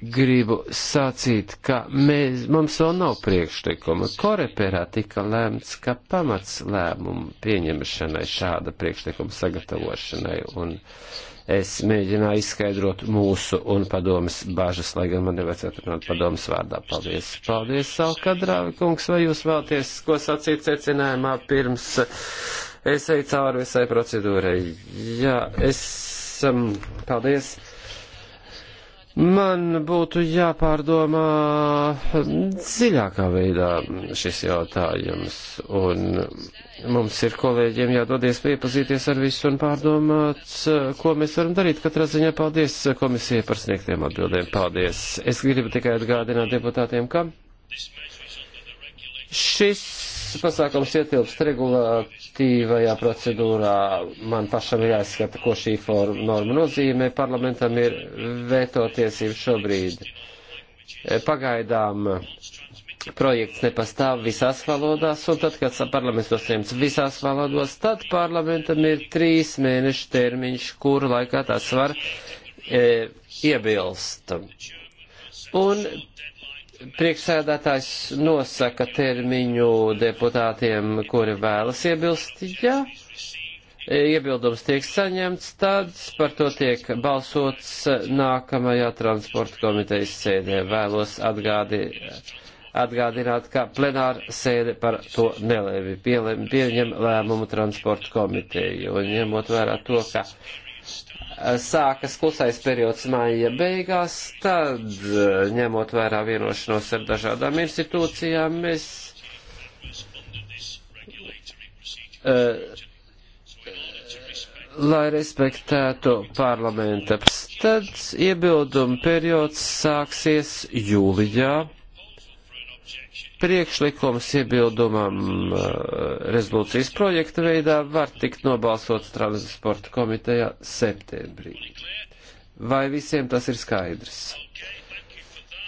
gribu sacīt, ka mēs, mums vēl nav priekšlikuma. Koreperā tika lēmts, ka pamats lēmumu pieņemšanai šāda priekšlikuma sagatavošanai, un es mēģināju izskaidrot mūsu un padomas bažas, lai gan man nevajadzētu runāt padomas vārdā. Paldies, paldies, Alkadrāvi kungs, vai jūs vēlties ko sacīt secinājumā pirms es eju cauri visai procedūrai. Jā, es. Um, paldies. Man būtu jāpārdomā dziļākā veidā šis jautājums, un mums ir kolēģiem jādodies piepazīties ar visu un pārdomāt, ko mēs varam darīt. Katrā ziņā paldies komisijai par sniegtiem atbildēm. Paldies. Es gribu tikai atgādināt deputātiem, ka šis pasākums ietilpst regulatīvajā procedūrā. Man pašam ir jāizskata, ko šī forma norma nozīmē. Parlamentam ir veto tiesība šobrīd. Pagaidām projekts nepastāv visās valodās, un tad, kad parlaments to saņems visās valodās, tad parlamentam ir trīs mēnešu termiņš, kuru laikā tas var e, iebilst. Un Priekšsēdētājs nosaka termiņu deputātiem, kuri vēlas iebilst. Ja iebildums tiek saņemts, tad par to tiek balsots nākamajā transporta komitejas sēdē. Vēlos atgādi, atgādināt, ka plenāra sēde par to nelēvi pieņem lēmumu transporta komiteju. Un ņemot vērā to, ka sākas klusais periods maija beigās, tad, eh, ņemot vērā vienošanos ar dažādām institūcijām, mēs eh, lai respektētu parlamenta, tad iebilduma periods sāksies jūlijā priekšlikums iebildumam uh, rezolūcijas projekta veidā var tikt nobalsots transporta komitejā septembrī. Vai visiem tas ir skaidrs?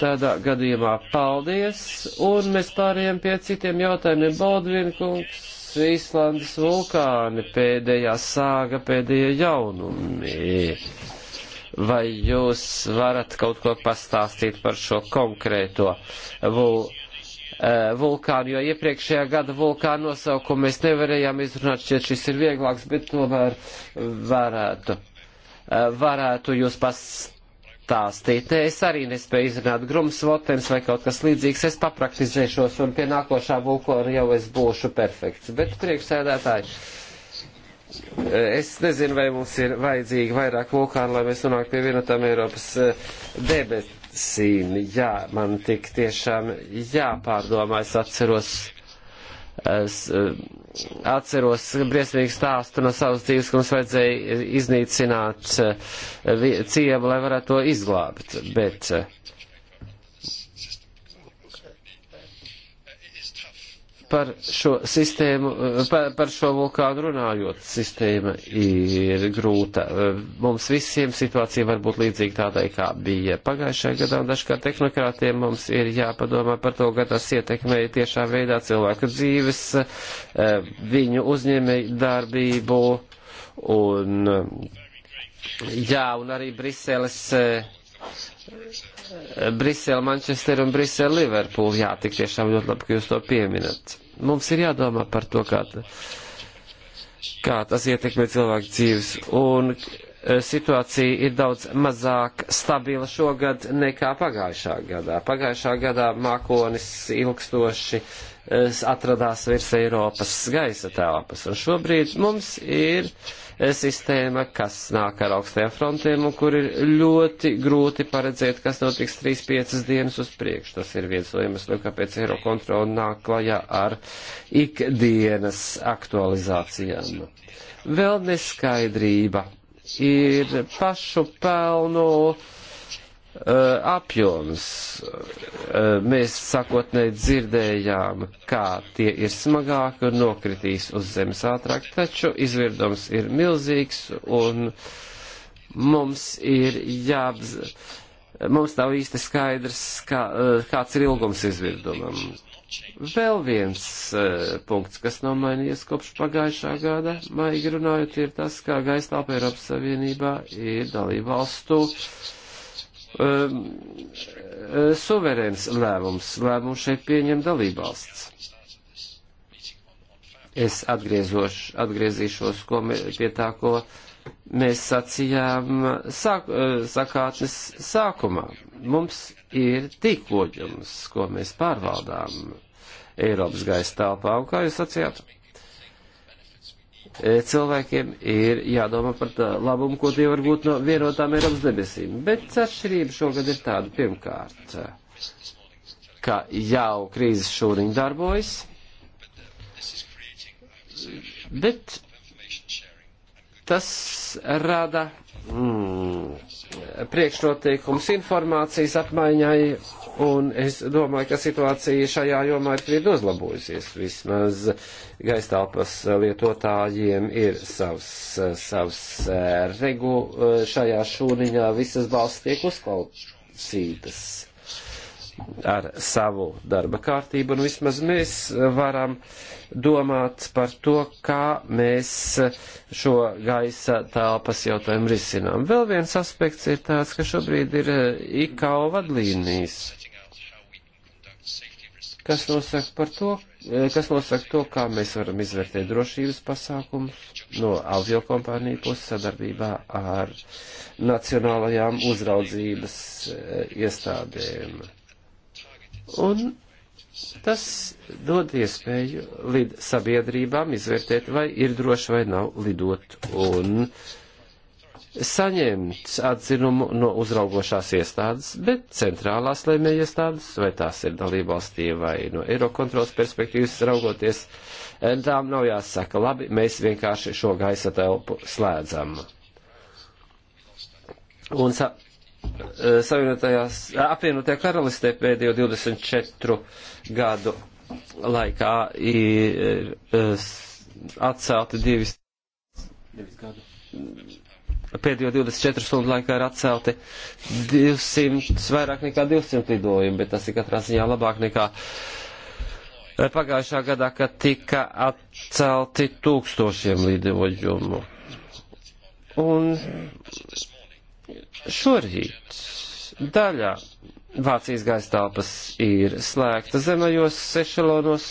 Tādā gadījumā paldies, un mēs pārējām pie citiem jautājumiem. Baldvinkungs, Īslandes vulkāni, pēdējā sāga, pēdējie jaunumi. Vai jūs varat kaut ko pastāstīt par šo konkrēto vulkānu? Eh, vulkānu, jo iepriekšējā gada vulkānu nosaukumu mēs nevarējām izrunāt, šķiet šis ir vieglāks, bet tomēr varētu, eh, varētu jūs pastāstīt. Ne, es arī nespēju izrunāt grums, votens vai kaut kas līdzīgs, es papraktizēšos un pie nākošā vulkāna jau es būšu perfekts. Bet priekšsēdētāji. Eh, es nezinu, vai mums ir vajadzīgi vairāk vulkānu, lai mēs nonāktu pie vienotām Eiropas debes, Kristīna, jā, man tik tiešām jāpārdomā, es atceros, es eh, atceros briesmīgu stāstu no savas dzīves, ka mums vajadzēja iznīcināt eh, ciebu, lai varētu to izglābt, bet eh, par šo sistēmu, eh, par, par šo vulkānu runājot, sistēma ir grūta. Eh, mums visiem situācija var būt līdzīga tādai, kā bija pagājušajā gadā, un dažkārt tehnokrātiem mums ir jāpadomā par to, ka tas ietekmēja tiešā veidā cilvēku dzīves, eh, viņu uzņēmēju darbību, un jā, un arī Briseles Brisele, Manchester un Brisele, Liverpool. Jā, tik tiešām ļoti labi, ka jūs to pieminat. Mums ir jādomā par to, kā, kā tas ietekmē cilvēku dzīves. Un e, situācija ir daudz mazāk stabila šogad nekā pagājušā gadā. Pagājušā gadā mākonis ilgstoši uh, atradās virs Eiropas gaisa telpas. Un šobrīd mums ir e, sistēma, kas nāk ar augstajām frontēm un kur ir ļoti grūti paredzēt, kas notiks 3-5 dienas uz priekšu. Tas ir viens no iemesliem, kāpēc Eirokontrola nāk klajā ar ikdienas aktualizācijām. Vēl neskaidrība ir pašu pelnu Eh, apjoms. Eh, mēs sakotnēji dzirdējām, kā tie ir smagāki un nokritīs uz zemes ātrāk, taču izvirdums ir milzīgs un mums ir jāapz... Mums nav īsti skaidrs, kā, eh, kāds ir ilgums izvirdumam. Vēl viens uh, punkts, kas nav mainījies kopš pagājušā gada, maigi runājot, ir tas, kā gaistāpa Eiropas Savienībā ir dalība valstu uh, um, uh, suverēns lēmums. Lēmumu šeit pieņem dalībvalsts. Es atgriezīšos ko, pie tā, ko mēs sacījām sāk, uh, sakātnes sākumā. Mums ir tīkloģums, ko mēs pārvaldām Eiropas gaisa telpā, un kā jūs sacījāt? E, cilvēkiem ir jādomā par tā labumu, ko tie var būt no vienotām Eiropas debesīm. Bet atšķirība šogad ir tāda pirmkārt, ka jau krīzes šūniņi darbojas, bet tas rada mm, priekšnoteikums informācijas apmaiņai Un es domāju, ka situācija šajā jomā ir krietni uzlabojusies. Vismaz gaistālpas lietotājiem ir savs, savs eh, regu eh, šajā šūniņā, visas balsts tiek uzklausītas ar savu darba kārtību, un nu, vismaz mēs varam domāt par to, kā mēs šo gaisa telpas jautājumu risinām. Vēl viens aspekts ir tāds, ka šobrīd ir eh, IKO vadlīnijas, kas nosaka par to, eh, kas nosaka to, kā mēs varam izvērtēt drošības pasākumus no aviokompāniju puses sadarbībā ar nacionālajām uzraudzības eh, iestādēm. Un tas dod iespēju lid sabiedrībām izvērtēt, vai ir droši vai nav lidot un saņemt atzinumu no uzraugošās iestādes, bet centrālās lēmēja iestādes, vai tās ir dalībvalstī vai no Eirokontrolas perspektīvas raugoties, tām nav jāsaka, labi, mēs vienkārši šo gaisa telpu slēdzam. Un sa Eh, savienotajās, eh, apvienotajā karalistē pēdējo 24 gadu laikā ir eh, atcelti divi. Pēdējo 24 stundu laikā ir atcelti 200, vairāk nekā 200 lidojumi, bet tas ir katrā ziņā labāk nekā pagājušā gadā, kad tika atcelti tūkstošiem lidojumu. Un Šorīt daļā Vācijas gaisa telpas ir slēgta zemajos sešalonos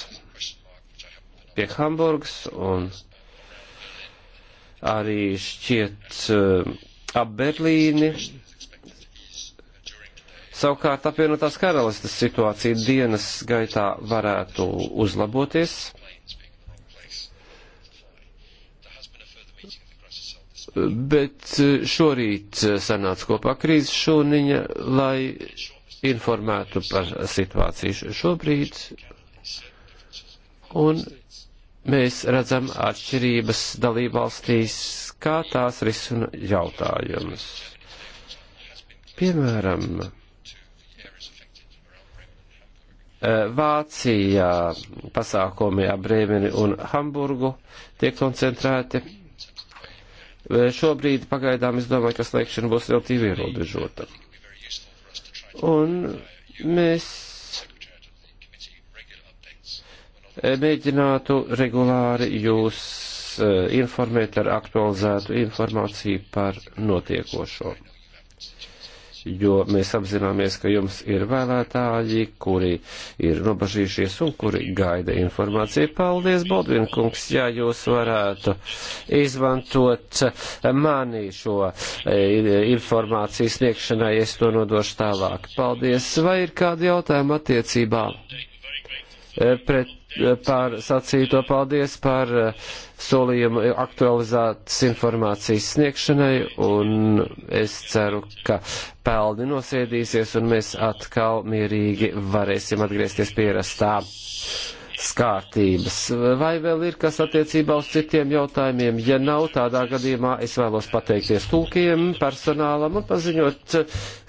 pie Hamburgas un arī šķiet uh, ap Berlīni. Savukārt apvienotās karalistas situācija dienas gaitā varētu uzlaboties. bet eh, šorīt eh, sanāca kopā krīzes šūniņa, lai informētu par situāciju šobrīd. Un mēs redzam atšķirības dalībvalstīs, kā tās risina jautājumus. Piemēram, eh, Vācijā pasākumi ap Brēmeni un Hamburgu tiek koncentrēti Šobrīd pagaidām es domāju, ka slēgšana būs relatīvi ierobežota. Un mēs mēģinātu regulāri jūs eh, informēt ar aktualizētu informāciju par notiekošo jo mēs apzināmies, ka jums ir vēlētāji, kuri ir nobažījušies un kuri gaida informāciju. Paldies, Baldvin kungs, ja jūs varētu izmantot mani šo e, informāciju sniegšanai, es to nodošu tālāk. Paldies, vai ir kādi jautājumi attiecībā e, pret par sacīto paldies par eh, solījumu aktualizētas informācijas sniegšanai, un es ceru, ka pelni nosēdīsies, un mēs atkal mierīgi varēsim atgriezties pie rastā skārtības. Vai vēl ir kas attiecībā uz citiem jautājumiem? Ja nav, tādā gadījumā es vēlos pateikties tulkiem, personālam un paziņot